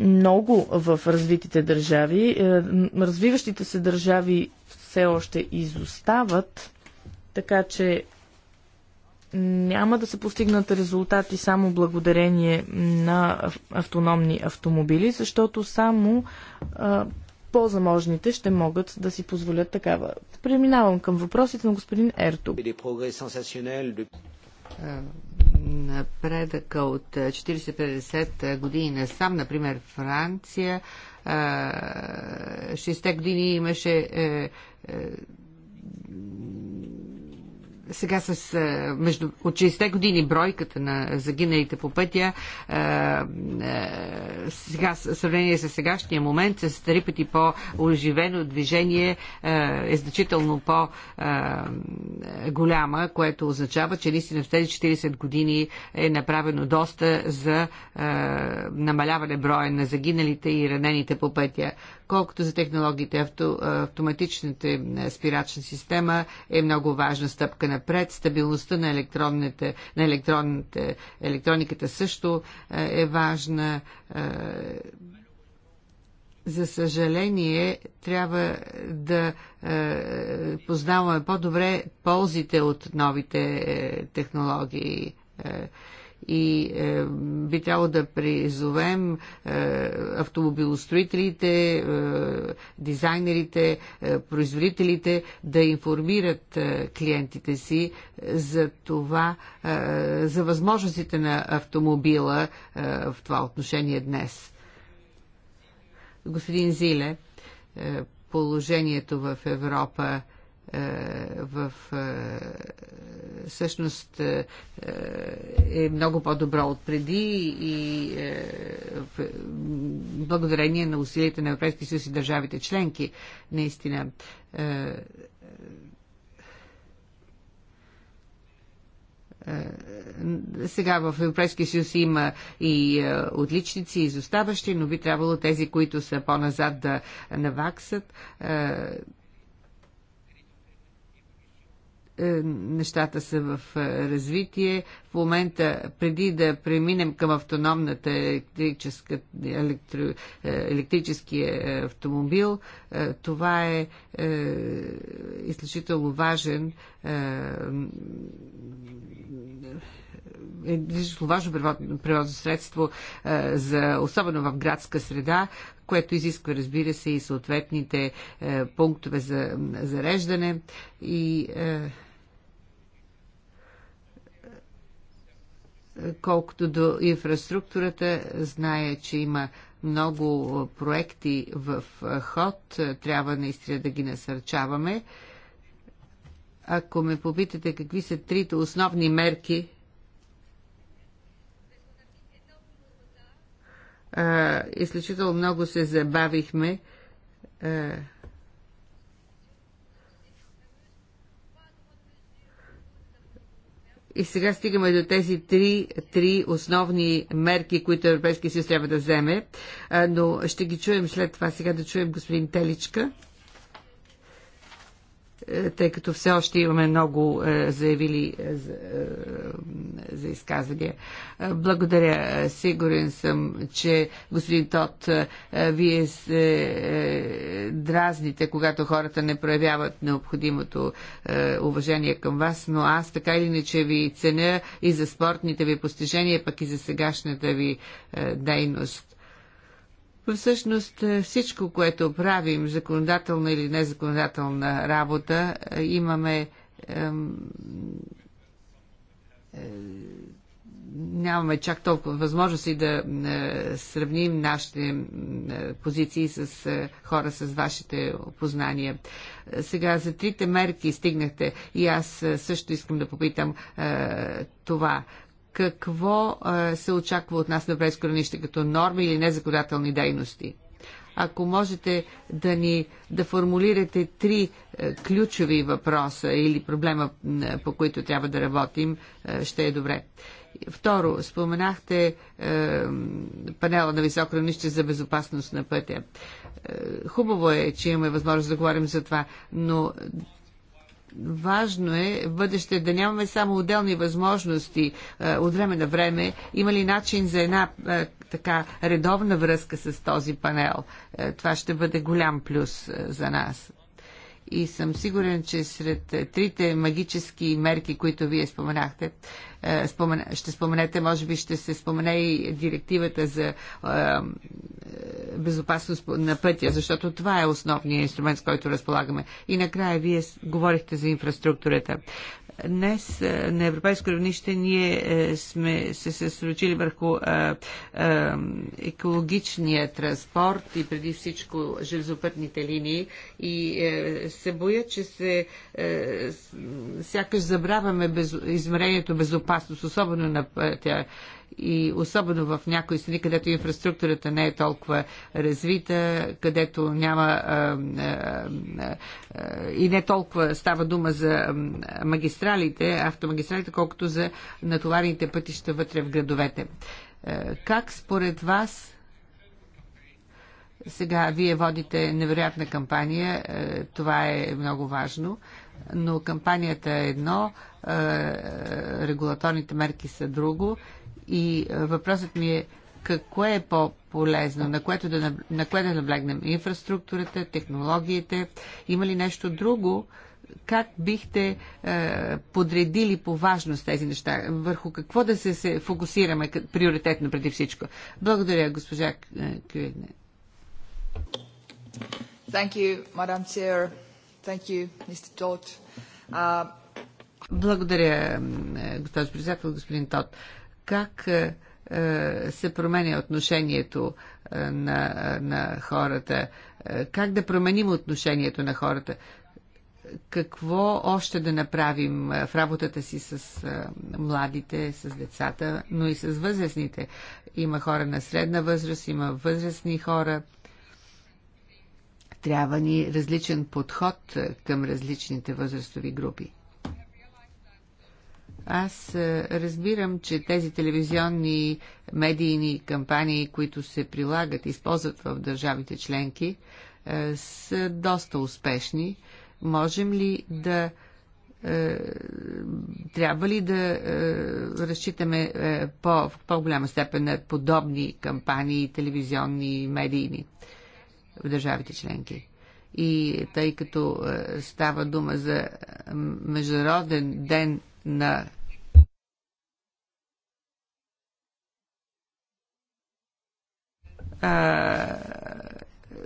много в развитите държави. Е, развиващите се държави все още изостават, така че няма да се постигнат резултати само благодарение на автономни автомобили, защото само по-заможните ще могат да си позволят такава. Преминавам към въпросите на господин Ерто напредъка от 40-50 години насам, например Франция, 60 години имаше е, е, сега с между, от 60 години бройката на загиналите по пътя, сега, в сравнение с сегашния момент, с три пъти по-оживено движение е значително по-голяма, което означава, че наистина в тези 40 години е направено доста за намаляване броя на загиналите и ранените по пътя. Колкото за технологиите, авто, автоматичната е, спирачна система е много важна стъпка напред. Стабилността на, електронните, на електронните, електрониката също е, е важна. Е, за съжаление, трябва да е, познаваме по-добре ползите от новите е, технологии. Е, и е, би трябвало да призовем е, автомобилостроителите, е, дизайнерите, е, производителите да информират е, клиентите си е, за това, е, за възможностите на автомобила е, в това отношение днес. Господин Зиле, е, положението в Европа е, е, в е, всъщност е, е много по-добро от преди и благодарение на усилията на Европейския съюз и държавите членки наистина сега в Европейския съюз има и отличници, и изоставащи, но би трябвало тези, които са по-назад да наваксат. Е, нещата са в е, развитие. В момента, преди да преминем към автономната електрическа, електро, е, електрическия автомобил, това е, изключително важен е, важно природно средство за, особено в градска среда, което изисква, разбира се, и съответните е, пунктове за зареждане и е, Колкото до инфраструктурата, зная, че има много проекти в ход, трябва наистина да ги насърчаваме. Ако ме попитате какви са трите основни мерки, изключително много се забавихме. И сега стигаме до тези три, три основни мерки, които Европейския съюз трябва да вземе, но ще ги чуем след това. Сега да чуем господин Теличка тъй като все още имаме много е, заявили е, за, е, за изказвания. Благодаря. Сигурен съм, че господин Тот, вие се дразните, когато хората не проявяват необходимото уважение към вас, но аз така или иначе ви ценя и за спортните ви постижения, пък и за сегашната ви дейност Всъщност е, всичко, което правим, законодателна или незаконодателна работа, е, имаме ем, е, нямаме чак толкова възможности да е, сравним нашите е, позиции с е, хора с вашите познания. Е, сега за трите мерки стигнахте и аз също искам да попитам това какво се очаква от нас на европейско равнище като норми или незаконодателни дейности. Ако можете да ни да формулирате три е, ключови въпроса или проблема, е, по които трябва да работим, е, ще е добре. Второ, споменахте а, панела на високо равнище за безопасност на пътя. А, хубаво е, че имаме възможност да говорим за това, но Важно е в бъдеще да нямаме само отделни възможности е, от време на време. Има ли начин за една е, така редовна връзка с този панел? Е, това ще бъде голям плюс за нас. И съм сигурен, че сред трите магически мерки, които вие споменахте, е, спомен... ще споменете, може би ще се спомене и директивата за е, безопасност на пътя, защото това е основният инструмент, с който разполагаме. И накрая вие говорихте за инфраструктурата. Днес е, на европейско равнище ние е, сме се съсредоточили върху е, екологичния транспорт и преди всичко железопътните линии и се боя, че се сякаш забравяме измерението безопасност, особено на пътя и особено в някои страни, където инфраструктурата не е толкова развита, където няма и не толкова става дума за магистралите, автомагистралите, колкото за натоварените пътища вътре в градовете. Как според вас сега вие водите невероятна кампания, това е много важно, но кампанията е едно, регулаторните мерки са друго и е, въпросът ми е какво е по-полезно, на, което да, на кое да наблегнем? Инфраструктурата, технологиите? Има ли нещо друго? Как бихте е, подредили по важност тези неща? Върху какво да се, се фокусираме приоритетно преди всичко? Благодаря, госпожа е, Кюедне. Thank you, Madam Chair. Thank you, Mr. Todd. Uh... Благодаря, е, госпожо председател, господин Тот как е, е, се променя отношението е, на, на хората, как да променим отношението на хората, какво още да направим в работата си с младите, с децата, но и с възрастните. Има хора на средна възраст, има възрастни хора. Трябва ни различен подход към различните възрастови групи. Аз е, разбирам, че тези телевизионни медийни кампании, които се прилагат, използват в държавите членки, е, са доста успешни. Можем ли да е, трябва ли да разчитаме по, в по-голяма степен на подобни кампании, телевизионни, медийни в държавите членки? И тъй като става дума за Международен ден на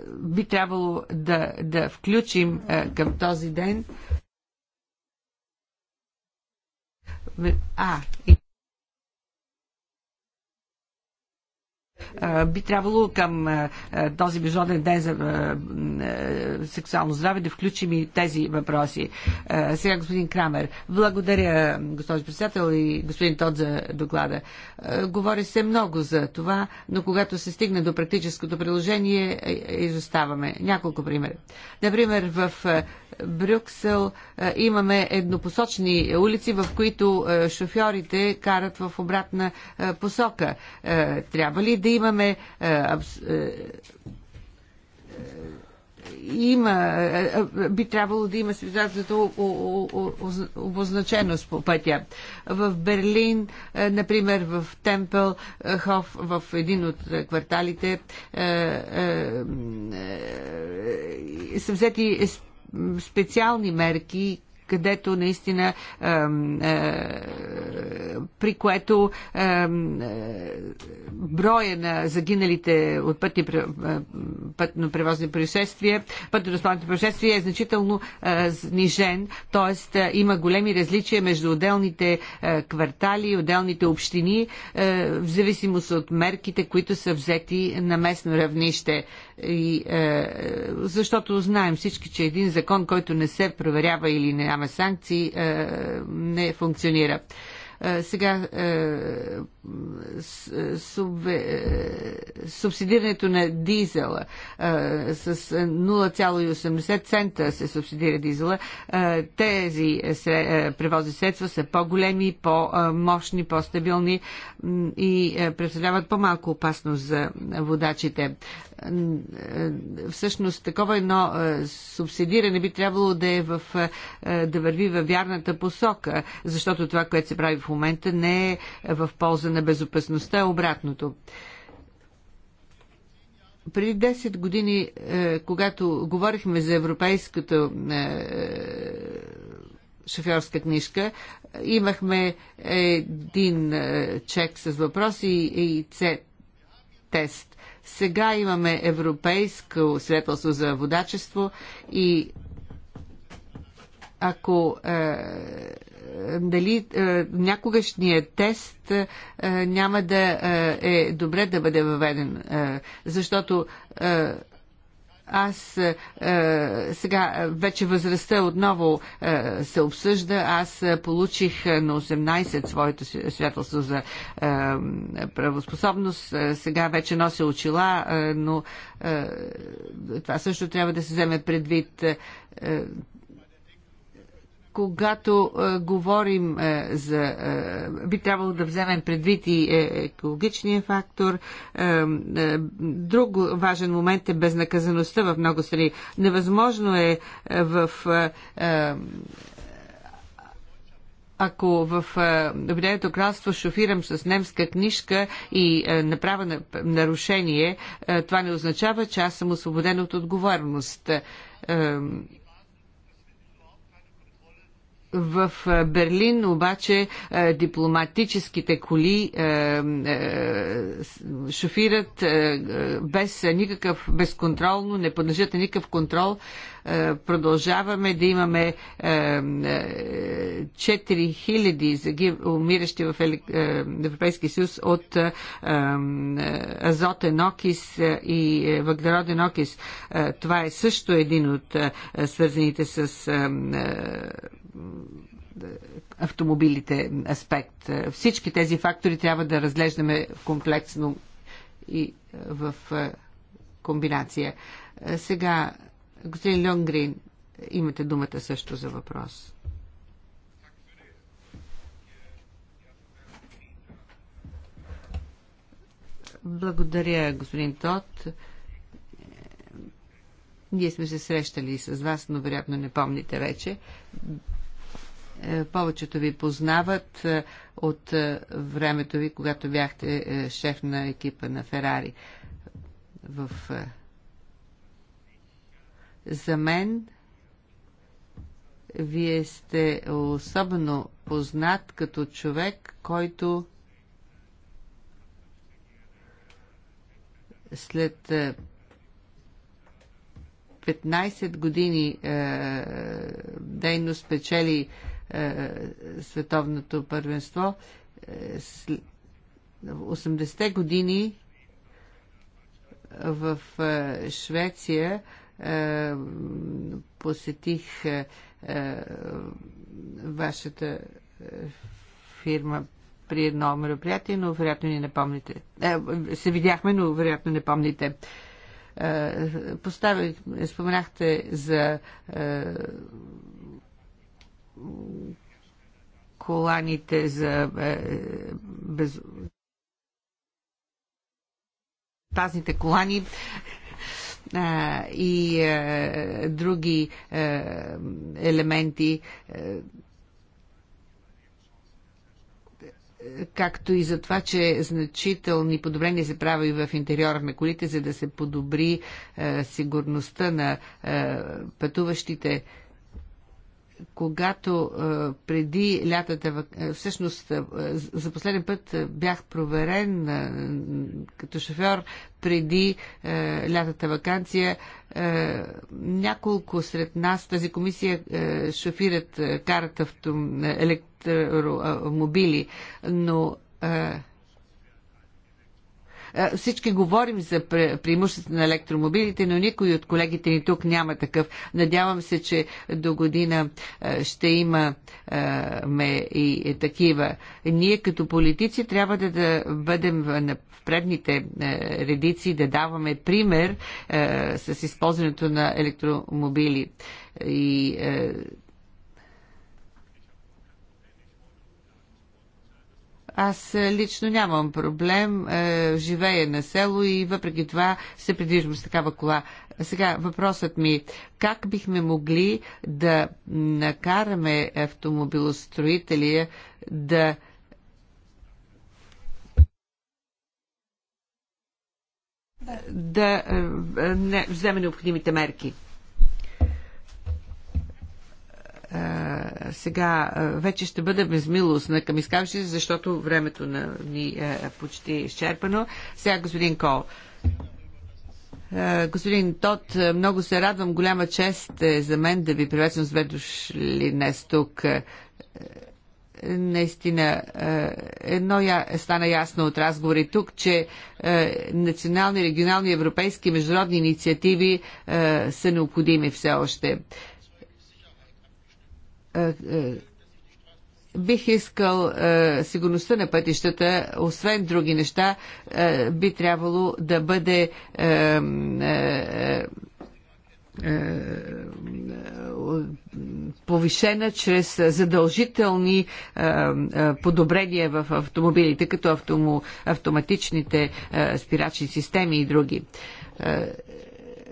би трябвало да, да включим към този ден. А, и Би трябвало към този международен ден за сексуално здраве да включим и тези въпроси. Сега господин Крамер. Благодаря, госпожо председател и господин Тод за доклада. Говори се много за това, но когато се стигне до практическото приложение, е, е, изоставаме. Няколко примера. Например, в Брюксел имаме еднопосочни улици, в които шофьорите карат в обратна посока. Трябва ли да имаме е, е, е, има, би трябвало да има свидетелството обозначеност по пътя. В Берлин, например, в Темпел Хоф, в един от кварталите, са взети специални мерки, където наистина при което броя на загиналите от пътни пътно-превозни происшествия, пътно-доставните происшествия е значително снижен, т.е. има големи различия между отделните квартали, отделните общини, в зависимост от мерките, които са взети на местно равнище. И, е, защото знаем всички, че един закон, който не се проверява или няма санкции, е, не функционира. Е, сега е, суб, е, субсидирането на дизела е, с 0,80 цента се субсидира дизела. Е, тези е, превози средства са по-големи, по-мощни, по-стабилни и е, представляват по-малко опасност за водачите всъщност такова едно е, субсидиране би трябвало да е в, е, да върви във вярната посока, защото това, което се прави в момента не е в полза на безопасността, а обратното. Преди 10 години, е, когато говорихме за Европейската шофьорска книжка. Имахме един чек с въпроси и, и тест. Сега имаме европейско свидетелство за водачество и ако е, дали е, някогашният тест е, няма да е, е добре да бъде въведен, е, защото е, аз е, сега вече възрастта отново е, се обсъжда. Аз е, получих е, на 18 своето свидетелство за е, правоспособност. Е, сега вече нося очила, е, но е, това също трябва да се вземе предвид. Е, когато е, говорим е, за... Е, би трябвало да вземем предвид и е, екологичния фактор. Е, е, друг важен момент е безнаказаността в много страни. Невъзможно е, е в... Е, е, ако в е, Обединеното кралство шофирам с немска книжка и е, направя нарушение, е, това не означава, че аз съм освободен от отговорност в е, Берлин обаче е, дипломатическите коли е, шофират без никакъв безконтролно, не подлежат на никакъв контрол. Продължаваме да имаме 4000 загив... умиращи в Европейския съюз от азотен окис и въглероден окис. Това е също един от свързаните с автомобилите аспект. Всички тези фактори трябва да разглеждаме комплексно и е, в е, комбинация. Е, сега, господин Льонгрин, имате думата също за въпрос. Благодаря, господин Тот. Ние сме се срещали с вас, но вероятно не помните вече. Е, повечето ви познават е, от е, времето ви, когато бяхте шеф на екипа на Ферари. В... За мен вие сте особено познат като човек, който след 15 години е, дейност печели е, световното първенство. 80-те е, години в е, Швеция посетих вашата фирма при едно мероприятие, но вероятно ни не помните. Се видяхме, но вероятно не помните. Поставих, споменахте за коланите за е, без... тазните колани а, и а, е, други а, е, елементи, а, както и за това, че значителни подобрения се прави в интериора на колите, за да се подобри а, сигурността на а, пътуващите. А, когато е, преди лятата, е, всъщност е, за последен път бях проверен като шофьор преди лятата вакансия. Няколко сред нас, тази комисия, шофират, карат автом, електромобили, но е, всички говорим за преимуществото на електромобилите, но никой от колегите ни тук няма такъв. Надявам се, че до година е, ще имаме и такива. Ние като политици трябва да, да бъдем в предните е, редици, да даваме пример с използването на електромобили. И Аз е, лично нямам проблем, е, живея на село и въпреки това се придвижвам с такава кола. Сега въпросът ми, как бихме могли да накараме да да да е, не, вземе необходимите мерки. сега вече ще бъда безмилостна към изказващите, защото времето на, ни е почти изчерпано. Сега господин Кол. Господин Тот, много се радвам. Голяма чест е за мен да ви приветствам с дошли днес тук. Наистина, едно я, стана ясно от разговори тук, че национални, регионални, европейски, международни инициативи са необходими все още. Е, е, бих искал е, сигурността на пътищата, освен други неща, е, би трябвало да бъде е, е, е повишена чрез задължителни подобрения в автомобилите, като автоматичните спирачни системи и други.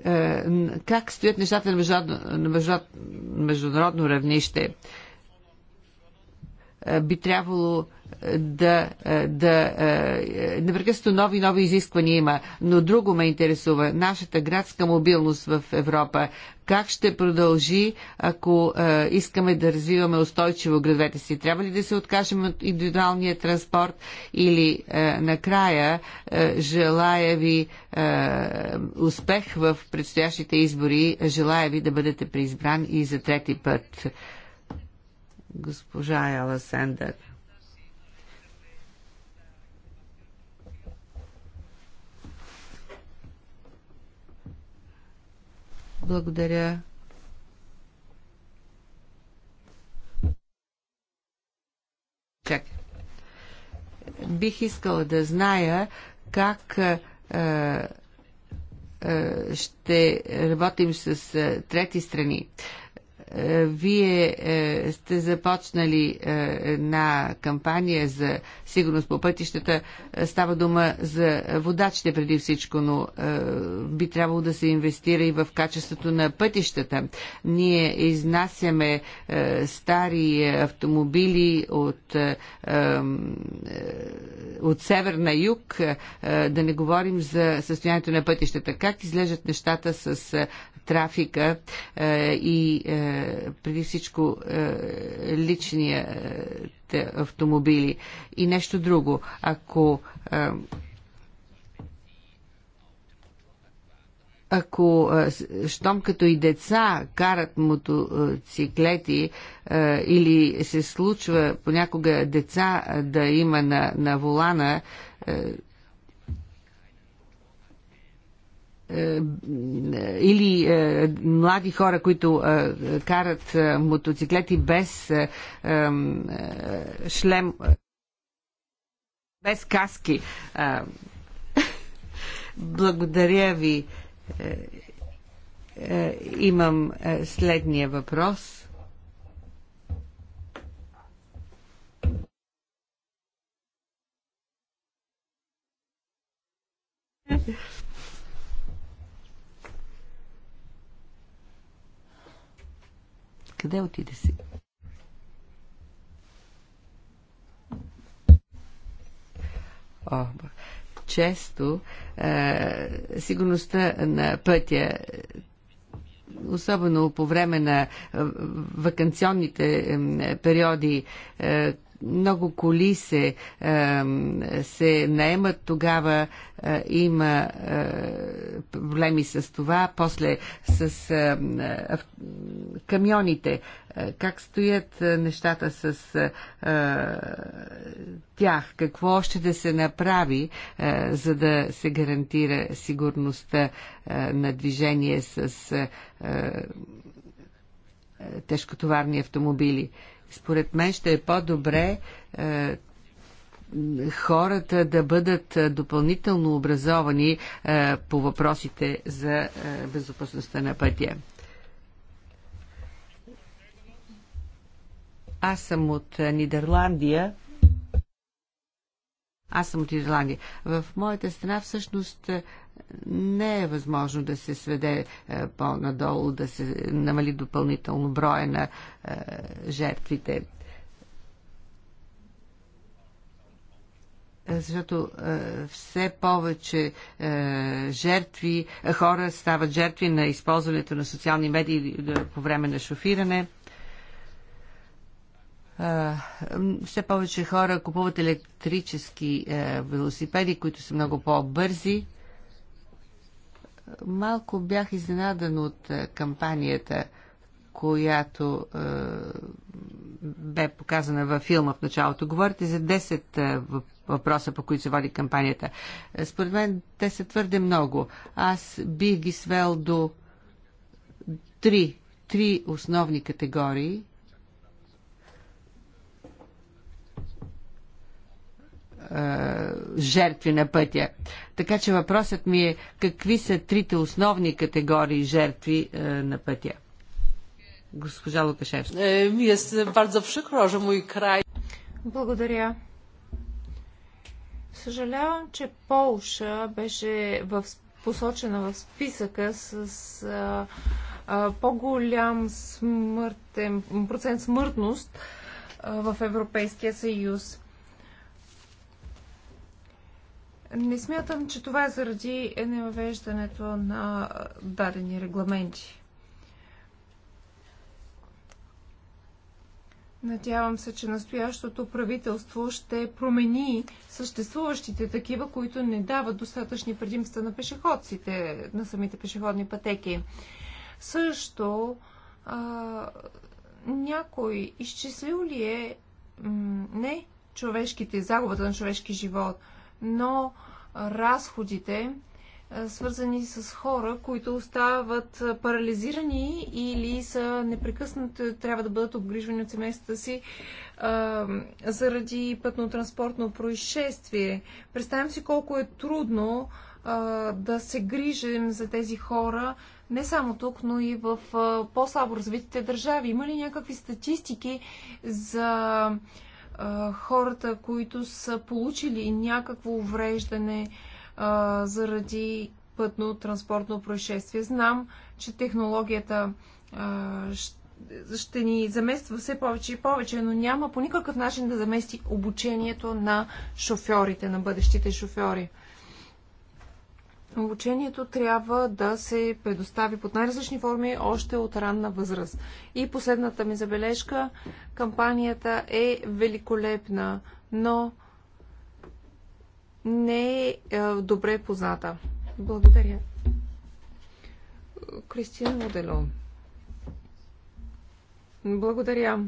Е, как стоят нещата на международно, на международно, международно равнище. Е, би трябвало да, е, да е, е, непрекъснато нови нови изисквания има, но друго ме интересува нашата градска мобилност в Европа. Как ще продължи, ако е, искаме да развиваме устойчиво градовете си? Трябва ли да се откажем от индивидуалния транспорт или е, накрая е, желая ви е, успех в предстоящите избори, желая ви да бъдете преизбран и за трети път. Госпожа Ела Сендър. Благодаря. Чакай. Бих искала да зная как а, а, ще работим с трети страни. А, е, вие е, сте започнали е, една кампания за сигурност по пътищата. Става дума за водачите преди всичко, но би трябвало да се инвестира и в качеството на пътищата. Ние изнасяме стари автомобили от, от север на юг, да не говорим за състоянието на пътищата. Как излежат нещата с трафика и преди всичко е, личния автомобили. И нещо друго, ако е, ако, е, щом като и деца карат мотоциклети или се случва понякога деца да има на, на волана, Е, или е, млади хора, които е, карат мотоциклети без шлем, без каски. Благодаря ви. Имам следния въпрос. Yes. Къде отиде си? О, често е, сигурността на пътя особено по време на е, вакансионните периоди, е, много коли се, се наемат тогава, е, има е, проблеми с това, после с е, камионите, как стоят нещата с тях, какво още да се направи, за да се гарантира сигурността на движение с тежкотоварни автомобили. Според мен ще е по-добре е, хората да бъдат е, допълнително образовани е, по въпросите за е, безопасността на пътя. Аз съм от е, Нидерландия. Аз съм от Ирландия. В моята страна всъщност е, не е възможно да се сведе е, по-надолу, да се намали допълнително броя на е, жертвите. защото е, все повече е, жертви, е, хора стават жертви на използването на социални медии е, по време на шофиране. Все повече хора купуват електрически велосипеди, които са много по-бързи. Малко бях изненадан от е, кампанията, която е, бе показана във филма в началото. Говорите за 10 е, въпроса, по които се води кампанията. Е, според мен те са твърде много. Аз бих ги свел до три, три основни категории Е, жертви на пътя. Така че въпросът ми е какви са трите основни категории жертви е, на пътя? Госпожа Лукашевска. е bardzo przykro, е Благодаря. Съжалявам, че Полша беше в, посочена в списъка с а, а, по-голям смъртен, процент смъртност а, в Европейския съюз. Не смятам, че това е заради невеждането на дадени регламенти. Надявам се, че настоящото правителство ще промени съществуващите такива, които не дават достатъчни предимства на пешеходците, на самите пешеходни пътеки. Също а, някой изчислил ли е не човешките, загубата на човешки живот – но разходите, е, свързани с хора, които остават парализирани или са непрекъснато е, трябва да бъдат обгрижвани от семействата си а, е, заради пътно-транспортно происшествие. Представям си колко е трудно а, да се грижим за тези хора, не само тук, но и в по-слабо развитите държави. Има ли някакви статистики за хората, които са получили някакво увреждане а, заради пътно-транспортно происшествие. Знам, че технологията а, ще ни замества все повече и повече, но няма по никакъв начин да замести обучението на шофьорите, на бъдещите шофьори. Обучението трябва да се предостави под най-различни форми още от ранна възраст. И последната ми забележка, кампанията е великолепна, но не е, е добре позната. Благодаря. Кристина Модело. Благодаря.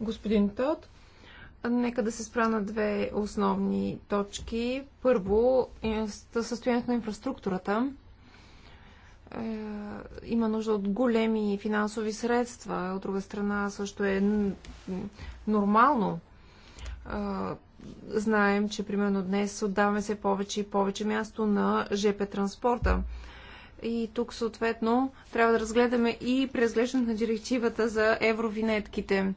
Господин Тод, Нека да се спра на две основни точки. Първо, е, състоянието на инфраструктурата е, има нужда от големи финансови средства. От друга страна също е нормално. Е, знаем, че примерно днес отдаваме се повече и повече място на ЖП транспорта. И тук съответно трябва да разгледаме и преразглеждането на директивата за евровинетките.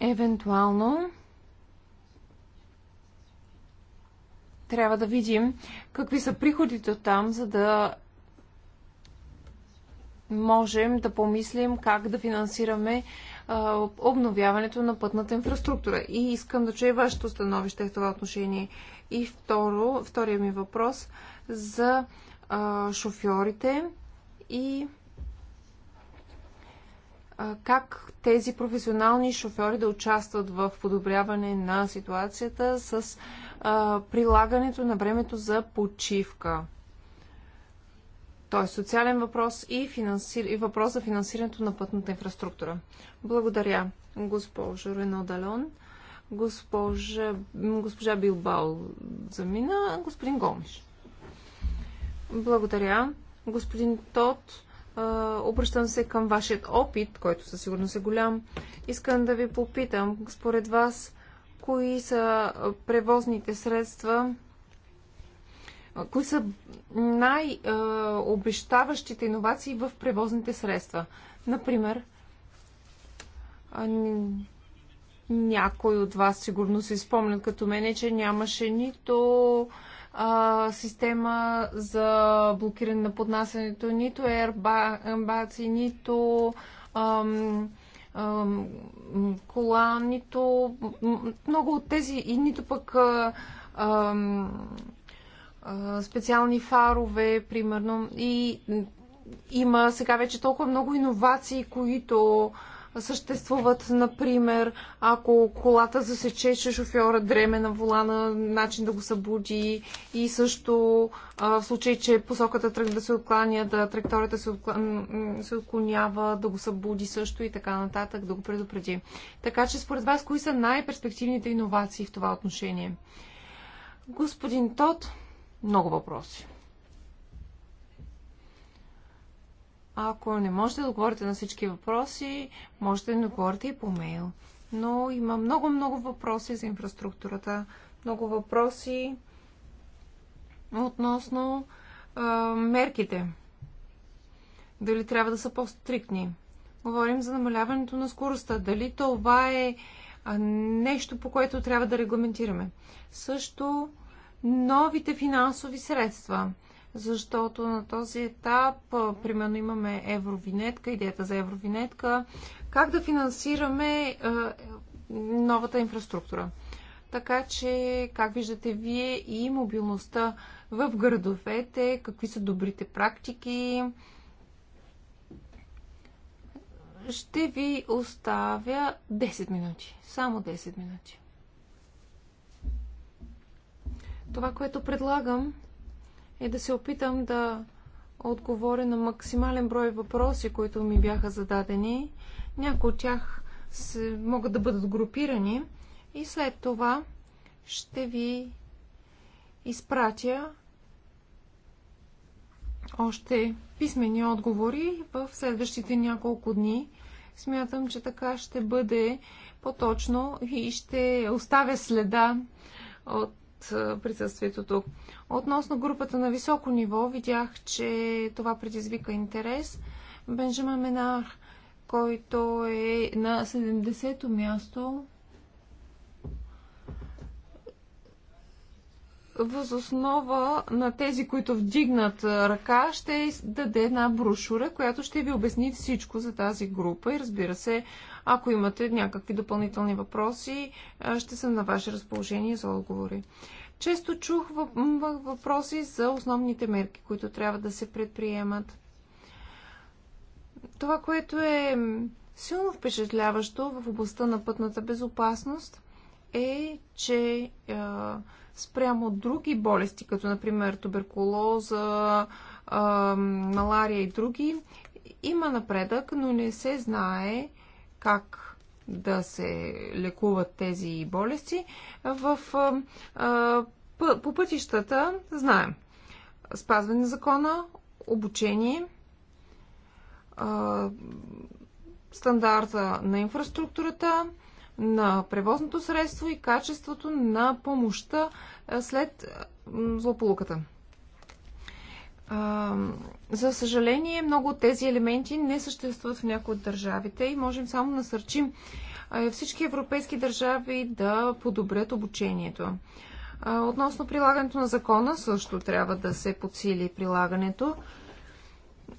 Евентуално трябва да видим какви са приходите от там, за да можем да помислим как да финансираме а, обновяването на пътната инфраструктура. И искам да чуя вашето становище в това отношение. И второ, втория ми въпрос за а, шофьорите и как тези професионални шофьори да участват в подобряване на ситуацията с прилагането на времето за почивка. Той е социален въпрос и, финансир... и въпрос за финансирането на пътната инфраструктура. Благодаря, госпожо Рено Далон. Госпожа, госпожа Билбао замина. Господин Гомиш. Благодаря. Господин Тот, Обръщам се към вашият опит, който със сигурност е голям. Искам да ви попитам, според вас, кои са превозните средства, кои са най-обещаващите иновации в превозните средства. Например, някой от вас сигурно се спомнят като мене, че нямаше нито а, система за блокиране на поднасянето, нито ербаци, нито ам, ам, кола, нито много от тези, и нито пък ам, специални фарове, примерно. И има сега вече толкова много иновации, които съществуват, например, ако колата засече, че шофьора дреме на волана, начин да го събуди и също а, в случай, че посоката тръг да се откланя, да тракторията се, отклан... се отклонява, да го събуди също и така нататък, да го предупреди. Така че според вас, кои са най-перспективните иновации в това отношение? Господин Тот, много въпроси. Ако не можете да отговорите на всички въпроси, можете да отговорите и по мейл. Но има много-много въпроси за инфраструктурата, много въпроси относно а, мерките. Дали трябва да са по-стриктни? Говорим за намаляването на скоростта. Дали това е нещо, по което трябва да регламентираме? Също новите финансови средства – защото на този етап, примерно имаме евровинетка, идеята за евровинетка, как да финансираме новата инфраструктура. Така че, как виждате вие и мобилността в градовете, какви са добрите практики. Ще ви оставя 10 минути. Само 10 минути. Това, което предлагам е да се опитам да отговоря на максимален брой въпроси, които ми бяха зададени. Някои от тях се, могат да бъдат групирани и след това ще ви изпратя още писмени отговори в следващите няколко дни. Смятам, че така ще бъде по-точно и ще оставя следа от присъствието тук. Относно групата на високо ниво, видях, че това предизвика интерес. Бенджамин Менар, който е на 70-то място възоснова на тези, които вдигнат ръка, ще даде една брошура, която ще ви обясни всичко за тази група. И разбира се, ако имате някакви допълнителни въпроси, ще съм на ваше разположение за отговори. Често чух въпроси за основните мерки, които трябва да се предприемат. Това, което е силно впечатляващо в областта на пътната безопасност, е, че спрямо други болести, като например туберкулоза, малария и други, има напредък, но не се знае как да се лекуват тези болести. В, по пътищата знаем спазване на закона, обучение, стандарта на инфраструктурата, на превозното средство и качеството на помощта е, след е, злополуката. За съжаление, много от тези елементи не съществуват в някои от държавите и можем само насърчим е, всички европейски държави да подобрят обучението. Относно прилагането на закона, също трябва да се подсили прилагането.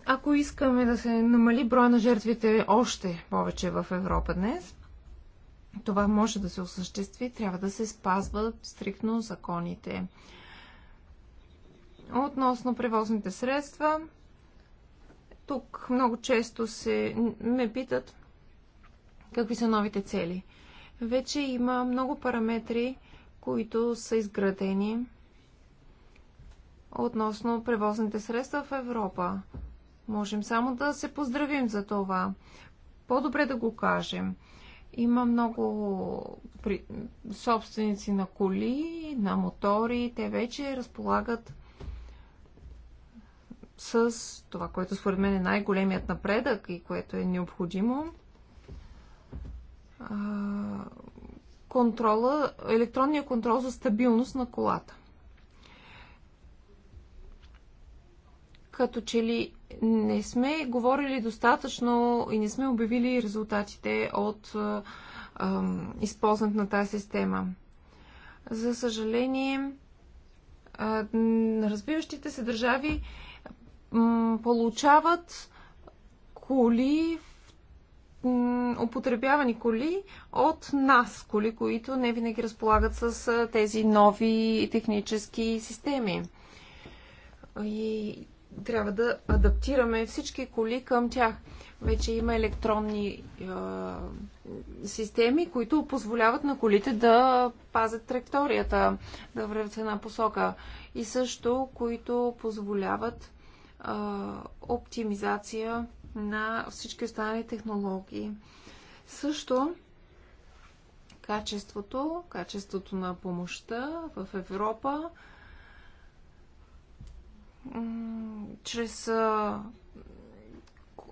Ако искаме да се намали броя на жертвите още повече в Европа днес, това може да се осъществи, трябва да се спазват стриктно законите. Относно превозните средства, тук много често се ме питат какви са новите цели. Вече има много параметри, които са изградени относно превозните средства в Европа. Можем само да се поздравим за това. По-добре да го кажем. Има много при... собственици на коли, на мотори. Те вече разполагат с това, което според мен е най-големият напредък и което е необходимо. контрола, електронния контрол за стабилност на колата. Като че ли не сме говорили достатъчно и не сме обявили резултатите от използването на тази система. За съжаление, а, развиващите се държави получават коли, употребявани коли от нас, коли, които не винаги разполагат с тези нови технически системи. И трябва да адаптираме всички коли към тях. Вече има електронни а, е, системи, които позволяват на колите да пазят траекторията, да вървят в една посока. И също, които позволяват а, е, оптимизация на всички останали технологии. Също качеството, качеството на помощта в Европа чрез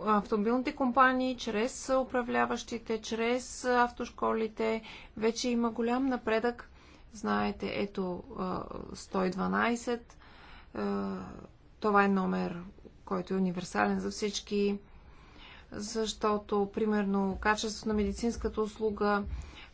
автомобилните компании, чрез управляващите, чрез автошколите. Вече има голям напредък. Знаете, ето 112. Това е номер, който е универсален за всички, защото, примерно, качеството на медицинската услуга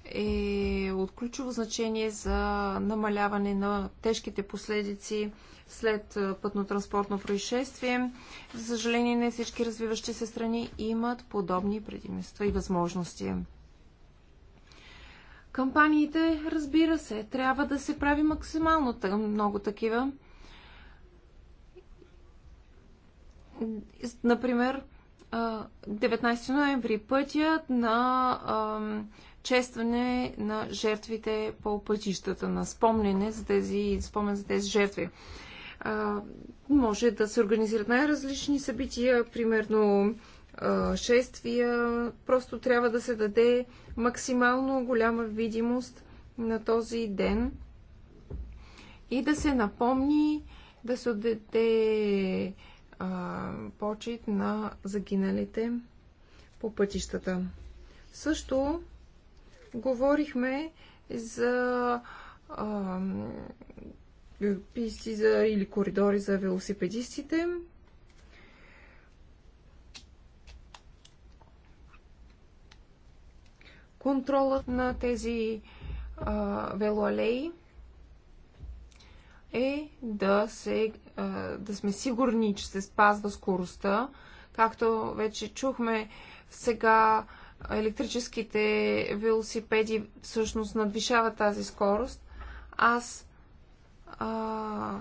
е от ключово значение за намаляване на тежките последици след пътно-транспортно происшествие. За съжаление, не всички развиващи се страни имат подобни предимства и възможности. Кампаниите, разбира се, трябва да се прави максимално много такива. Например, 19 ноември пътят на честване на жертвите по пътищата, на спомнене за тези, спомен за тези жертви може да се организират най-различни събития, примерно шествия. Просто трябва да се даде максимално голяма видимост на този ден и да се напомни, да се отдаде а, почет на загиналите по пътищата. Също говорихме за а, писти за, или коридори за велосипедистите. Контролът на тези а, велоалеи е да, се, а, да сме сигурни, че се спазва скоростта. Както вече чухме, сега електрическите велосипеди всъщност надвишават тази скорост. Аз а,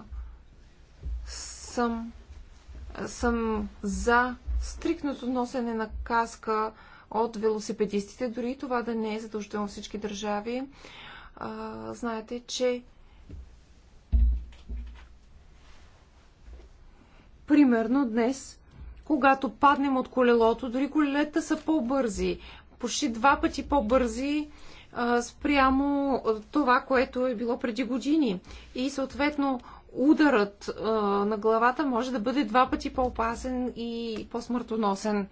съм, съм за стрикното носене на каска от велосипедистите, дори това да не е задължително всички държави. А, знаете, че примерно днес, когато паднем от колелото, дори колелета са по-бързи, почти два пъти по-бързи спрямо това, което е било преди години. И съответно ударът на главата може да бъде два пъти по-опасен и по-смъртоносен.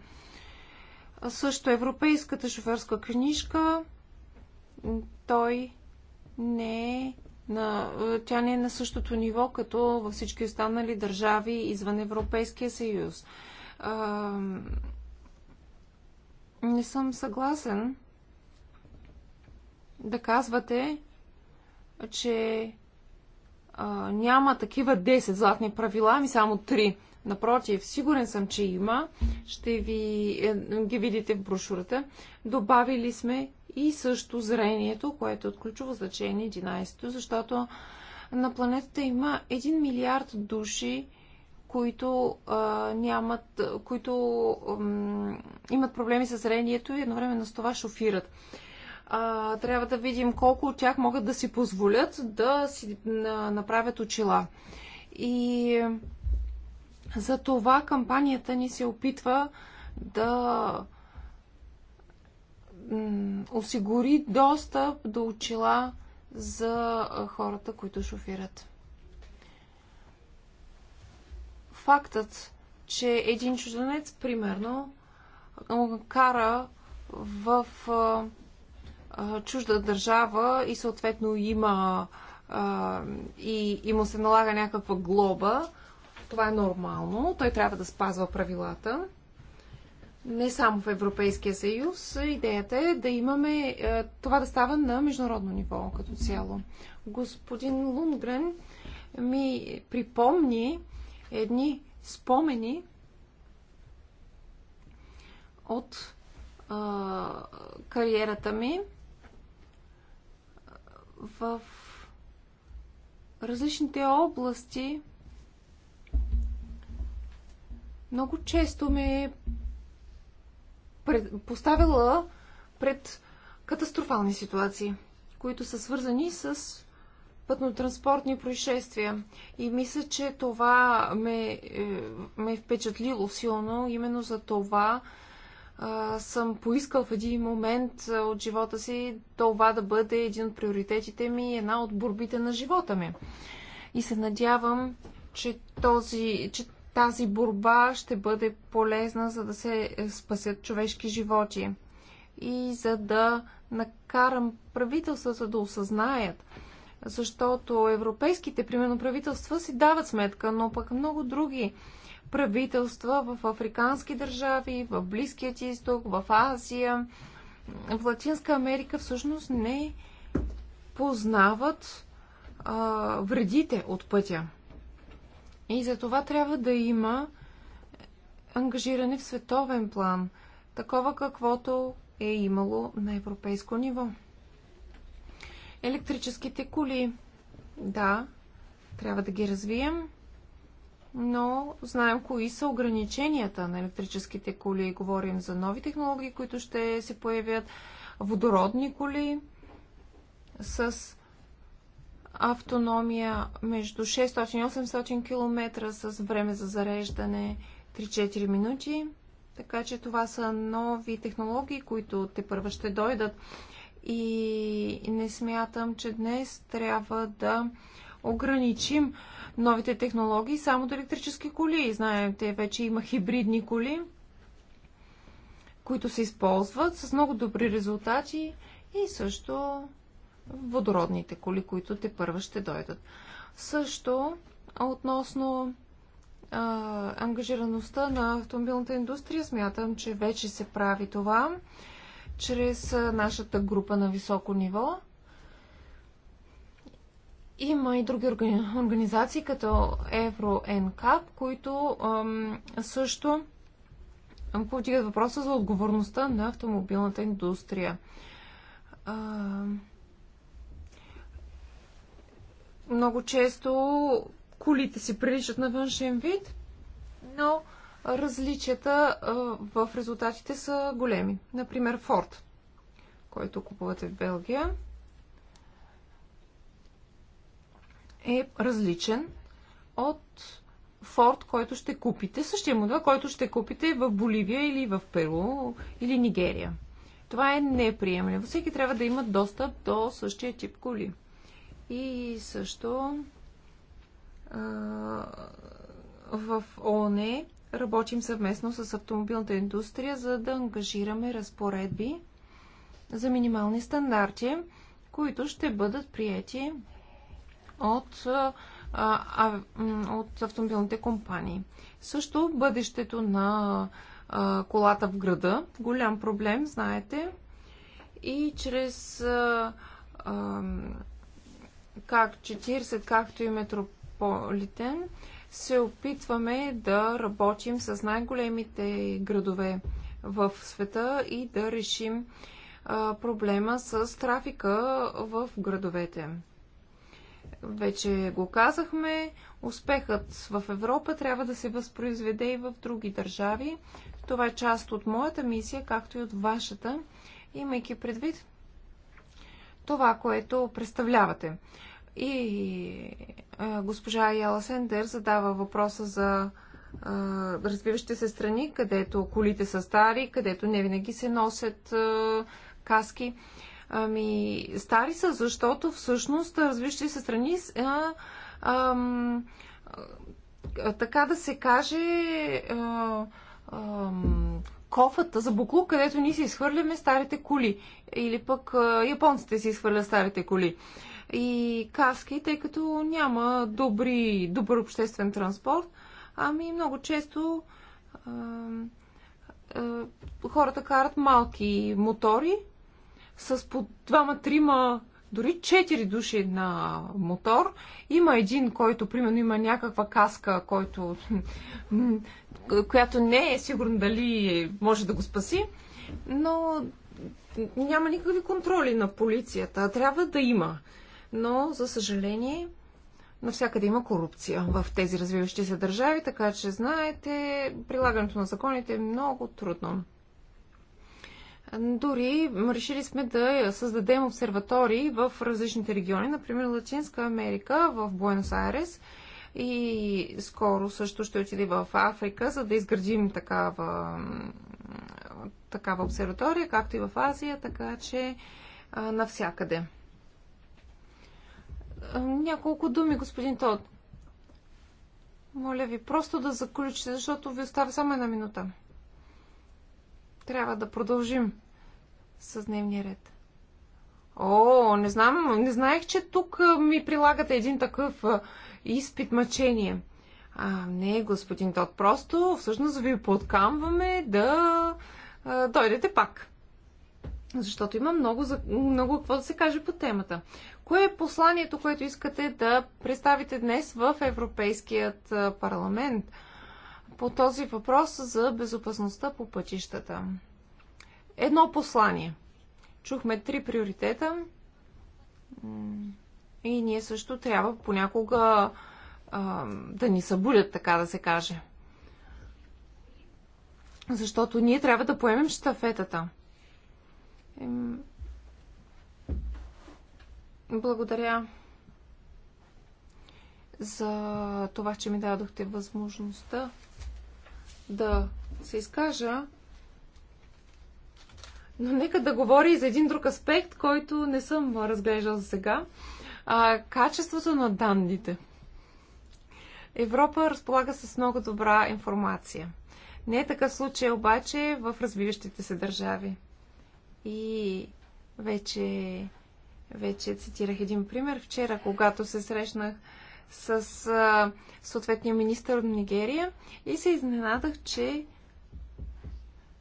Също европейската шофьорска книжка, той не е на, тя не е на същото ниво, като във всички останали държави извън Европейския съюз. А, не съм съгласен да казвате, че а, няма такива 10 златни правила, ами само 3. Напротив, сигурен съм, че има. Ще ви е, ги видите в брошурата. Добавили сме и също зрението, което е от значение 11-то, защото на планетата има 1 милиард души, които а, нямат, които а, имат проблеми с зрението и едновременно с това шофират а, трябва да видим колко от тях могат да си позволят да си на, направят очила. И за това кампанията ни се опитва да осигури достъп до очила за хората, които шофират. Фактът, че един чужденец, примерно, кара в чужда държава и съответно има и, и му се налага някаква глоба, това е нормално. Той трябва да спазва правилата. Не само в Европейския съюз. Идеята е да имаме това да става на международно ниво като цяло. Господин Лунгрен ми припомни едни спомени от а, кариерата ми в различните области много често ме е пред, поставила пред катастрофални ситуации, които са свързани с пътно-транспортни происшествия. И мисля, че това ме, е, ме е впечатлило силно, именно за това а, съм поискал в един момент от живота си това да бъде един от приоритетите ми, една от борбите на живота ми. И се надявам, че, този, че тази борба ще бъде полезна, за да се е, спасят човешки животи и за да накарам правителствата да осъзнаят, защото европейските, примерно правителства, си дават сметка, но пък много други правителства в африкански държави, в Близкият изток, в Азия, в Латинска Америка всъщност не познават а, вредите от пътя. И за това трябва да има ангажиране в световен план, такова каквото е имало на европейско ниво. Електрическите коли. Да, трябва да ги развием но знаем кои са ограниченията на електрическите коли. Говорим за нови технологии, които ще се появят, водородни коли с автономия между 600 и 800 км с време за зареждане 3-4 минути. Така че това са нови технологии, които те първа ще дойдат. И не смятам, че днес трябва да ограничим новите технологии само до електрически коли. Знаете, вече има хибридни коли, които се използват с много добри резултати и също водородните коли, които те първа ще дойдат. Също относно а, ангажираността на автомобилната индустрия, смятам, че вече се прави това чрез нашата група на високо ниво има и други организации, като Евро НКАП, които ам, също повдигат въпроса за отговорността на автомобилната индустрия. А, много често колите си приличат на външен вид, но различията а, в резултатите са големи. Например, Форд, който купувате в Белгия, е различен от форт, който ще купите, същия модел, който ще купите в Боливия или в Перу или Нигерия. Това е неприемливо. Всеки трябва да има достъп до същия тип коли. И също а, в ООН работим съвместно с автомобилната индустрия, за да ангажираме разпоредби за минимални стандарти, които ще бъдат прияти от, а, от автомобилните компании. Също бъдещето на а, колата в града, голям проблем, знаете, и чрез а, а, как 40, както и метрополитен, се опитваме да работим с най-големите градове в света и да решим а, проблема с трафика в градовете. Вече го казахме, успехът в Европа трябва да се възпроизведе и в други държави. Това е част от моята мисия, както и от вашата, имайки предвид това, което представлявате. И госпожа Яла Сендер задава въпроса за а, развиващите се страни, където колите са стари, където не винаги се носят каски. Ами, стари са, защото всъщност развиващи се страни а, а, а, така да се каже а, а, кофата за буклук, където ние си изхвърляме старите коли. Или пък а, японците си изхвърлят старите коли. И каски, тъй като няма добри, добър обществен транспорт, ами много често а, а, хората карат малки мотори, с по двама, трима, дори четири души на мотор. Има един, който примерно има някаква каска, който, която не е сигурна дали може да го спаси, но няма никакви контроли на полицията. Трябва да има. Но, за съжаление, навсякъде има корупция в тези развиващи се държави, така че знаете, прилагането на законите е много трудно. Дори решили сме да създадем обсерватории в различните региони, например Латинска Америка, в Буенос Айрес и скоро също ще отиде в Африка, за да изградим такава, такава обсерватория, както и в Азия, така че а, навсякъде. Няколко думи, господин Тод. Моля ви, просто да заключите, защото ви остава само една минута. Трябва да продължим с дневния ред. О, не знам, не знаех, че тук ми прилагате един такъв изпит мъчение. А, не, господин Тот, просто всъщност ви подкамваме да а, дойдете пак. Защото има много, много какво да се каже по темата. Кое е посланието, което искате да представите днес в Европейският парламент? по този въпрос за безопасността по пътищата. Едно послание. Чухме три приоритета и ние също трябва понякога а, да ни събудят, така да се каже. Защото ние трябва да поемем штафетата. Благодаря за това, че ми дадохте възможността да се изкажа, но нека да говоря и за един друг аспект, който не съм разглеждал за сега. А, качеството на данните. Европа разполага с много добра информация. Не е такъв случай обаче в развиващите се държави. И вече, вече цитирах един пример вчера, когато се срещнах с съответния министър от Нигерия и се изненадах, че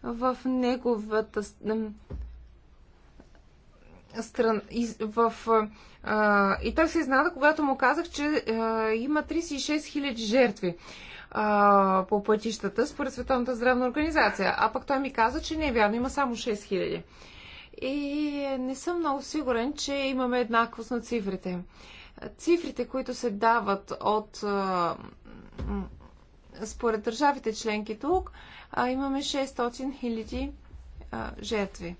в неговата страна. В, а, и той се изненада, когато му казах, че а, има 36 000 жертви а, по пътищата според Световната здравна организация. А пък той ми каза, че не е вярно, има само 6 000. И не съм много сигурен, че имаме еднаквост на цифрите цифрите, които се дават от според държавите членки тук, имаме 600 хиляди жертви.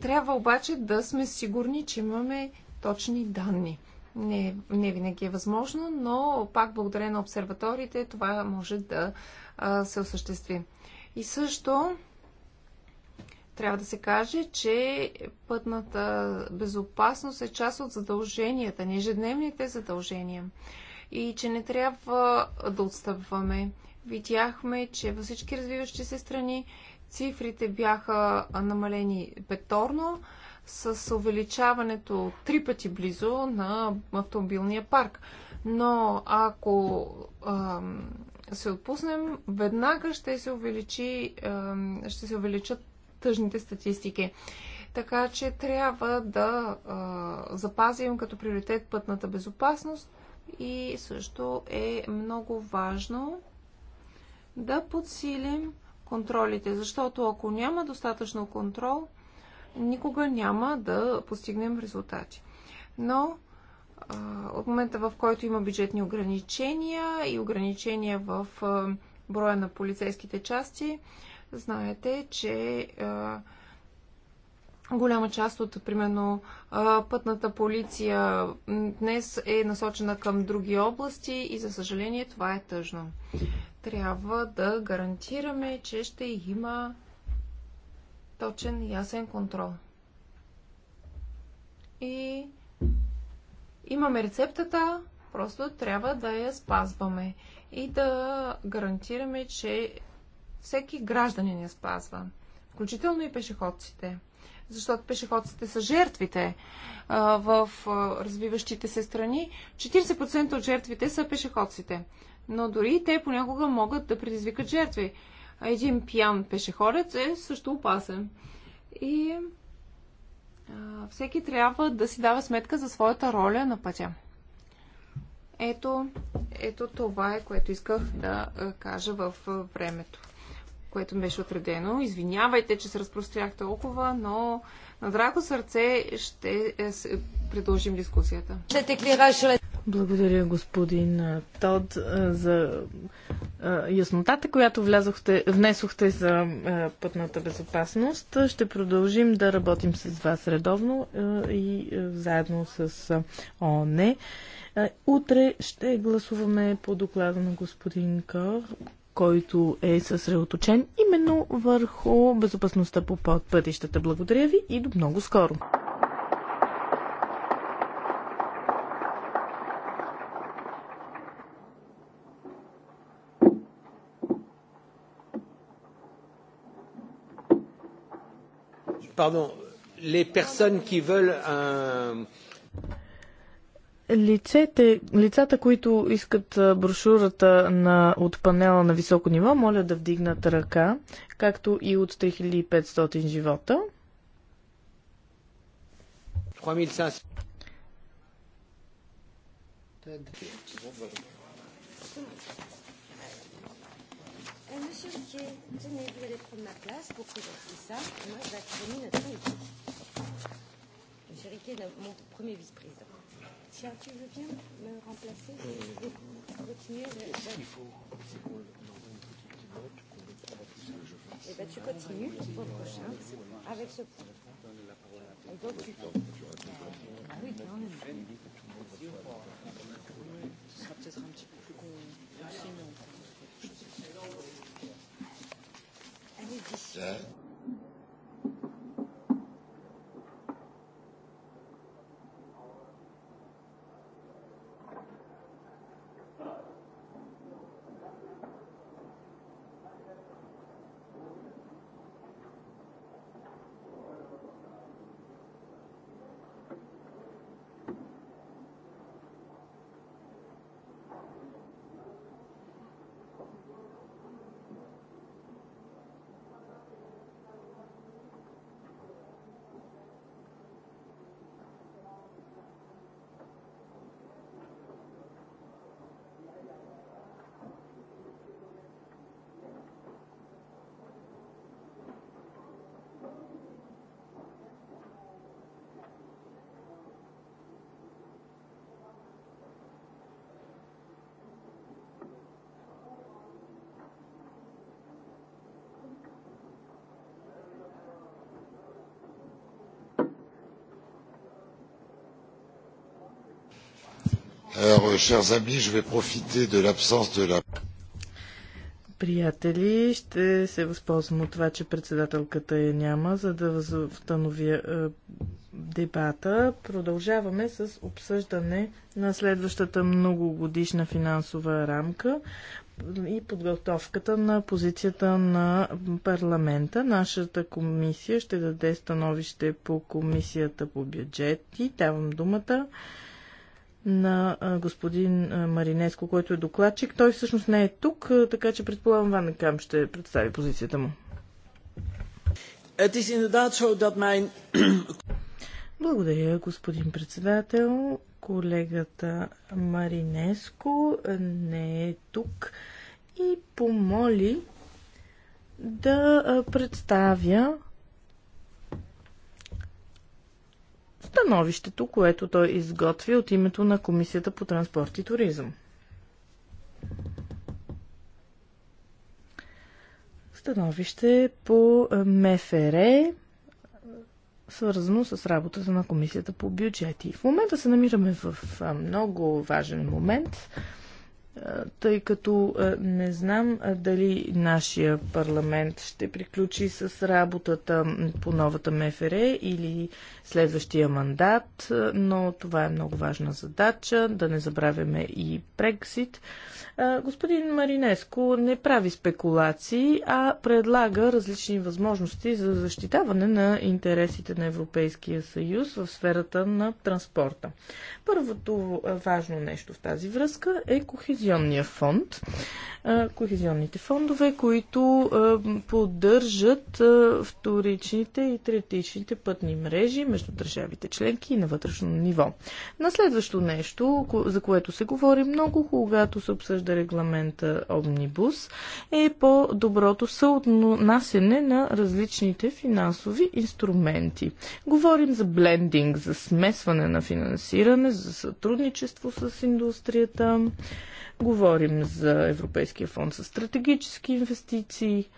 Трябва обаче да сме сигурни, че имаме точни данни. Не, не винаги е възможно, но пак благодарение на обсерваторите, това може да а, се осъществи. И също трябва да се каже, че пътната безопасност е част от задълженията, ни ежедневните задължения. И че не трябва да отстъпваме. Видяхме, че във всички развиващи се страни цифрите бяха намалени петорно с увеличаването три пъти близо на автомобилния парк. Но ако ам, се отпуснем, веднага ще се, увеличи, ам, ще се увеличат тъжните статистики. Така че трябва да а, запазим като приоритет пътната безопасност и също е много важно да подсилим контролите, защото ако няма достатъчно контрол, никога няма да постигнем резултати. Но а, от момента, в който има бюджетни ограничения и ограничения в а, броя на полицейските части, Знаете, че а, голяма част от, примерно, пътната полиция днес е насочена към други области и, за съжаление, това е тъжно. Трябва да гарантираме, че ще има точен, ясен контрол. И имаме рецептата, просто трябва да я спазваме и да гарантираме, че всеки гражданин я спазва, включително и пешеходците. Защото пешеходците са жертвите в развиващите се страни. 40% от жертвите са пешеходците. Но дори те понякога могат да предизвикат жертви. Един пиян пешеходец е също опасен. И всеки трябва да си дава сметка за своята роля на пътя. Ето, ето това е, което исках да кажа в времето което беше отредено. Извинявайте, че се разпрострях толкова, но на драго сърце ще е, продължим дискусията. Благодаря, господин Тод, за яснотата, която влязохте, внесохте за пътната безопасност. Ще продължим да работим с вас редовно и заедно с ООН. Утре ще гласуваме по доклада на господин Кор който е съсредоточен именно върху безопасността по пътищата. Благодаря ви и до много скоро! Pardon, les personnes qui veulent un Лицете, лицата, които искат брошурата на, от панела на високо ниво, моля да вдигнат ръка, както и от 3500 живота. 3500. Monsieur Riquet, tenez, vous allez prendre ma place pour que je fasse ça. Moi, je vais terminer notre équipe. Monsieur Riquet, mon premier vice-président. Tiens, tu veux bien me remplacer et continuer de... S'il faut, c'est qu'on envoie une petite note qu'on répond à Eh bien, tu continues pour le prochain avec ce point. Donc, tu... Ah oui, quand même. Ce sera peut-être un petit peu plus qu'on signe. Allez, d'ici. Euh, Приятели, ще се възползвам от това, че председателката я няма, за да възстановя е, дебата. Продължаваме с обсъждане на следващата многогодишна финансова рамка и подготовката на позицията на парламента. Нашата комисия ще даде становище по комисията по бюджет и давам думата на господин Маринеско, който е докладчик. Той всъщност не е тук, така че предполагам Ванна Кам ще представи позицията му. Благодаря, господин председател. Колегата Маринеско не е тук и помоли да представя становището, което той изготви от името на Комисията по транспорт и туризъм. Становище по МФР, свързано с работата на Комисията по бюджети. В момента се намираме в много важен момент тъй като е, не знам е, дали нашия парламент ще приключи с работата по новата МФР или следващия мандат, е, но това е много важна задача, да не забравяме и Брексит. Господин Маринеско не прави спекулации, а предлага различни възможности за защитаване на интересите на Европейския съюз в сферата на транспорта. Първото важно нещо в тази връзка е кохезия Кохезионния фонд, кохезионните фондове, които поддържат вторичните и третичните пътни мрежи между държавите членки и на вътрешно ниво. На следващо нещо, за което се говори много, когато се обсъжда регламента Омнибус, е по-доброто съотнасене на различните финансови инструменти. Говорим за блендинг, за смесване на финансиране, за сътрудничество с индустрията, Говорим за Европейския фонд за стратегически инвестиции,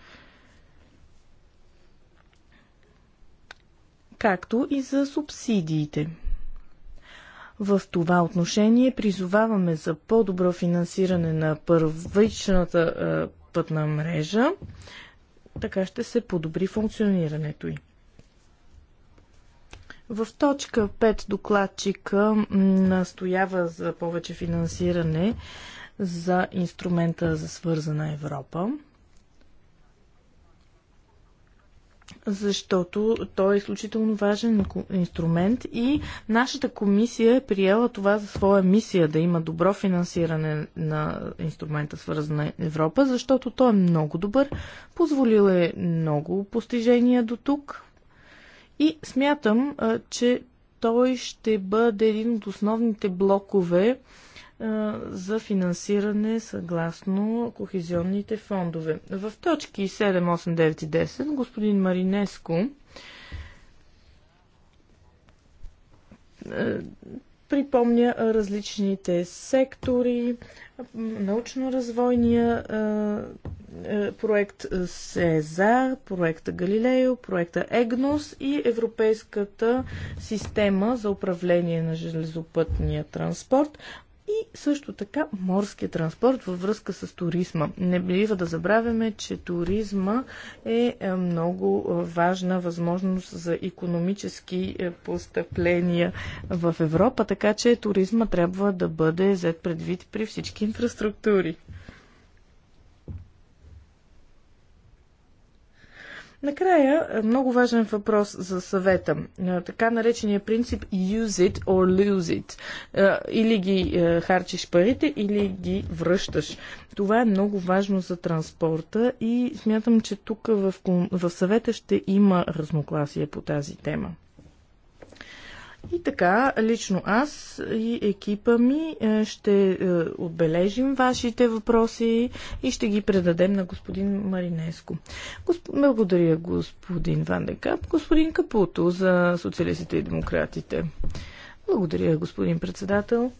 както и за субсидиите. В това отношение призоваваме за по-добро финансиране на първичната е, пътна мрежа, така ще се подобри функционирането й. В точка 5 докладчика настоява за повече финансиране за инструмента за свързана Европа, защото той е изключително важен инструмент и нашата комисия е приела това за своя мисия да има добро финансиране на инструмента свързана Европа, защото той е много добър, позволил е много постижения до тук и смятам, че той ще бъде един от основните блокове за финансиране съгласно кохезионните фондове. В точки 7, 8, 9 и 10 господин Маринеско припомня различните сектори, научно-развойния проект СЕЗАР, проекта Галилео, проекта ЕГНОС и Европейската система за управление на железопътния транспорт и също така морския транспорт във връзка с туризма. Не бива да забравяме, че туризма е, е много важна възможност за економически е, постъпления в Европа, така че туризма трябва да бъде взет предвид при всички инфраструктури. Накрая, е, много важен въпрос за съвета. Е, така наречения принцип use it or lose it. Е, или ги харчиш парите, или ги връщаш. Това е много важно за транспорта и смятам, че тук в, в съвета ще има разногласие по тази тема. И така, лично аз и екипа ми е, ще е, отбележим вашите въпроси и ще ги предадем на господин Маринеско. Госп... Благодаря господин Ван Декап, господин Капуто за социалистите и демократите. Благодаря, господин председател.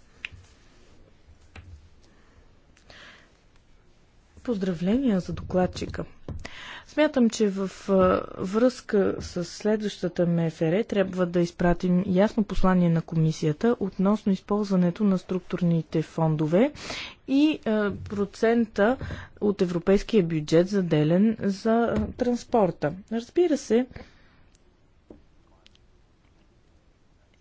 Поздравления за докладчика. Смятам, че в връзка с следващата МФР трябва да изпратим ясно послание на комисията относно използването на структурните фондове и процента от европейския бюджет заделен за транспорта. Разбира се,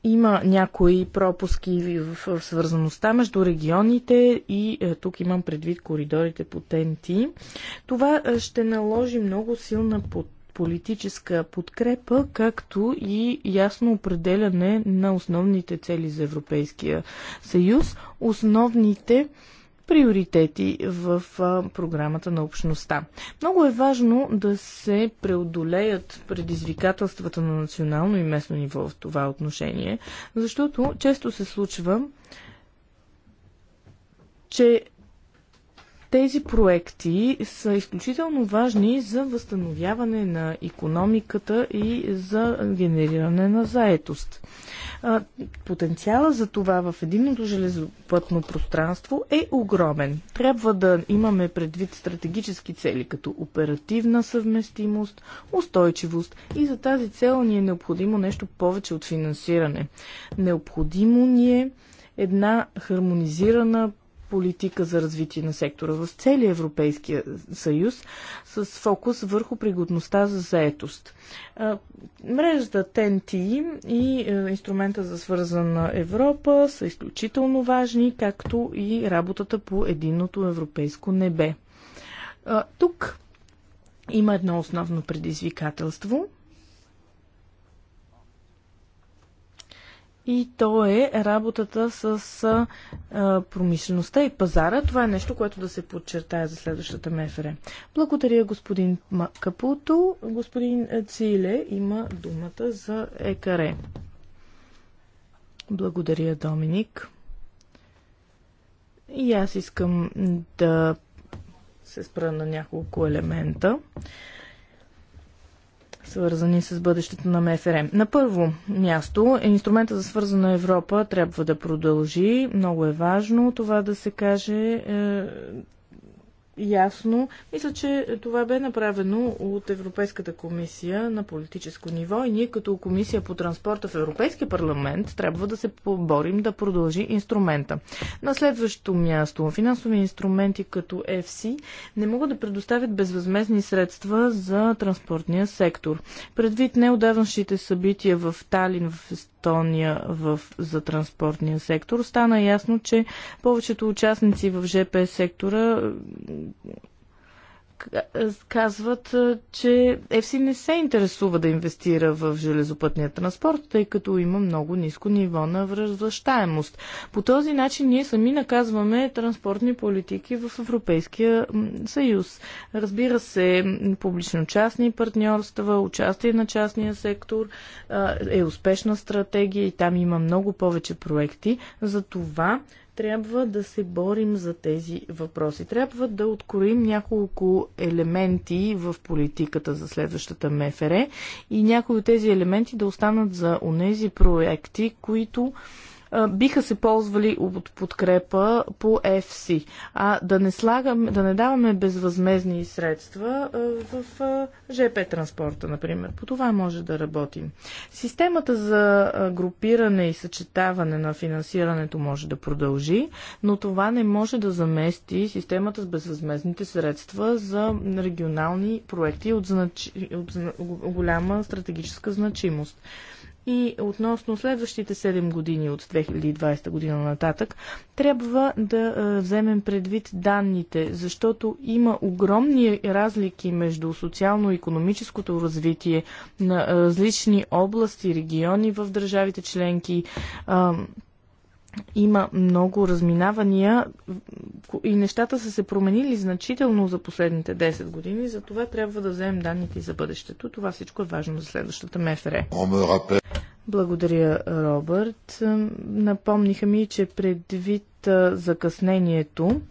Има някои пропуски в свързаността между регионите и е, тук имам предвид коридорите по ТНТ. Това е, ще наложи много силна политическа подкрепа, както и ясно определяне на основните цели за Европейския съюз. Основните приоритети в програмата на общността. Много е важно да се преодолеят предизвикателствата на национално и местно ниво в това отношение, защото често се случва, че тези проекти са изключително важни за възстановяване на економиката и за генериране на заетост потенциала за това в единното железопътно пространство е огромен. Трябва да имаме предвид стратегически цели, като оперативна съвместимост, устойчивост и за тази цел ни е необходимо нещо повече от финансиране. Необходимо ни е една хармонизирана политика за развитие на сектора в целия Европейския съюз с фокус върху пригодността за заетост. Мрежата ТНТ и инструмента за свързана Европа са изключително важни, както и работата по единното европейско небе. Тук има едно основно предизвикателство – и то е работата с промишлеността и пазара. Това е нещо, което да се подчертая за следващата МФР. Благодаря господин Капуто. Господин Циле има думата за ЕКАРЕ. Благодаря, Доминик. И аз искам да се спра на няколко елемента свързани с бъдещето на МФРМ. На първо място, инструмента за свързана Европа трябва да продължи. Много е важно това да се каже. Е, ясно. Мисля, че това бе направено от Европейската комисия на политическо ниво и ние като комисия по транспорта в Европейския парламент трябва да се поборим да продължи инструмента. На следващото място, финансови инструменти като FC не могат да предоставят безвъзмезни средства за транспортния сектор. Предвид неодавнашните събития в Талин, в Естония в, за транспортния сектор, стана ясно, че повечето участници в ЖП сектора казват, че ЕФСИ не се интересува да инвестира в железопътния транспорт, тъй като има много ниско ниво на връзващаемост. По този начин ние сами наказваме транспортни политики в Европейския съюз. Разбира се, публично-частни партньорства, участие на частния сектор е успешна стратегия и там има много повече проекти. За това трябва да се борим за тези въпроси. Трябва да откроим няколко елементи в политиката за следващата МФР и някои от тези елементи да останат за онези проекти, които биха се ползвали от подкрепа по FC. А да не, слагам, да не даваме безвъзмезни средства в ЖП транспорта, например. По това може да работим. Системата за групиране и съчетаване на финансирането може да продължи, но това не може да замести системата с безвъзмезните средства за регионални проекти от, значи, от голяма стратегическа значимост и относно следващите 7 години от 2020 година нататък, трябва да вземем предвид данните, защото има огромни разлики между социално-економическото развитие на различни области, региони в държавите членки има много разминавания и нещата са се променили значително за последните 10 години, за това трябва да вземем данните и за бъдещето. Това всичко е важно за следващата МФР. Благодаря, Робърт. Напомниха ми, че предвид закъснението,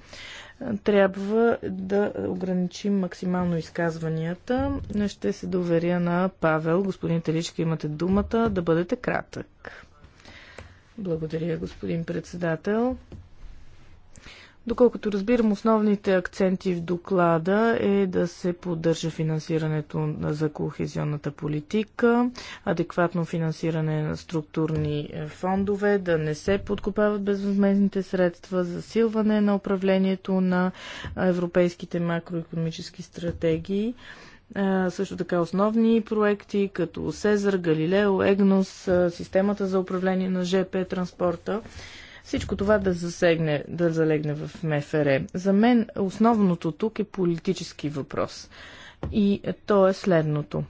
трябва да ограничим максимално изказванията. Ще се доверя на Павел. Господин Теличка, имате думата да бъдете кратък. Благодаря, господин председател. Доколкото разбирам, основните акценти в доклада е да се поддържа финансирането за кохезионната политика, адекватно финансиране на структурни е, фондове, да не се подкопават безвъзмезните средства, засилване на управлението на е, европейските макроекономически стратегии също така основни проекти, като Сезар, Галилео, Егнос, системата за управление на ЖП транспорта. Всичко това да, засегне, да залегне в МФР. За мен основното тук е политически въпрос. И то е следното.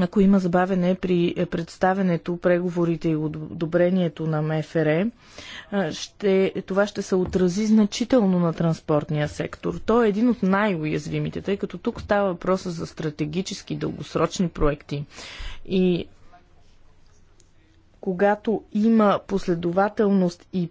ако има забавене при е, представенето, преговорите и одобрението на МФР, е, ще, това ще се отрази значително на транспортния сектор. Той е един от най-уязвимите, тъй като тук става въпрос за стратегически дългосрочни проекти. И когато има последователност и,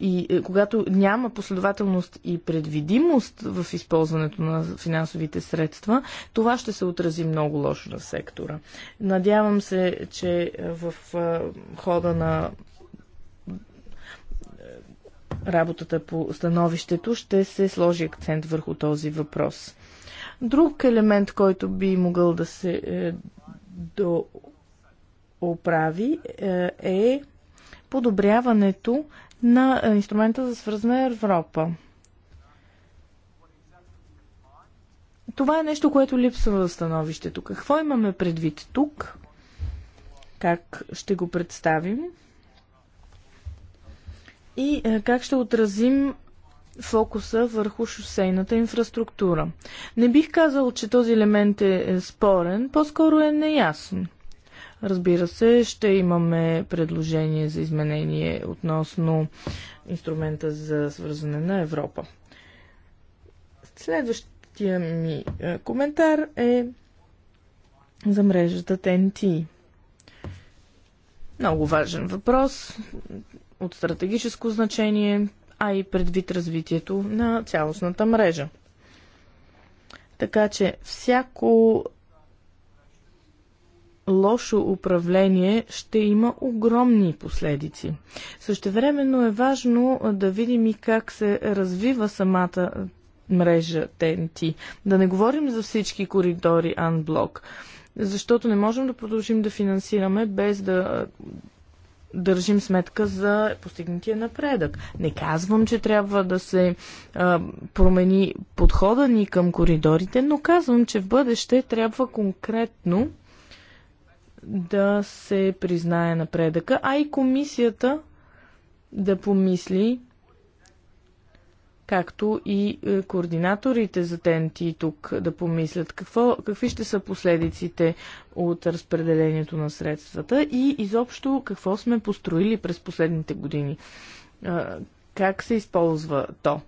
и е, когато няма последователност и предвидимост в използването на финансовите средства, това ще се отрази много лошо на сектора. Надявам се, че в е, хода на е, работата по становището ще се сложи акцент върху този въпрос. Друг елемент, който би могъл да се до оправи е, е подобряването на е, инструмента за свързана Европа. Това е нещо, което липсва в становището. Какво имаме предвид тук? Как ще го представим? И е, как ще отразим фокуса върху шосейната инфраструктура? Не бих казал, че този елемент е спорен, по-скоро е неясен. Разбира се, ще имаме предложение за изменение относно инструмента за свързване на Европа. Следващия ми е, коментар е за мрежата TNT. Много важен въпрос от стратегическо значение, а и предвид развитието на цялостната мрежа. Така че всяко лошо управление ще има огромни последици. Същевременно е важно да видим и как се развива самата мрежа ТНТ. Да не говорим за всички коридори анблок, защото не можем да продължим да финансираме без да държим сметка за постигнатия напредък. Не казвам, че трябва да се а, промени подхода ни към коридорите, но казвам, че в бъдеще трябва конкретно да се признае напредъка, а и комисията да помисли, както и е, координаторите за ТНТ тук да помислят какво, какви ще са последиците от разпределението на средствата и изобщо какво сме построили през последните години е, как се използва то.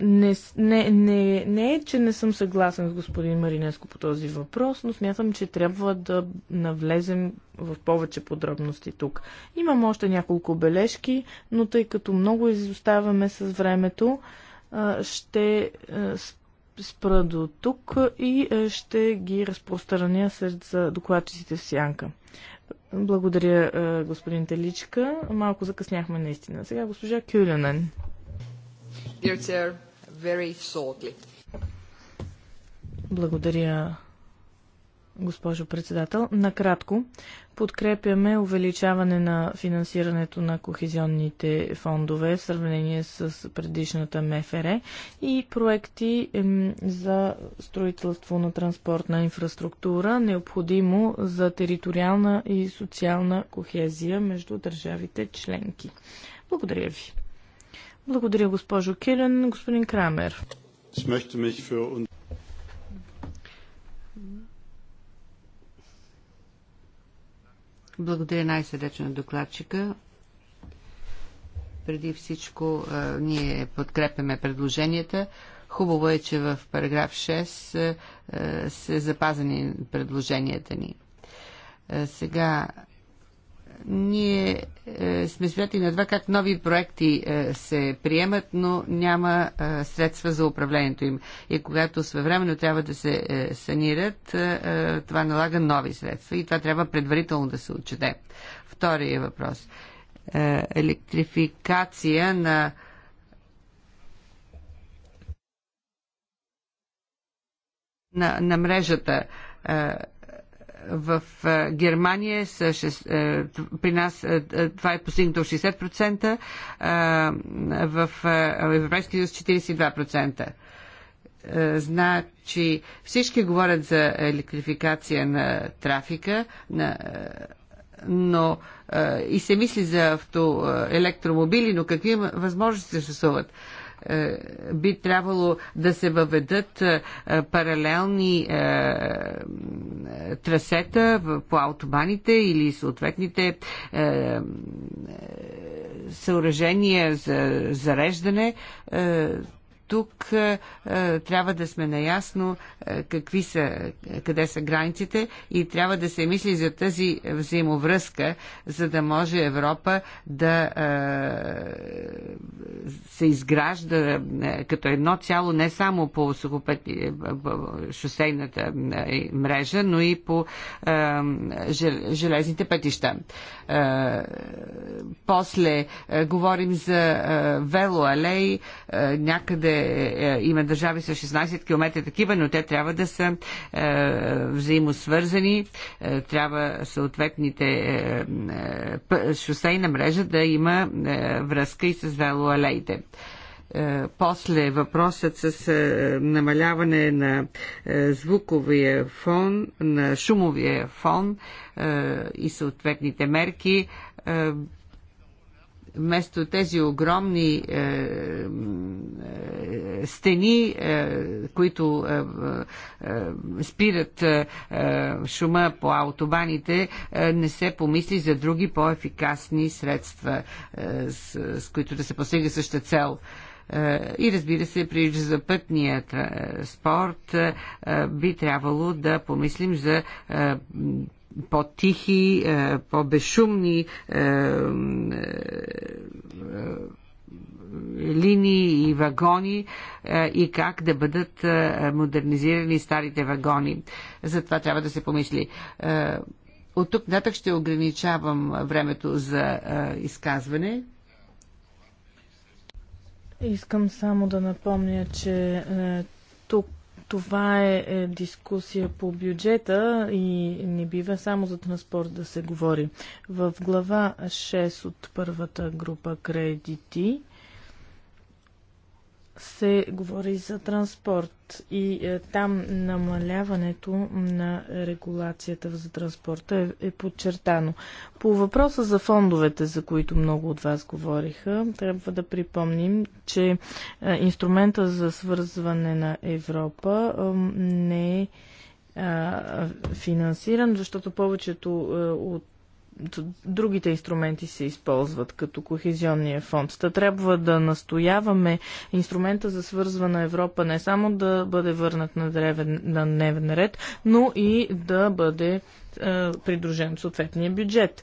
Не, не, не, не е, че не съм съгласен с господин Маринеско по този въпрос, но смятам, че трябва да навлезем в повече подробности тук. Имам още няколко бележки, но тъй като много изоставаме с времето, ще спра до тук и ще ги разпространя сред докладчиците в сянка. Благодаря, е, господин Теличка. Малко закъсняхме наистина. Сега госпожа Кюленен. Благодаря, госпожо председател. Накратко, подкрепяме увеличаване на финансирането на кохезионните фондове в сравнение с предишната МФР и проекти за строителство на транспортна инфраструктура, необходимо за териториална и социална кохезия между държавите членки. Благодаря ви. Благодаря, госпожо Килен. Господин Крамер. Благодаря най-сърдечно на докладчика. Преди всичко ние подкрепяме предложенията. Хубаво е, че в параграф 6 се запазени предложенията ни. Сега ние е, сме свидетели на това как нови проекти е, се приемат, но няма е, средства за управлението им. И когато своевременно трябва да се е, санират, е, е, това налага нови средства и това трябва предварително да се отчете. Втория въпрос. Е, електрификация на на, на мрежата. Е, в е, Германия са, е, при нас е, това е постигнато 60%, в Европейския съюз 42%. Значи всички говорят за електрификация на трафика, на, но и се мисли за авто, електромобили, но какви възможности съществуват? Е, би трябвало да се въведат е, паралелни е, трасета по автобаните или съответните съоръжения за зареждане тук е, е, трябва да сме наясно е, какви са, къде са границите и трябва да се мисли за тази взаимовръзка, за да може Европа да се изгражда като едно цяло не само по сухопътни шосейната мрежа, но и по железните пътища. После говорим за е, някъде е, е, има държави с 16 км такива, но те трябва да са е, взаимосвързани, трябва съответните шосейна мрежа да има връзка и с велоалеите после въпросът с намаляване на звуковия фон, на шумовия фон и съответните мерки вместо тези огромни е, е, стени, е, които е, е, е спират е, е, шума по автобаните, е, не се помисли за други по-ефикасни средства, е, с, с които да се постига същата цел. Е, и разбира се, при железопътния спорт би трябвало да помислим за по-тихи, е, по-безшумни е, е, линии и вагони и как да бъдат модернизирани старите вагони. За това трябва да се помисли. От тук нататък ще ограничавам времето за изказване. Искам само да напомня, че тук това е, е дискусия по бюджета и не бива само за транспорт да се говори. В глава 6 от първата група кредити се говори за транспорт и е, там намаляването на регулацията за транспорта е, е подчертано. По въпроса за фондовете, за които много от вас говориха, трябва да припомним, че е, инструмента за свързване на Европа не е финансиран, защото повечето е, от другите инструменти се използват, като кохезионния фонд. Та трябва да настояваме инструмента за свързвана Европа не само да бъде върнат на, древен, на дневен ред, но и да бъде е, придружен съответния бюджет.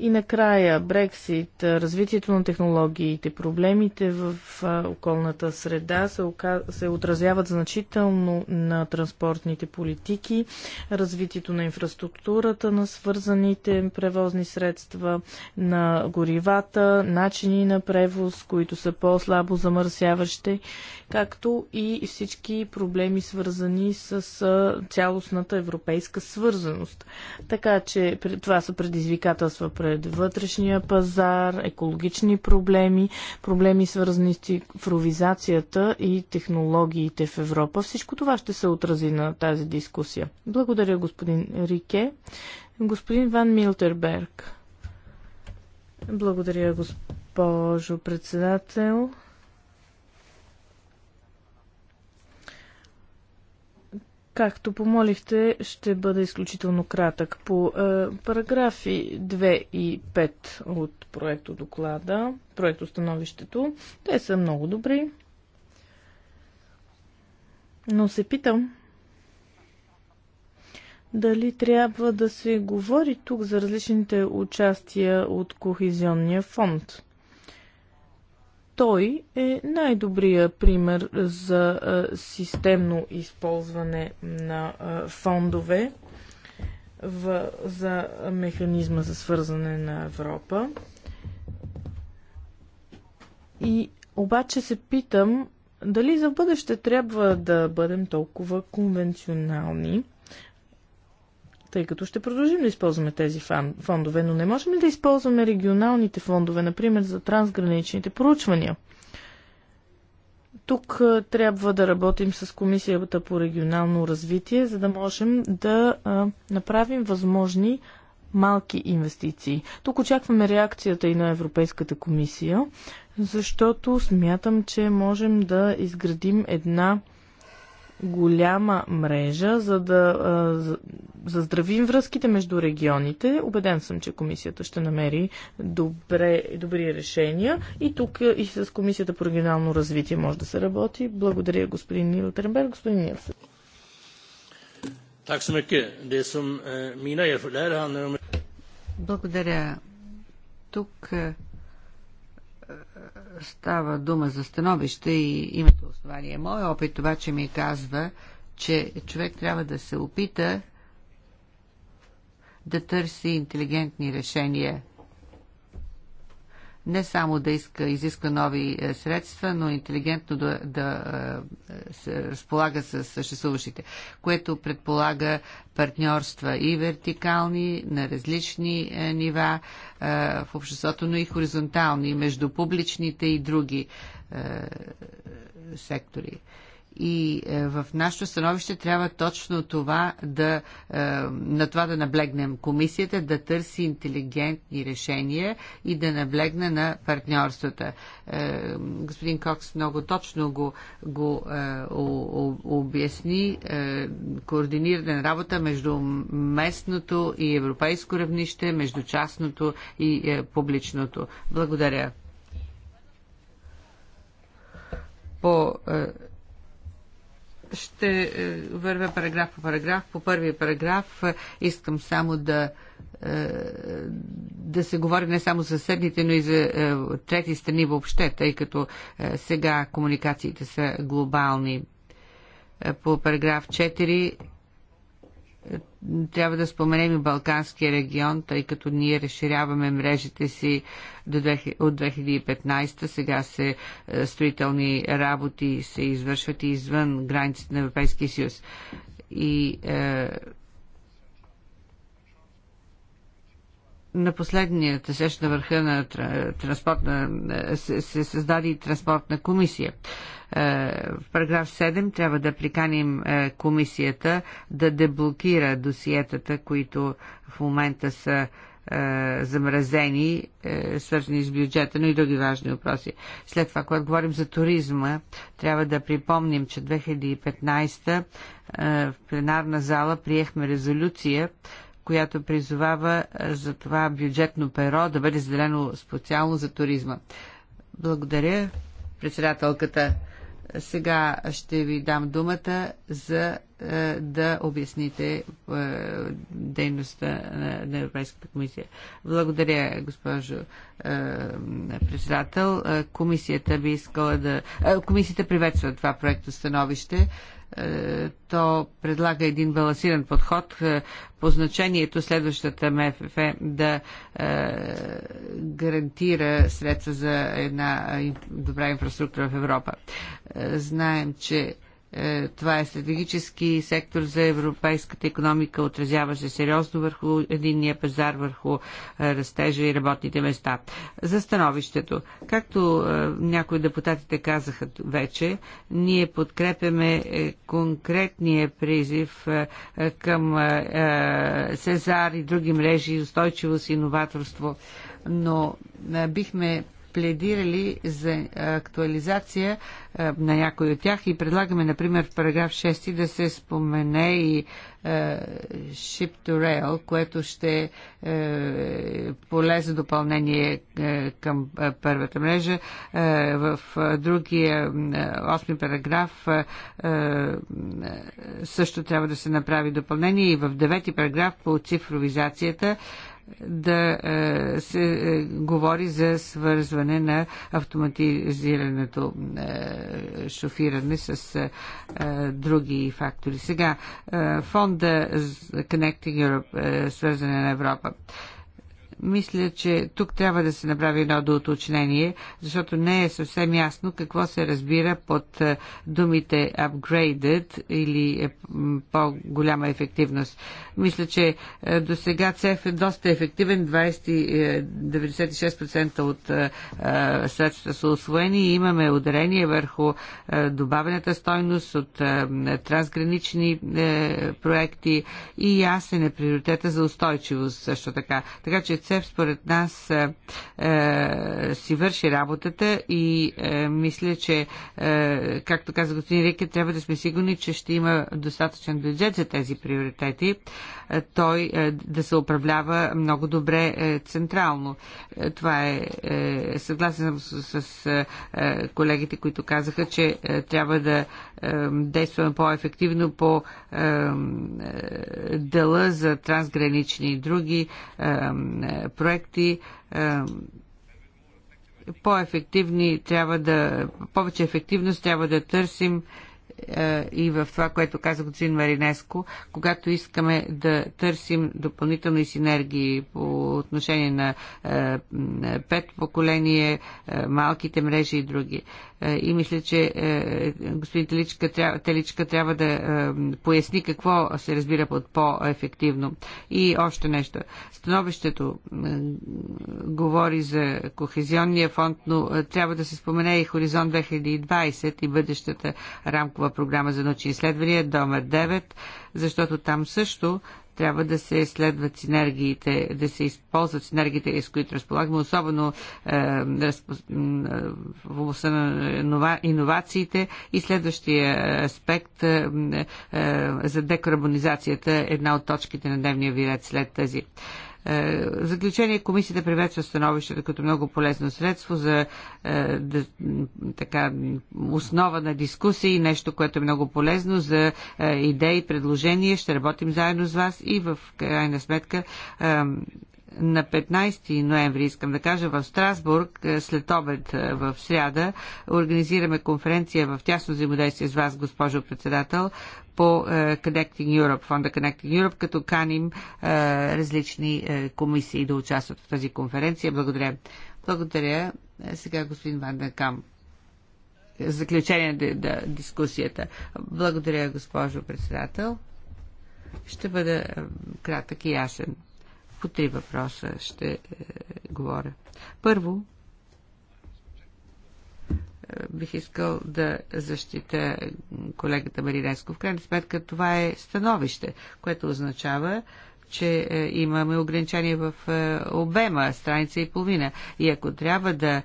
И накрая Брексит, развитието на технологиите, проблемите в околната среда се, ока... се отразяват значително на транспортните политики, развитието на инфраструктурата, на свързаните превозни средства, на горивата, начини на превоз, които са по-слабо замърсяващи както и всички проблеми свързани с цялостната европейска свързаност. Така че това са предизвикателства пред вътрешния пазар, екологични проблеми, проблеми свързани с цифровизацията и технологиите в Европа. Всичко това ще се отрази на тази дискусия. Благодаря, господин Рике. Господин Ван Милтерберг. Благодаря, госпожо председател. Както помолихте, ще бъда изключително кратък. По е, параграфи 2 и 5 от проекто доклада, проекто становището, те са много добри. Но се питам, дали трябва да се говори тук за различните участия от Кохезионния фонд? Той е най-добрия пример за системно използване на фондове в, за механизма за свързане на Европа. И обаче се питам дали за бъдеще трябва да бъдем толкова конвенционални тъй като ще продължим да използваме тези фондове, но не можем ли да използваме регионалните фондове, например за трансграничните проучвания? Тук трябва да работим с Комисията по регионално развитие, за да можем да направим възможни малки инвестиции. Тук очакваме реакцията и на Европейската комисия, защото смятам, че можем да изградим една голяма мрежа, за да заздравим връзките между регионите. Обеден съм, че комисията ще намери добре, добри решения и тук и с комисията по регионално развитие може да се работи. Благодаря господин Нил Тренбер. Господин Нилсен. Благодаря. Тук е, става дума за становище и името основание. Мой опит обаче ми казва, че човек трябва да се опита да търси интелигентни решения – не само да иска, изиска нови е, средства, но интелигентно да, да е, се разполага с съществуващите, което предполага партньорства и вертикални на различни е, нива в обществото, но и хоризонтални между публичните и други сектори и е, в нашето становище трябва точно това да, е, на това да наблегнем. Комисията да търси интелигентни решения и да наблегне на партньорствата. Е, господин Кокс много точно го, го обясни. Координирана работа между местното и европейско равнище, между частното и публичното. Благодаря. По ще е, вървя параграф по параграф. По първия параграф е, искам само да е, да се говори не само за съседните, но и за трети страни въобще, тъй като сега комуникациите са глобални. По параграф 4 трябва да споменем и Балканския регион, тъй като ние разширяваме мрежите си до, от 2015. Сега се е, строителни работи се извършват и извън границите на Европейския съюз. И е, на последнията сещ на върха на транспортна е, се, се създаде транспортна комисия. Е, в параграф 7 трябва да приканим е, комисията да деблокира досиетата, които в момента са замразени, свързани с бюджета, но и други важни въпроси. След това, когато говорим за туризма, трябва да припомним, че 2015 в пленарна зала приехме резолюция, която призовава за това бюджетно перо да бъде заделено специално за туризма. Благодаря, председателката. Сега ще ви дам думата за да обясните дейността на, Европейската комисия. Благодаря, госпожо председател. Комисията би искала да. Комисията приветства това проекто становище е, то предлага един балансиран подход е, по значението следващата МФФ да е, гарантира средства за една добра инфраструктура в Европа. Знаем, че е, това е стратегически сектор за европейската економика, отразява се сериозно върху единния пазар, върху е, растежа и работните места. За становището. Както е, някои депутатите казаха вече, ние подкрепяме конкретния призив към Сезар и други мрежи, устойчивост и новаторство, но бихме пледирали за актуализация на някои от тях и предлагаме, например, в параграф 6 да се спомене и Ship to Rail, което ще е полезно допълнение към първата мрежа. В другия 8 параграф също трябва да се направи допълнение и в 9 параграф по цифровизацията да е, се е, говори за свързване на автоматизирането е, шофиране с други фактори. Сега, фонда Connecting Europe, свързане на Европа. Мисля, че тук трябва да се направи едно доуточнение, защото не е съвсем ясно какво се разбира под е, думите upgraded или е, по-голяма ефективност. Мисля, че е, до сега ЦЕФ е доста ефективен, 20, 96% от средствата са освоени и имаме ударение върху добавената стойност от трансгранични проекти и ясен е приоритета за устойчивост също така. Така че ЦЕП според нас е, е, си върши работата и е, мисля, че, е, както каза господин Рике, трябва да сме сигурни, че ще има достатъчен бюджет за тези приоритети. Е, той е, да се управлява много добре е, централно. Това е, съгласен с, с колегите, които казаха, че трябва да действаме по-ефективно по дела за трансгранични и други проекти по-ефективни трябва да, повече ефективност трябва да търсим е, и в това, което каза господин Маринеско, когато искаме да търсим допълнителни синергии по отношение на е, пет поколение, е, малките мрежи и други. Е, и мисля, че е, господин Теличка трябва, Теличка трябва да е, поясни какво се разбира под по-ефективно. И още нещо. Становището говори за кохезионния фонд, но трябва да се спомене и Хоризонт 2020 и бъдещата рамкова програма за научни изследвания, номер 9, защото там също трябва да се следват синергиите, да се използват синергиите, с които разполагаме, особено е, в областта на иновациите. И следващия аспект е, е, за декарбонизацията е една от точките на дневния ви ред след тази. Е, е, в заключение, комисията приветства становището като много полезно средство за е, да, така, основа на дискусии, нещо, което е много полезно за е, идеи, предложения. Ще работим заедно с вас и в крайна сметка на 15 ноември, искам да кажа, в Страсбург, е, след обед е, в сряда, организираме конференция в тясно взаимодействие с вас, госпожо председател, по е, Connecting Europe, фонда Connecting Europe, като каним различни комисии да участват в тази конференция. Благодаря. Благодаря. Сега господин Ванда Камп заключение на да, дискусията. Благодаря, госпожо председател. Ще бъда кратък и ясен. По три въпроса ще е, говоря. Първо, е, бих искал да защита колегата Маринеско. В крайна сметка това е становище, което означава, че е, имаме ограничение в е, обема, страница и половина. И ако трябва да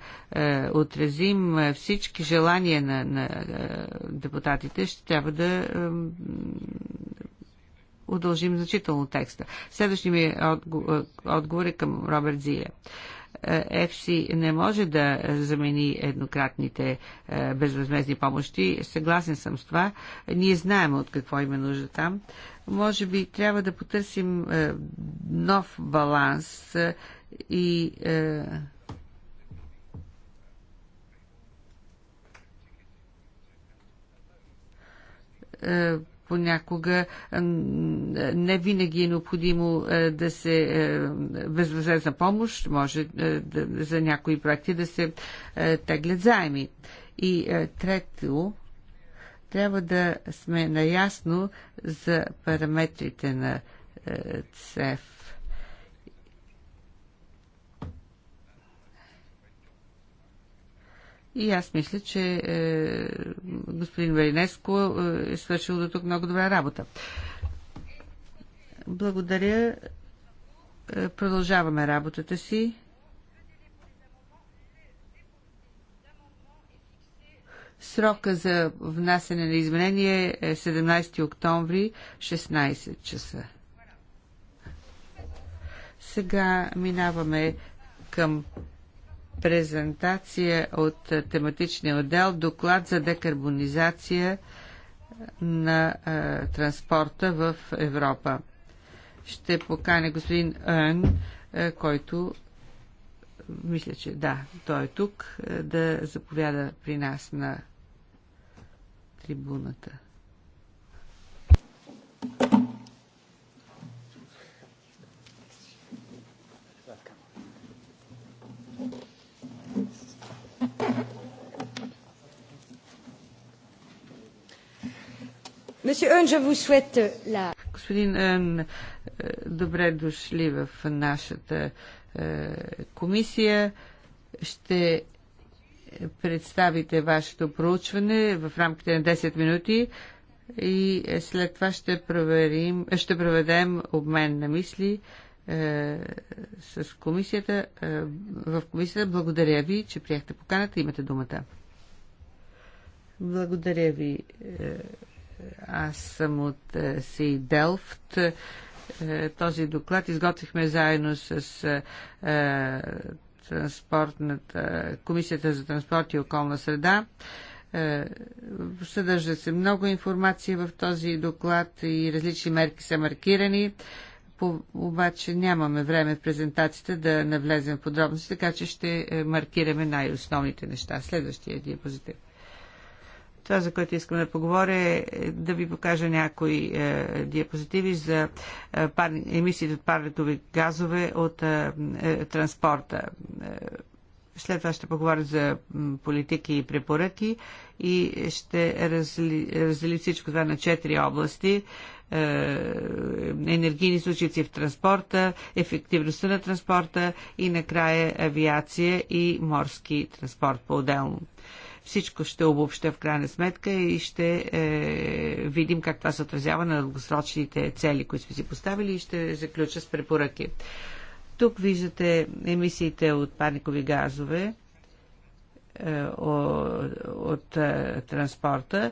отразим всички желания на, на депутатите, ще трябва да удължим значително текста. Следващия ми е, отговор е към Роберт Зиле. Е, ЕФСИ не може да замени еднократните е, безвъзмезни помощи. Съгласен съм с това. Ние знаем от какво има нужда там. Може би трябва да потърсим нов баланс и понякога не винаги е необходимо да се за помощ, може за някои проекти да се теглят заеми. И трето, трябва да сме наясно за параметрите на ЦЕФ И аз мисля, че е, господин Варинеско е, е свършил до тук много добра работа. Благодаря. Е, продължаваме работата си. Срока за внасене на изменение е 17 октомври, 16 часа. Сега минаваме към презентация от тематичния отдел доклад за декарбонизация на а, транспорта в Европа. Ще поканя господин Ън, който мисля, че да, той е тук, да заповяда при нас на трибуната. Thank you. Господин Ън, е, добре дошли в нашата е, комисия. Ще представите вашето проучване в рамките на 10 минути и след това ще, проверим, ще проведем обмен на мисли е, с комисията. в комисията благодаря ви, че приехте поканата. Имате думата. Благодаря ви. Аз съм от Сей Делфт. Този доклад изготвихме заедно с е, е, транспортната, Комисията за транспорт и околна среда. Е, съдържа се много информация в този доклад и различни мерки са маркирани. По, обаче нямаме време в презентацията да навлезем в подробности, така че ще маркираме най-основните неща. Следващия диапозитив. Това, за което искам да поговоря е да ви покажа някои е, диапозитиви за е, пар, емисиите от парлетови газове от е, е, транспорта. Е, след това ще поговоря за политики и препоръки и ще разли, раздели всичко това на четири области е, енергийни случаи в транспорта, ефективността на транспорта и накрая авиация и морски транспорт по-отделно. Всичко ще обобща в крайна сметка и ще е, видим как това се отразява на дългосрочните цели, които сме си поставили и ще заключа с препоръки. Тук виждате емисиите от парникови газове е, от, от е, транспорта.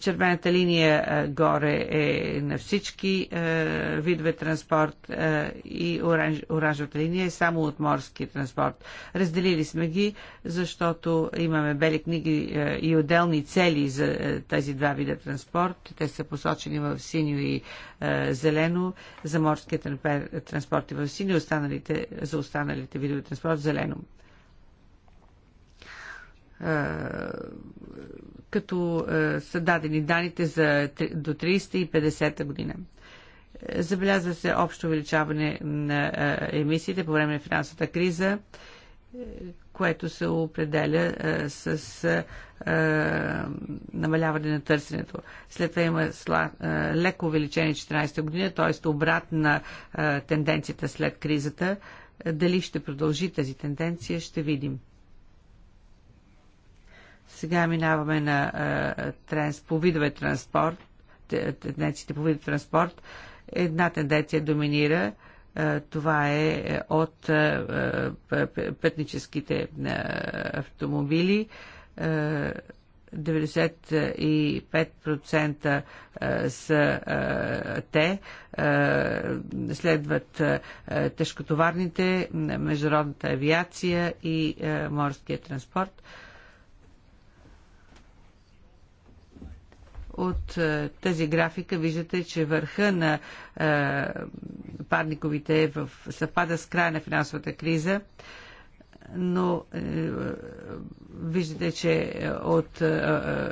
Червената линия горе е на всички видове транспорт и оранж, оранжевата линия е само от морски транспорт. Разделили сме ги, защото имаме бели книги и отделни цели за тези два вида транспорт. Те са посочени в синьо и зелено за морския транспорт и в синьо, останалите, за останалите видове транспорт зелено като е, са дадени данните за, до 350 година. Е, забелязва се общо увеличаване на е, емисиите по време на финансовата криза, е, което се определя е, с е, намаляване на търсенето. След това има сла, е, леко увеличение 14 та година, т.е. обратна е, тенденцията след кризата. Дали ще продължи тази тенденция, ще видим. Сега минаваме на е, транс, по видове транспорт, тенденциите по видове транспорт. Една тенденция доминира. това е, е от пътническите автомобили. 95% са те, следват тежкотоварните, международната авиация и морския транспорт. От е, тази графика виждате, че върха на е, парниковите е в, съвпада с края на финансовата криза но е, виждате, че от е,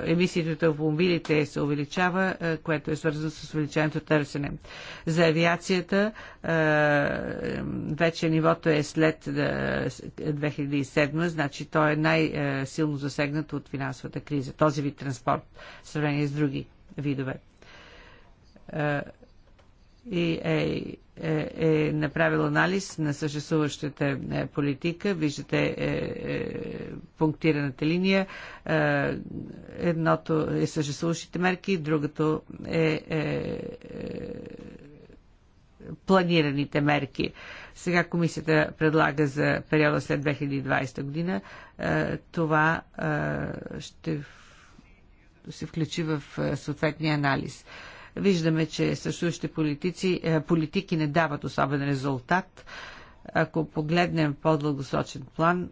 е, емисиите от автомобилите се увеличава, е, което е свързано с увеличаването търсене. За авиацията е, вече нивото е след 2007, е, значи той е най-силно засегнат от финансовата криза, този вид транспорт, в сравнение с други видове. Е, и е, е, е направил анализ на съществуващата е, политика. Виждате е, е, пунктираната линия. Е, едното е съществуващите мерки, другото е, е, е планираните мерки. Сега комисията предлага за периода след 2020 година. Е, това е, ще се включи в е, съответния анализ. Виждаме, че съществуващите политици, е, политики не дават особен резултат. Ако погледнем по-дългосочен план,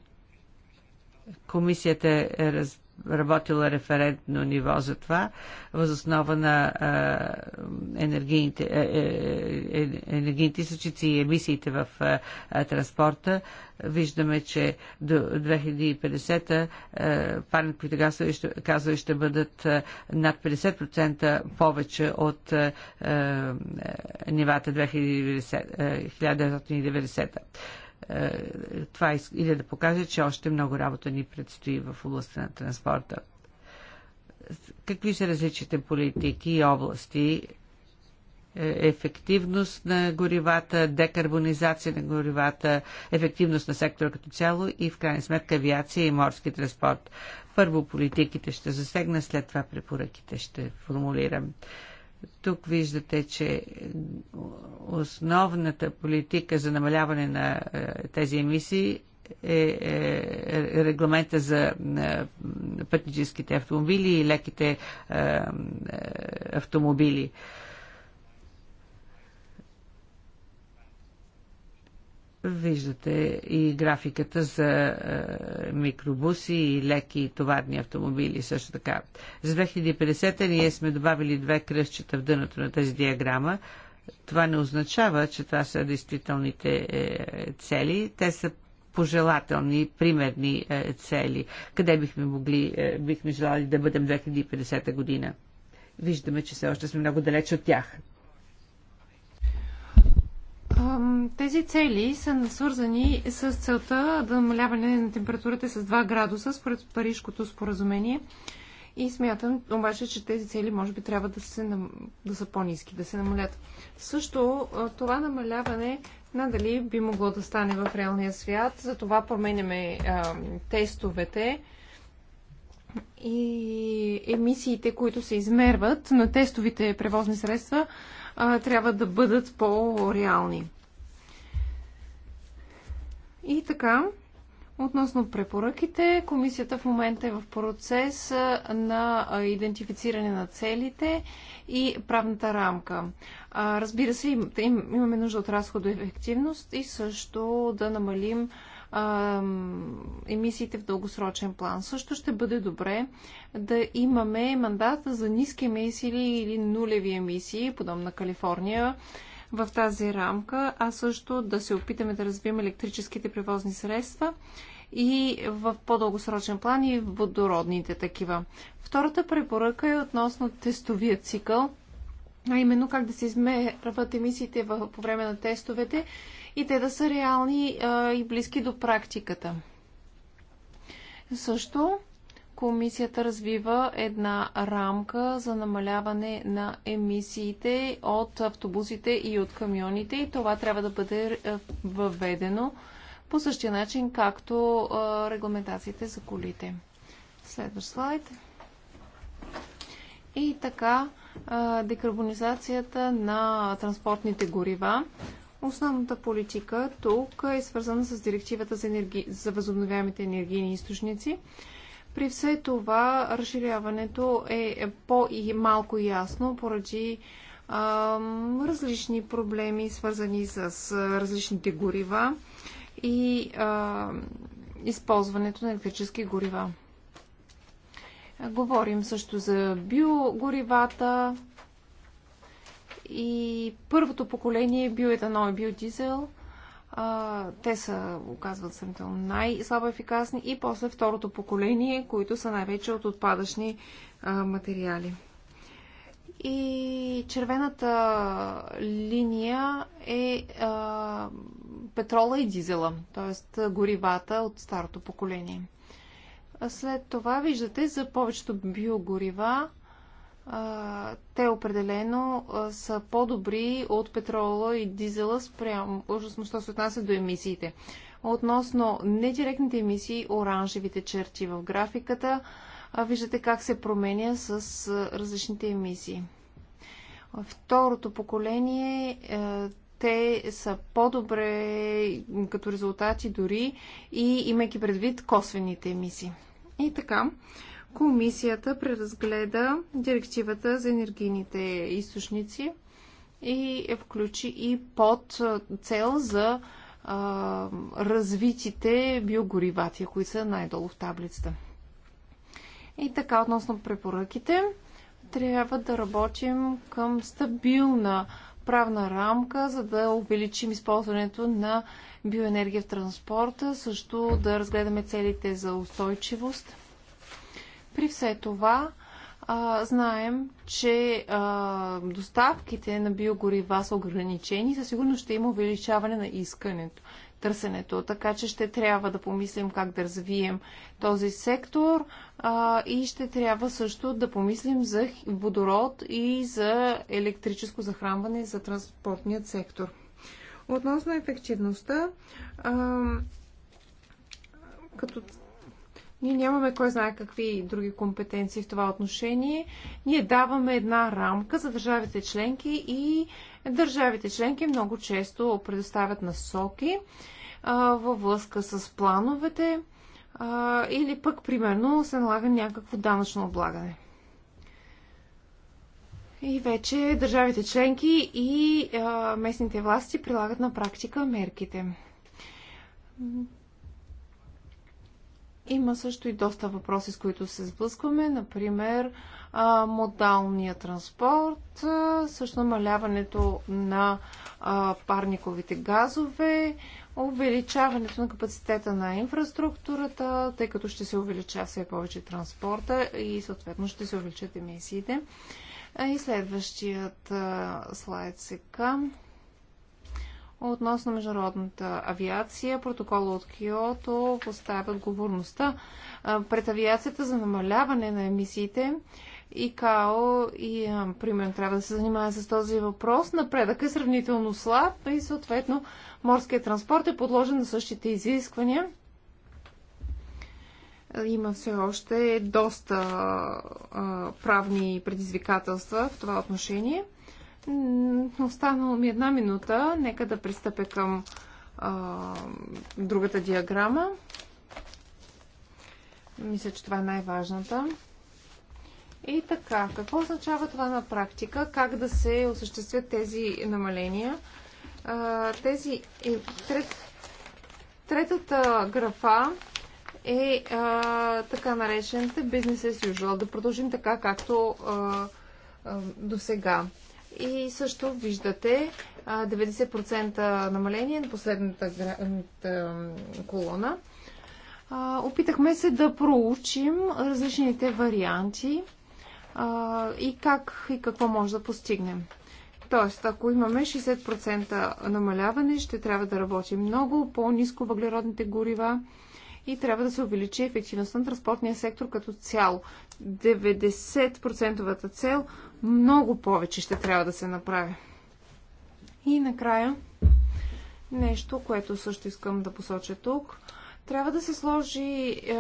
комисията е раз работила референтно ниво за това, възоснова на енергийните, е, е, е, енергийните източници и емисиите в транспорта. Виждаме, че до 2050 парниковите газове казове ще бъдат над 50% повече от нивата 1990. Е, това или да покаже, че още много работа ни предстои в областта на транспорта. Какви са различните политики и области? Е, ефективност на горивата, декарбонизация на горивата, ефективност на сектора като цяло и в крайна сметка авиация и морски транспорт. Първо политиките ще засегна, след това препоръките ще формулирам. Тук виждате, че основната политика за намаляване на е, тези емисии е, е регламента за е, пътническите автомобили и леките автомобили. Виждате и графиката за е, микробуси и леки товарни автомобили също така. За 2050 ние сме добавили две кръстчета в дъното на тази диаграма. Това не означава, че това са действителните е, цели. Те са пожелателни, примерни е, цели. Къде бихме могли, бихме желали да бъдем 2050 година? Виждаме, че все още сме много далеч от тях. Тези цели са свързани с целта да намаляване на температурата с 2 градуса според Парижкото споразумение. И смятам обаче, че тези цели може би трябва да, се, да са по-низки, да се намалят. Също това намаляване надали би могло да стане в реалния свят. Затова променяме а, тестовете и емисиите, които се измерват на тестовите превозни средства а, трябва да бъдат по-реални. И така, относно препоръките, комисията в момента е в процес на идентифициране на целите и правната рамка. А, разбира се, им, им, имаме нужда от разходоефективност и също да намалим а, емисиите в дългосрочен план. Също ще бъде добре да имаме мандата за ниски емисии или нулеви емисии, подобно на Калифорния, в тази рамка, а също да се опитаме да развием електрическите превозни средства и в по-дългосрочен план и водородните такива. Втората препоръка е относно тестовия цикъл, а именно как да се измерват емисиите по време на тестовете и те да са реални а, и близки до практиката. Също комисията развива една рамка за намаляване на емисиите от автобусите и от камионите и това трябва да бъде е, въведено по същия начин, както регламентациите за колите. Следващ слайд. И така, декарбонизацията на транспортните горива. Основната политика тук е свързана с директивата за, енерги... за възобновяемите енергийни източници. При все това разширяването е по-малко ясно поради а, различни проблеми, свързани с различните горива и а, използването на електрически горива. Говорим също за биогоривата, и първото поколение е биоетанол и биодизел, а, те са, оказват сравнително най-слабо ефикасни и после второто поколение, които са най-вече от отпадъчни а, материали. И червената линия е а, петрола и дизела, т.е. горивата от старото поколение. След това виждате за повечето биогорива те определено са по-добри от петрола и дизела спрямо, що се отнася до емисиите. Относно недиректните емисии, оранжевите черти в графиката, виждате как се променя с различните емисии. Второто поколение, те са по-добре като резултати дори и имайки предвид косвените емисии. И така, комисията преразгледа директивата за енергийните източници и е включи и под цел за а, развитите биогоривати, които са най-долу в таблицата. И така, относно препоръките, трябва да работим към стабилна правна рамка, за да увеличим използването на биоенергия в транспорта, също да разгледаме целите за устойчивост – при все това, а, знаем, че а, доставките на биогорива са ограничени. Със сигурност ще има увеличаване на искането, търсенето. Така че ще трябва да помислим как да развием този сектор а, и ще трябва също да помислим за водород и за електрическо захранване за транспортният сектор. Относно ефективността, а, като ние нямаме кой знае какви други компетенции в това отношение. Ние даваме една рамка за държавите членки и държавите членки много често предоставят насоки във връзка с плановете а, или пък, примерно, се налага някакво данъчно облагане. И вече държавите членки и а, местните власти прилагат на практика мерките. Има също и доста въпроси, с които се сблъскваме, например модалния транспорт, също намаляването на парниковите газове, увеличаването на капацитета на инфраструктурата, тъй като ще се увелича все повече транспорта и съответно ще се увеличат емисиите. И следващият слайд сега относно международната авиация. Протокола от Киото поставя отговорността пред авиацията за намаляване на емисиите. ИКАО и примерно трябва да се занимава с този въпрос. Напредък е сравнително слаб и съответно морският транспорт е подложен на същите изисквания. Има все още доста а, правни предизвикателства в това отношение. Останало ми една минута. Нека да пристъпя към а, другата диаграма. Мисля, че това е най-важната. И така, какво означава това на практика? Как да се осъществят тези намаления? А, тези е, трет, третата графа е а, така наречената бизнес as usual. Да продължим така, както а, а, до сега. И също виждате 90% намаление на последната колона. Опитахме се да проучим различните варианти и как и какво може да постигнем. Тоест, ако имаме 60% намаляване, ще трябва да работим много по-низко въглеродните горива и трябва да се увеличи ефективността на транспортния сектор като цяло. 90% цел много повече ще трябва да се направи. И накрая, нещо, което също искам да посоча тук. Трябва да се сложи е,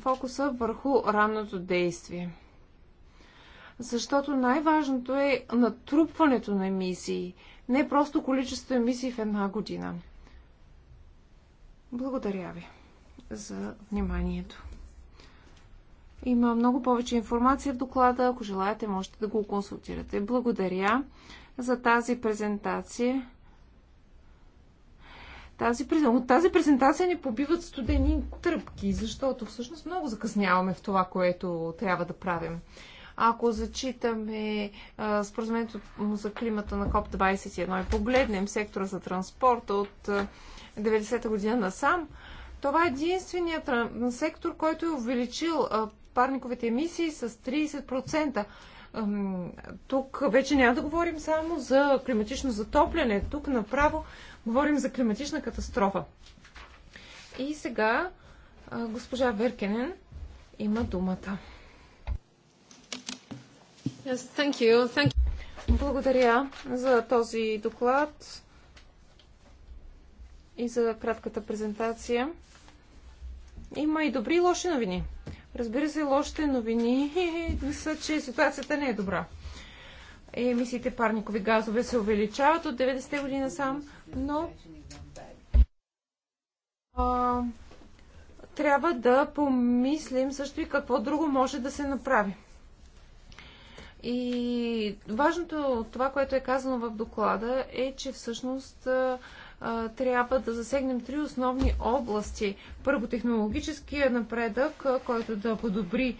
фокуса върху ранното действие. Защото най-важното е натрупването на емисии, не просто количество емисии в една година. Благодаря ви за вниманието. Има много повече информация в доклада. Ако желаете, можете да го консултирате. Благодаря за тази презентация. Тази, от тази презентация ни побиват студени тръпки, защото всъщност много закъсняваме в това, което трябва да правим. Ако зачитаме споразумението за климата на КОП-21 и погледнем сектора за транспорта от 90-та година насам, това е единственият сектор, който е увеличил парниковите емисии с 30%. Тук вече няма да говорим само за климатично затопляне. Тук направо говорим за климатична катастрофа. И сега госпожа Веркенен има думата. Yes, thank you. Thank you. Благодаря за този доклад и за кратката презентация. Има и добри и лоши новини. Разбира се, лошите новини са, че ситуацията не е добра. Емисиите парникови газове се увеличават от 90-те години сам, но а, трябва да помислим също и какво друго може да се направи. И важното това, което е казано в доклада, е, че всъщност трябва да засегнем три основни области. Първо, технологическия напредък, който да подобри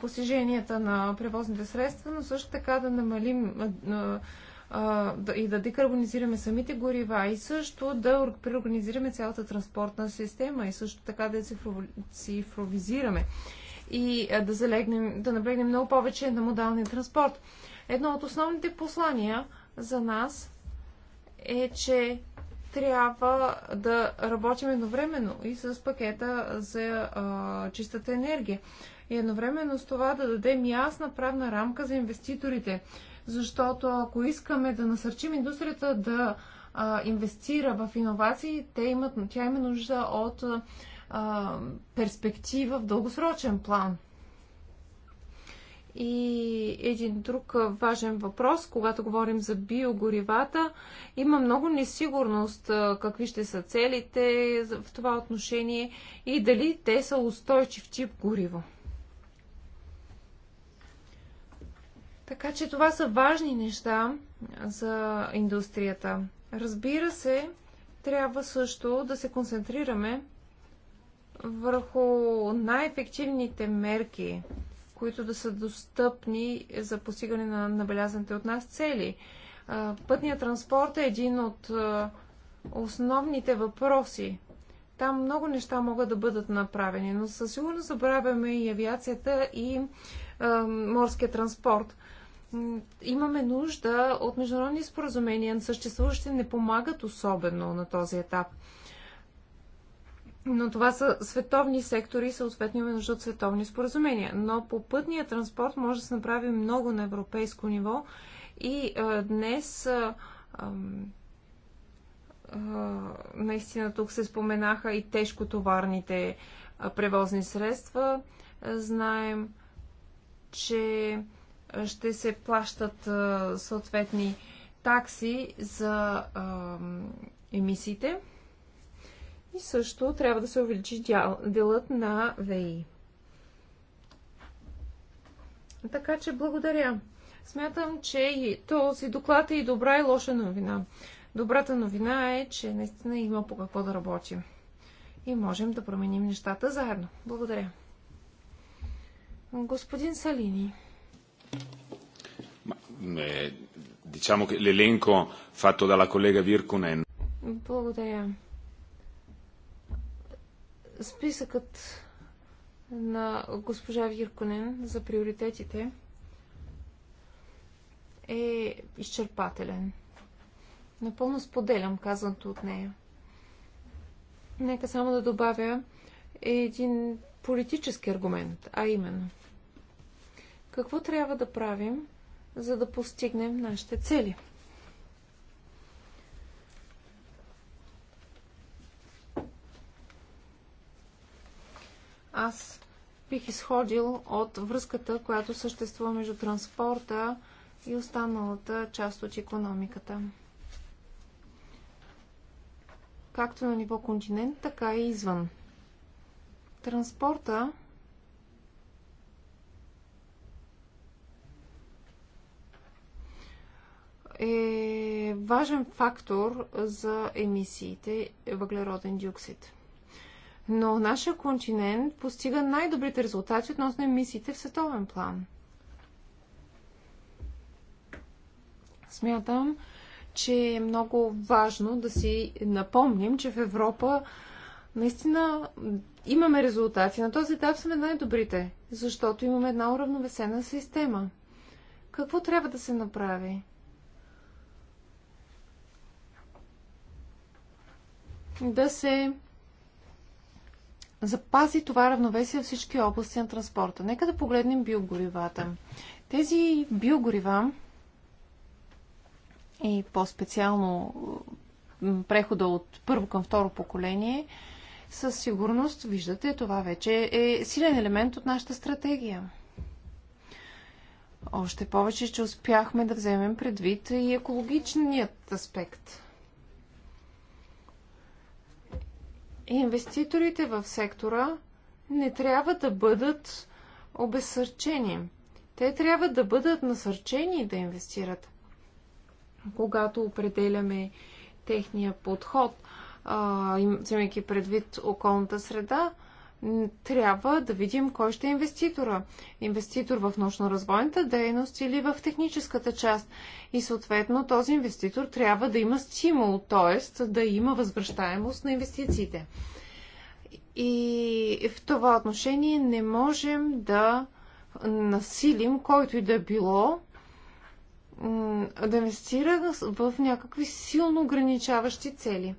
постиженията на превозните средства, но също така да намалим и да декарбонизираме самите горива и също да преорганизираме цялата транспортна система и също така да цифровизираме и да, залегнем, да наблегнем много повече на модалния транспорт. Едно от основните послания за нас е, че трябва да работим едновременно и с пакета за а, чистата енергия. И едновременно с това да дадем ясна правна рамка за инвеститорите. Защото ако искаме да насърчим индустрията да а, инвестира в иновации, те имат, тя има нужда от а, перспектива в дългосрочен план. И един друг важен въпрос, когато говорим за биогоривата, има много несигурност какви ще са целите в това отношение и дали те са устойчив тип гориво. Така че това са важни неща за индустрията. Разбира се, трябва също да се концентрираме върху най-ефективните мерки които да са достъпни за постигане на набелязаните от нас цели. Пътният транспорт е един от основните въпроси. Там много неща могат да бъдат направени, но със сигурност забравяме и авиацията и морския транспорт имаме нужда от международни споразумения, съществуващите не помагат особено на този етап но това са световни сектори и съответно имаме нужда от световни споразумения. Но по пътния транспорт може да се направи много на европейско ниво и а, днес а, а, наистина тук се споменаха и тежкотоварните превозни средства. Знаем, че ще се плащат а, съответни такси за а, емисиите. И също трябва да се увеличи дял, делът на ВИ. Така че благодаря. Смятам, че и този доклад е и добра и лоша новина. Добрата новина е, че наистина има по какво да работим. И можем да променим нещата заедно. Благодаря. Господин Салини. Diciamo che l'elenco fatto dalla collega Virkunen. Благодаря. Списъкът на госпожа Вирконен за приоритетите е изчерпателен. Напълно споделям казаното от нея. Нека само да добавя един политически аргумент, а именно какво трябва да правим, за да постигнем нашите цели – аз бих изходил от връзката, която съществува между транспорта и останалата част от економиката. Както на ниво континент, така и извън. Транспорта е важен фактор за емисиите въглероден диоксид но нашия континент постига най-добрите резултати относно емисиите в световен план. Смятам, че е много важно да си напомним, че в Европа наистина имаме резултати. На този етап сме най-добрите, защото имаме една уравновесена система. Какво трябва да се направи? Да се запази това равновесие във всички области на транспорта. Нека да погледнем биогоривата. Тези биогорива и по-специално прехода от първо към второ поколение, със сигурност, виждате, това вече е силен елемент от нашата стратегия. Още повече, че успяхме да вземем предвид и екологичният аспект. инвеститорите в сектора не трябва да бъдат обесърчени. Те трябва да бъдат насърчени да инвестират. Когато определяме техния подход, вземайки предвид околната среда, трябва да видим кой ще е инвеститора. Инвеститор в научно-развойната дейност или в техническата част. И съответно този инвеститор трябва да има стимул, т.е. да има възвръщаемост на инвестициите. И в това отношение не можем да насилим който и да било да инвестира в някакви силно ограничаващи цели.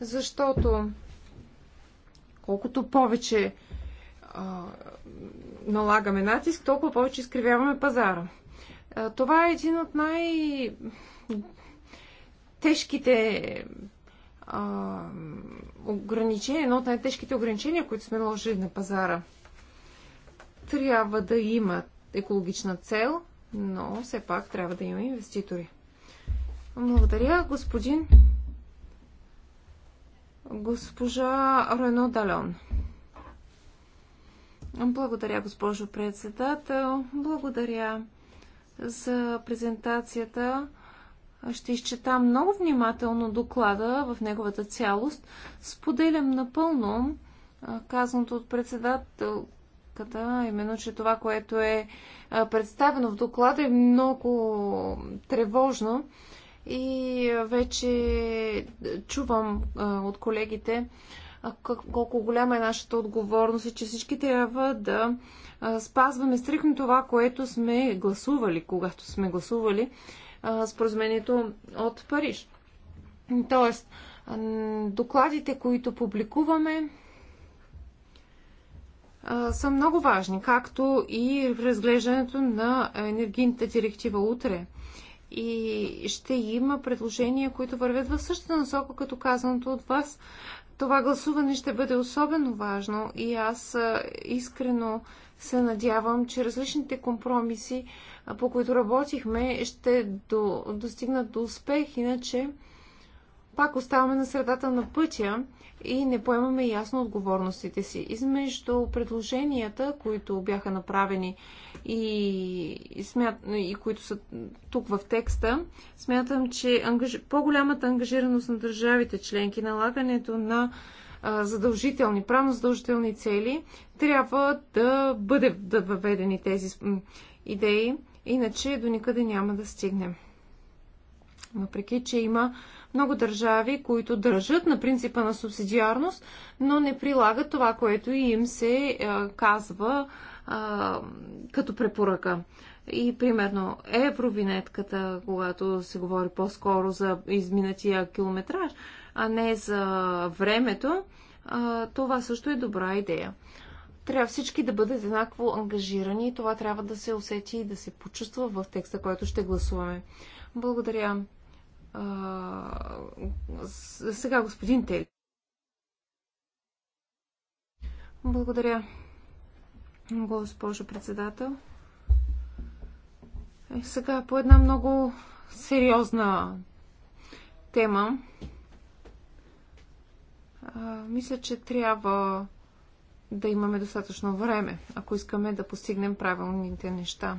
Защото Колкото повече а, налагаме натиск, толкова повече изкривяваме пазара. А, това е един от най- тежките а, ограничения, едно от най-тежките ограничения, които сме наложили на пазара. Трябва да има екологична цел, но все пак трябва да има инвеститори. Благодаря, господин Госпожа Рено Далон. Благодаря, госпожо председател. Благодаря за презентацията. Ще изчета много внимателно доклада в неговата цялост. Споделям напълно казаното от председателката, именно, че това, което е представено в доклада е много тревожно. И вече чувам от колегите колко голяма е нашата отговорност и че всички трябва да спазваме стрикно това, което сме гласували, когато сме гласували споразумението от Париж. Тоест, докладите, които публикуваме, са много важни, както и разглеждането на енергийната директива утре и ще има предложения, които вървят в същата насока, като казаното от вас. Това гласуване ще бъде особено важно и аз искрено се надявам, че различните компромиси, по които работихме, ще до, достигнат до успех, иначе пак оставаме на средата на пътя и не поемаме ясно отговорностите си. Измежду предложенията, които бяха направени и, смят, и които са тук в текста, смятам, че ангаж... по-голямата ангажираност на държавите членки, налагането на задължителни, правно задължителни цели, трябва да бъдат да въведени тези идеи, иначе до никъде няма да стигнем. Въпреки, че има много държави, които държат на принципа на субсидиарност, но не прилагат това, което им се е, казва а, е, като препоръка. И примерно евровинетката, когато се говори по-скоро за изминатия километраж, а не за времето, а, е, това също е добра идея. Трябва всички да бъдат еднакво ангажирани и това трябва да се усети и да се почувства в текста, който ще гласуваме. Благодаря. А, сега господин Тели. Благодаря, госпожо председател. И е, сега по една много сериозна тема. А, мисля, че трябва да имаме достатъчно време, ако искаме да постигнем правилните неща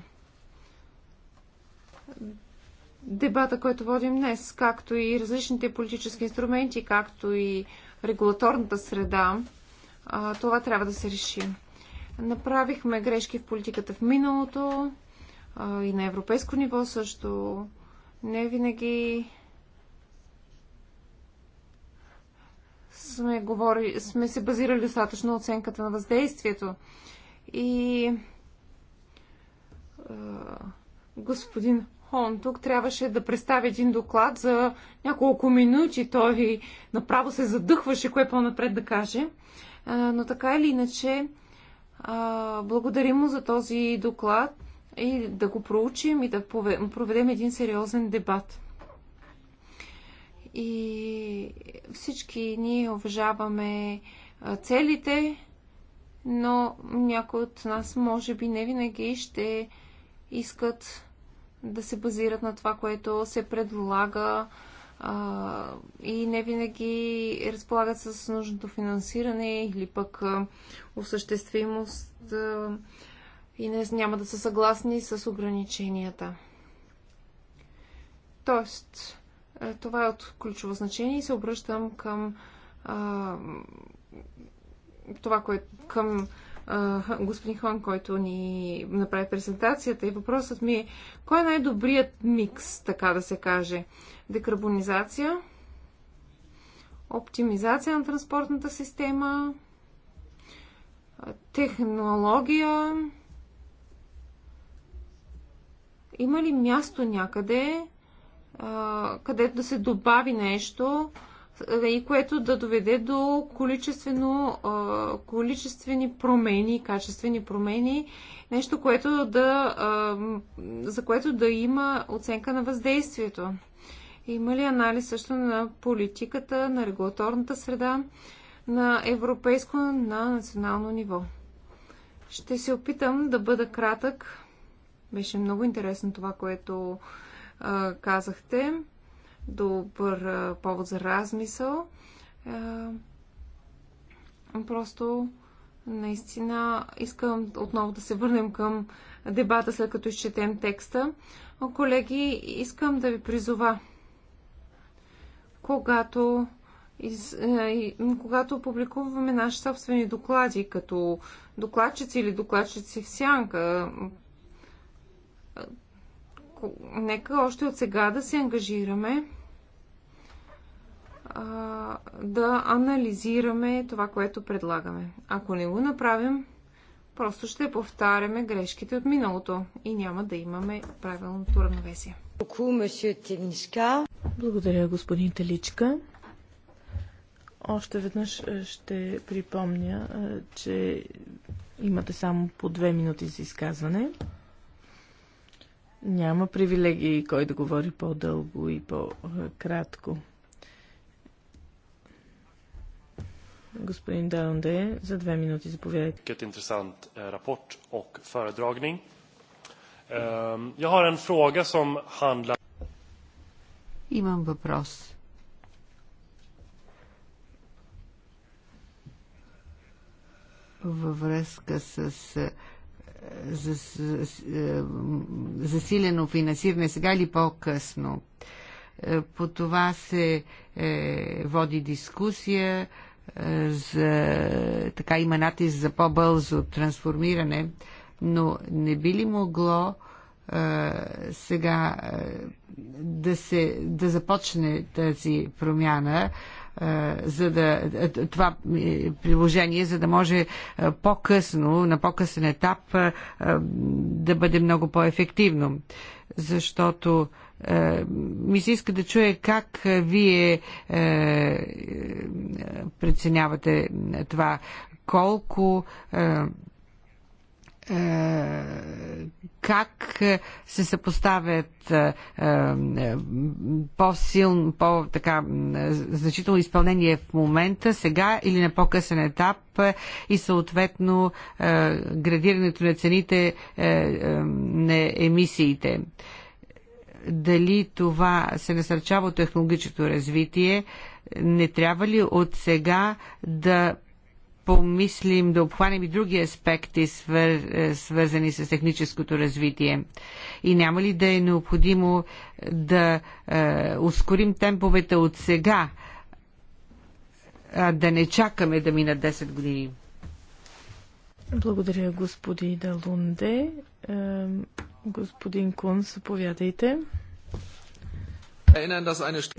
дебата, който водим днес, както и различните политически инструменти, както и регулаторната среда, това трябва да се реши. Направихме грешки в политиката в миналото и на европейско ниво също. Не винаги сме, говори, сме се базирали достатъчно оценката на въздействието. И господин Хон, тук трябваше да представи един доклад за няколко минути. Той направо се задъхваше кое по-напред да каже. Но така или иначе, благодарим му за този доклад и да го проучим и да проведем един сериозен дебат. И всички ние уважаваме целите, но някои от нас може би не винаги ще искат да се базират на това, което се предлага а, и не винаги разполагат с нужното финансиране или пък а, осъществимост а, и не, няма да са съгласни с ограниченията. Тоест, а, това е от ключово значение и се обръщам към а, това, което към господин Хон, който ни направи презентацията. И въпросът ми е, кой е най-добрият микс, така да се каже? Декарбонизация, оптимизация на транспортната система, технология. Има ли място някъде, където да се добави нещо, е, и което да доведе до количествено, количествени промени, качествени промени, нещо, което да, за което да има оценка на въздействието. Има ли анализ също на политиката, на регулаторната среда, на европейско, на национално ниво? Ще се опитам да бъда кратък. Беше много интересно това, което казахте добър повод за размисъл. Просто наистина искам отново да се върнем към дебата, след като изчетем текста. Колеги, искам да ви призова, когато, из, когато публикуваме наши собствени доклади, като докладчици или докладчици в сянка, нека още от сега да се ангажираме а, да анализираме това, което предлагаме. Ако не го направим, просто ще повтаряме грешките от миналото и няма да имаме правилното равновесие. Благодаря, господин Теличка. Още веднъж е, ще припомня, е, че имате само по две минути за изказване. Няма привилегии кой да говори по-дълго и по-кратко. Господин Даунде, за две минути заповядайте. Кът интересант рапорт и föredragning. Я ehm, har en fråga som handlar... Имам въпрос. Във връзка с е, засилено финансиране сега или по-късно. Е, по това се е, води дискусия за така има натиск за по-бързо трансформиране, но не би ли могло сега да, се, да започне тази промяна за да, това е, приложение, за да може по-късно, на по-късен етап да бъде много по-ефективно. Защото ми се иска да чуя как вие преценявате това, колко е, как е, се съпоставят е, по-силно, по-така значително изпълнение в момента, сега или на по-късен етап и съответно градирането на цените на емисиите дали това се насърчава от технологичното развитие, не трябва ли от сега да помислим, да обхванем и други аспекти, свър, е, свързани с техническото развитие? И няма ли да е необходимо е, да е, ускорим темповете от сега, а да не чакаме да минат 10 години? Благодаря, господи Далунде. Е, господин Кун, заповядайте.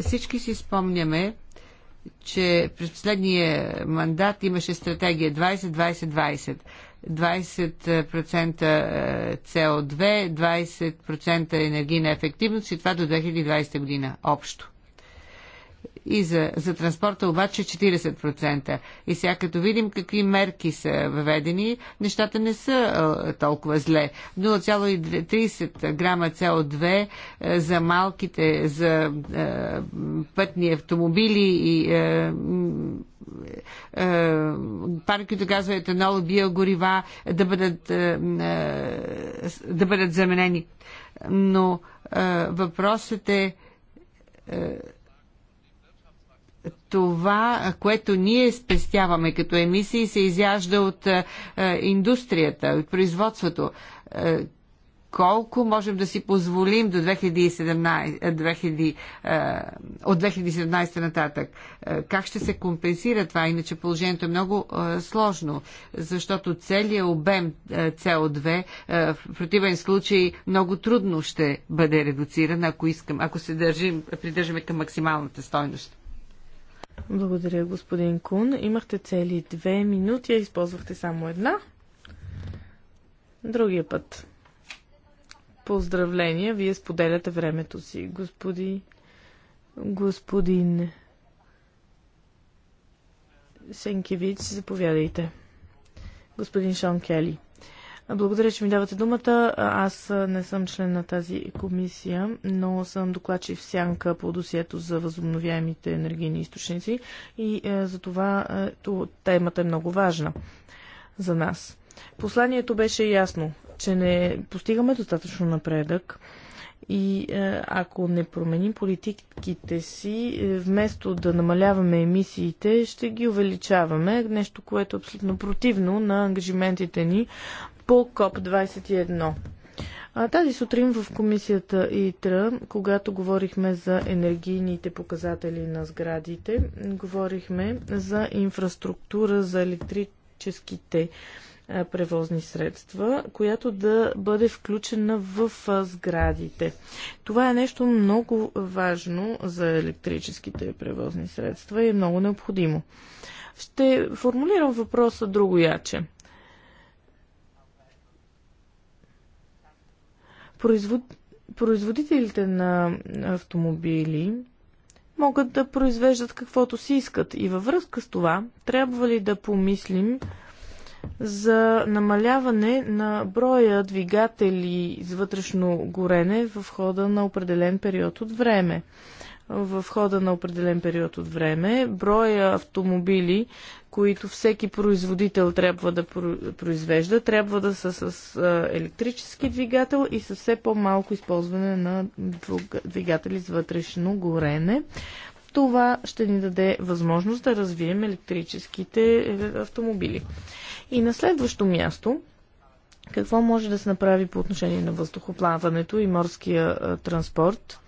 Всички си спомняме, че през последния мандат имаше стратегия 20-20-20. 20% CO2, 20% енергийна ефективност и това до 2020 година общо и за, за транспорта обаче 40%. И сега като видим какви мерки са въведени, нещата не са а, толкова зле. 0,30 грама CO2 а, за малките, за а, пътни автомобили и паркито газове, етанол, биогорива да бъдат, а, да бъдат заменени. Но а, въпросът е а, това, което ние спестяваме като емисии, се изяжда от е, е, индустрията, от производството. Е, колко можем да си позволим до 2017, 2000, от 2017 нататък? Как ще се компенсира това? Иначе положението е много сложно, защото целият обем CO2 в противен случай много трудно ще бъде редуциран, ако, искам, ако се държим, придържаме към максималната стойност. Благодаря, господин Кун. Имахте цели две минути, а използвахте само една. Другия път. Поздравления, вие споделяте времето си, господи... господин Сенкевич, заповядайте. Господин Шон Кели. Благодаря, че ми давате думата. Аз не съм член на тази комисия, но съм докладчик в сянка по досието за възобновяемите енергийни източници и е, за това е, темата е много важна за нас. Посланието беше ясно, че не постигаме достатъчно напредък и е, ако не променим политиките си, вместо да намаляваме емисиите, ще ги увеличаваме. Нещо, което е абсолютно противно на ангажиментите ни по КОП-21. Тази сутрин в комисията ИТРА, когато говорихме за енергийните показатели на сградите, говорихме за инфраструктура за електрическите превозни средства, която да бъде включена в сградите. Това е нещо много важно за електрическите превозни средства и е много необходимо. Ще формулирам въпроса друго яче. Производ... Производителите на автомобили могат да произвеждат каквото си искат. И във връзка с това, трябва ли да помислим за намаляване на броя двигатели с вътрешно горене в хода на определен период от време? в хода на определен период от време, броя автомобили, които всеки производител трябва да произвежда, трябва да са с електрически двигател и с все по-малко използване на двигатели с вътрешно горене. Това ще ни даде възможност да развием електрическите е, автомобили. И на следващо място какво може да се направи по отношение на въздухоплаването и морския транспорт?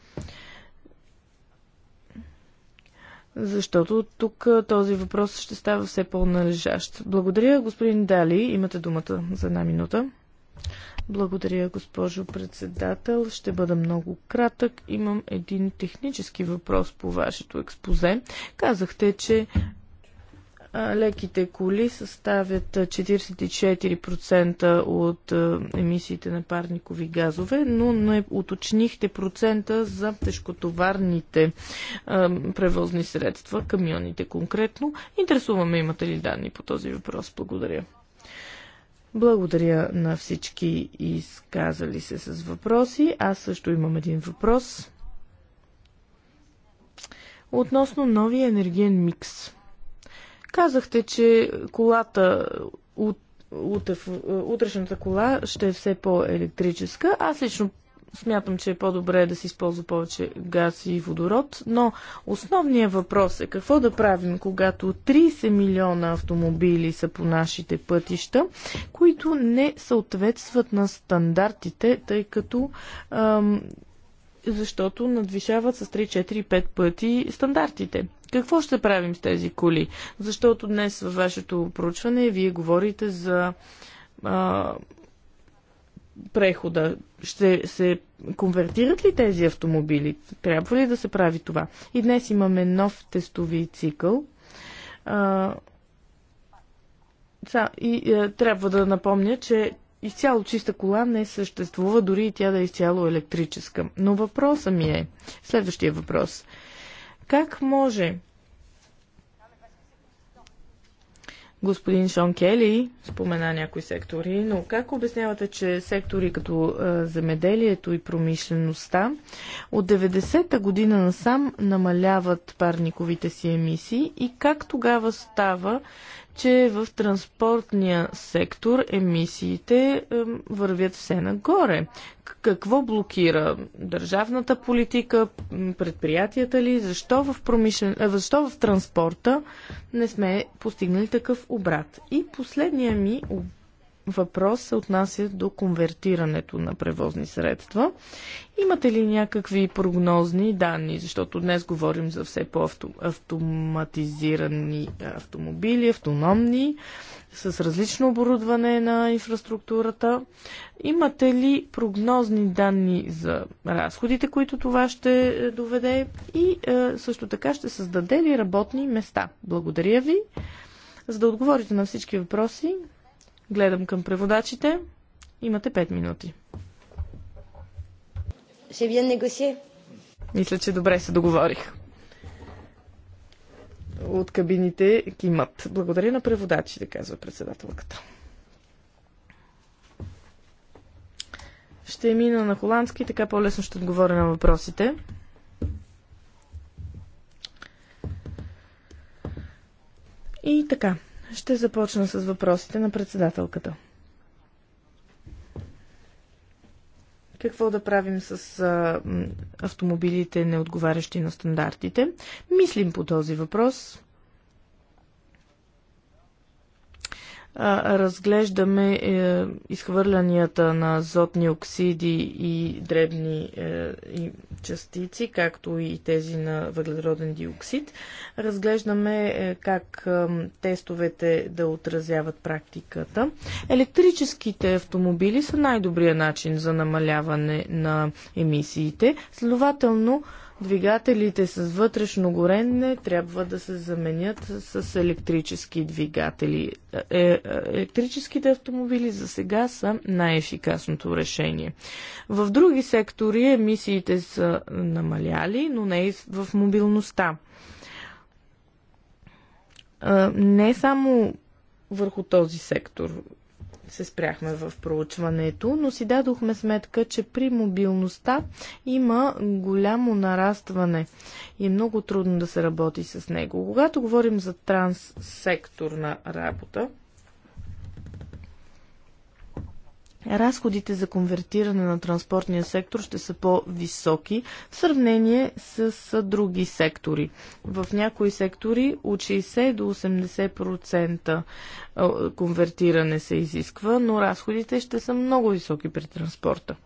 защото тук този въпрос ще става все по-належащ. Благодаря, господин Дали. Имате думата за една минута. Благодаря, госпожо председател. Ще бъда много кратък. Имам един технически въпрос по вашето експозе. Казахте, че Леките коли съставят 44% от емисиите на парникови газове, но не уточнихте процента за тежкотоварните превозни средства, камионите конкретно. Интересуваме имате ли данни по този въпрос. Благодаря. Благодаря на всички изказали се с въпроси. Аз също имам един въпрос. Относно новия енергиен микс. Казахте, че колата от е е, утрешната кола ще е все по-електрическа. Аз лично смятам, че е по-добре да се използва повече газ и водород, но основният въпрос е какво да правим, когато 30 милиона автомобили са по нашите пътища, които не съответстват на стандартите, тъй като ам, защото надвишават с 3, 4, 5 пъти стандартите. Какво ще правим с тези коли? Защото днес във вашето проучване вие говорите за а, прехода. Ще се конвертират ли тези автомобили? Трябва ли да се прави това? И днес имаме нов тестови цикъл. А, и а, е, трябва да напомня, че изцяло чиста кола не съществува, дори и тя да е изцяло електрическа. Но въпросът ми е, следващия въпрос – как може Господин Шон Кели спомена някои сектори, но как обяснявате, че сектори като земеделието и промишлеността от 90-та година насам намаляват парниковите си емисии и как тогава става, че в транспортния сектор емисиите вървят все нагоре. Какво блокира държавната политика, предприятията ли? Защо в, промишлен... Защо в транспорта не сме постигнали такъв обрат? И последния ми въпрос се отнася до конвертирането на превозни средства. Имате ли някакви прогнозни данни, защото днес говорим за все по-автоматизирани автомобили, автономни, с различно оборудване на инфраструктурата. Имате ли прогнозни данни за разходите, които това ще е, доведе и е, също така ще създаде ли работни места? Благодаря ви. За да отговорите на всички въпроси, Гледам към преводачите. Имате 5 минути. Ще bien négocié. Мисля, че добре се договорих. От кабините кимат. Благодаря на преводачите, казва председателката. Ще мина на холандски, така по-лесно ще отговоря на въпросите. И така. Ще започна с въпросите на председателката. какво да правим с а, автомобилите, неотговарящи на стандартите. Мислим по този въпрос. разглеждаме е, изхвърлянията на азотни оксиди и дребни е, и частици, както и тези на въглероден диоксид. Разглеждаме е, как е, тестовете да отразяват практиката. Електрическите автомобили са най-добрият начин за намаляване на емисиите. Следователно, Двигателите с вътрешно горене трябва да се заменят с електрически двигатели. Е, е, електрическите автомобили за сега са най-ефикасното решение. В други сектори емисиите са намаляли, но не и в мобилността. Е, не само върху този сектор се спряхме в проучването, но си дадохме сметка, че при мобилността има голямо нарастване и е много трудно да се работи с него. Когато говорим за транссекторна работа, разходите за конвертиране на транспортния сектор ще са по-високи в сравнение с други сектори. В някои сектори от 60 до 80% конвертиране се изисква, но разходите ще са много високи при транспорта.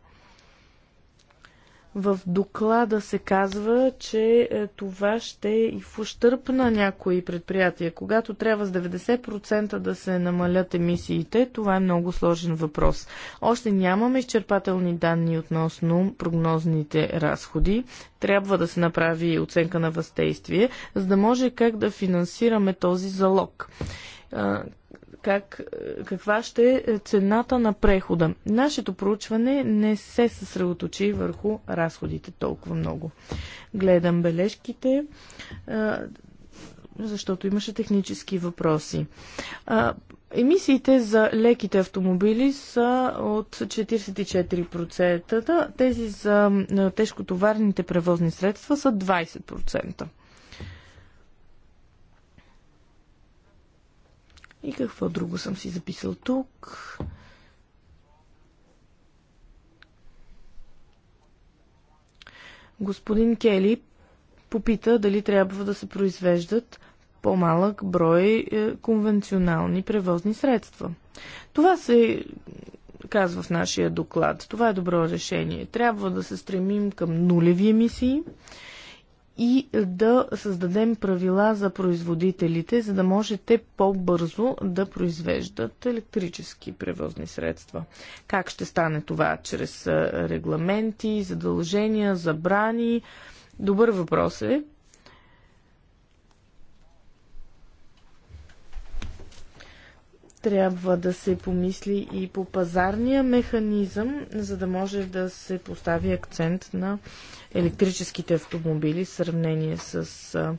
В доклада се казва, че е, това ще е и в ущърп на някои предприятия. Когато трябва с 90% да се намалят емисиите, това е много сложен въпрос. Още нямаме изчерпателни данни относно прогнозните разходи. Трябва да се направи оценка на въздействие, за да може как да финансираме този залог е, как, е, каква ще е цената на прехода. Нашето проучване не се съсредоточи върху разходите толкова много. Гледам бележките, е, защото имаше технически въпроси. Е, емисиите за леките автомобили са от 44%, тези за тежкотоварните превозни средства са 20%. И какво друго съм си записал тук? Господин Кели попита дали трябва да се произвеждат по-малък брой е, конвенционални превозни средства. Това се казва в нашия доклад. Това е добро решение. Трябва да се стремим към нулеви емисии и да създадем правила за производителите, за да може те по-бързо да произвеждат електрически превозни средства. Как ще стане това? Чрез регламенти, задължения, забрани? Добър въпрос е. Трябва да се помисли и по пазарния механизъм, за да може да се постави акцент на електрическите автомобили в сравнение с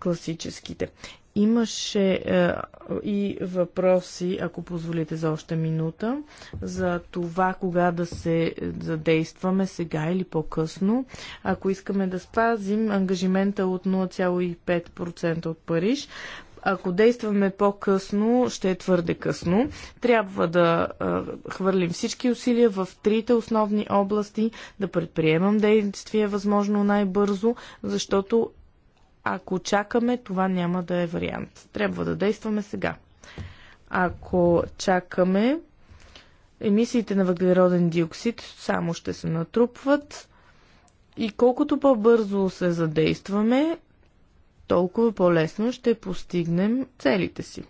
класическите. Имаше а, и въпроси, ако позволите за още минута, за това кога да се задействаме сега или по-късно. Ако искаме да спазим ангажимента от 0,5% от Париж, ако действаме по-късно, ще е твърде късно. Трябва да хвърлим всички усилия в трите основни области, да предприемам действия възможно най-бързо, защото ако чакаме, това няма да е вариант. Трябва да действаме сега. Ако чакаме, емисиите на въглероден диоксид само ще се натрупват. И колкото по-бързо се задействаме, толкова по-лесно ще постигнем целите си.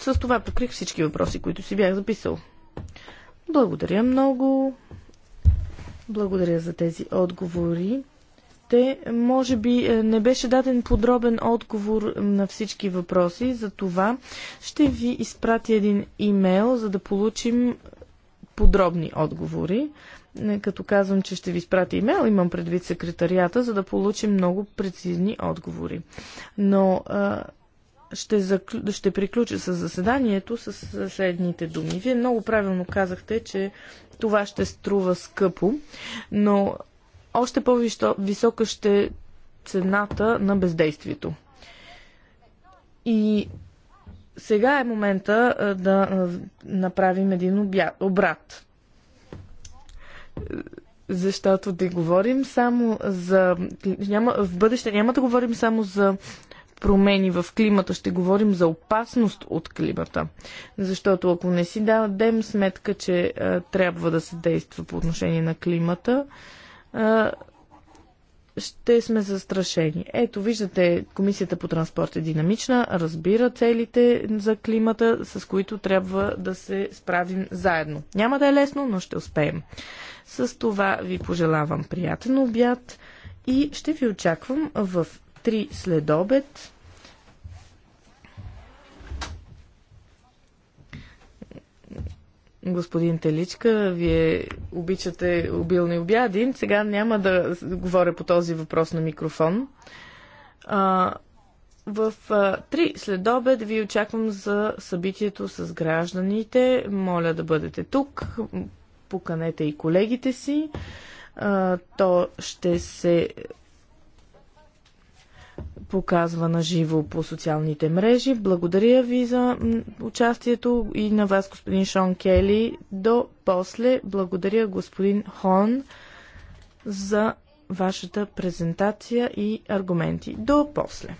С това покрих всички въпроси, които си бях записал. Благодаря много. Благодаря за тези отговори. Те, може би, е, не беше даден подробен отговор на всички въпроси, за това ще ви изпратя един имейл, за да получим подробни отговори. Като казвам, че ще ви изпратя имейл, имам предвид секретарията, за да получим много прецизни отговори. Но а, ще, закл... ще приключа с заседанието с следните думи. Вие много правилно казахте, че това ще струва скъпо, но още по-висока ще цената на бездействието. И сега е момента да направим един обрат защото да говорим само за... Няма, в бъдеще няма да говорим само за промени в климата, ще говорим за опасност от климата. Защото ако не си дадем сметка, че а, трябва да се действа по отношение на климата, а, ще сме застрашени. Ето, виждате, Комисията по транспорт е динамична, разбира целите за климата, с които трябва да се справим заедно. Няма да е лесно, но ще успеем. С това ви пожелавам приятен обяд и ще ви очаквам в 3 следобед. обед господин Теличка, вие обичате обилни обяди. Сега няма да говоря по този въпрос на микрофон. А, в три след обед ви очаквам за събитието с гражданите. Моля да бъдете тук. Поканете и колегите си. А, то ще се показва на живо по социалните мрежи. Благодаря ви за участието и на вас, господин Шон Кели. До после благодаря господин Хон за вашата презентация и аргументи. До после.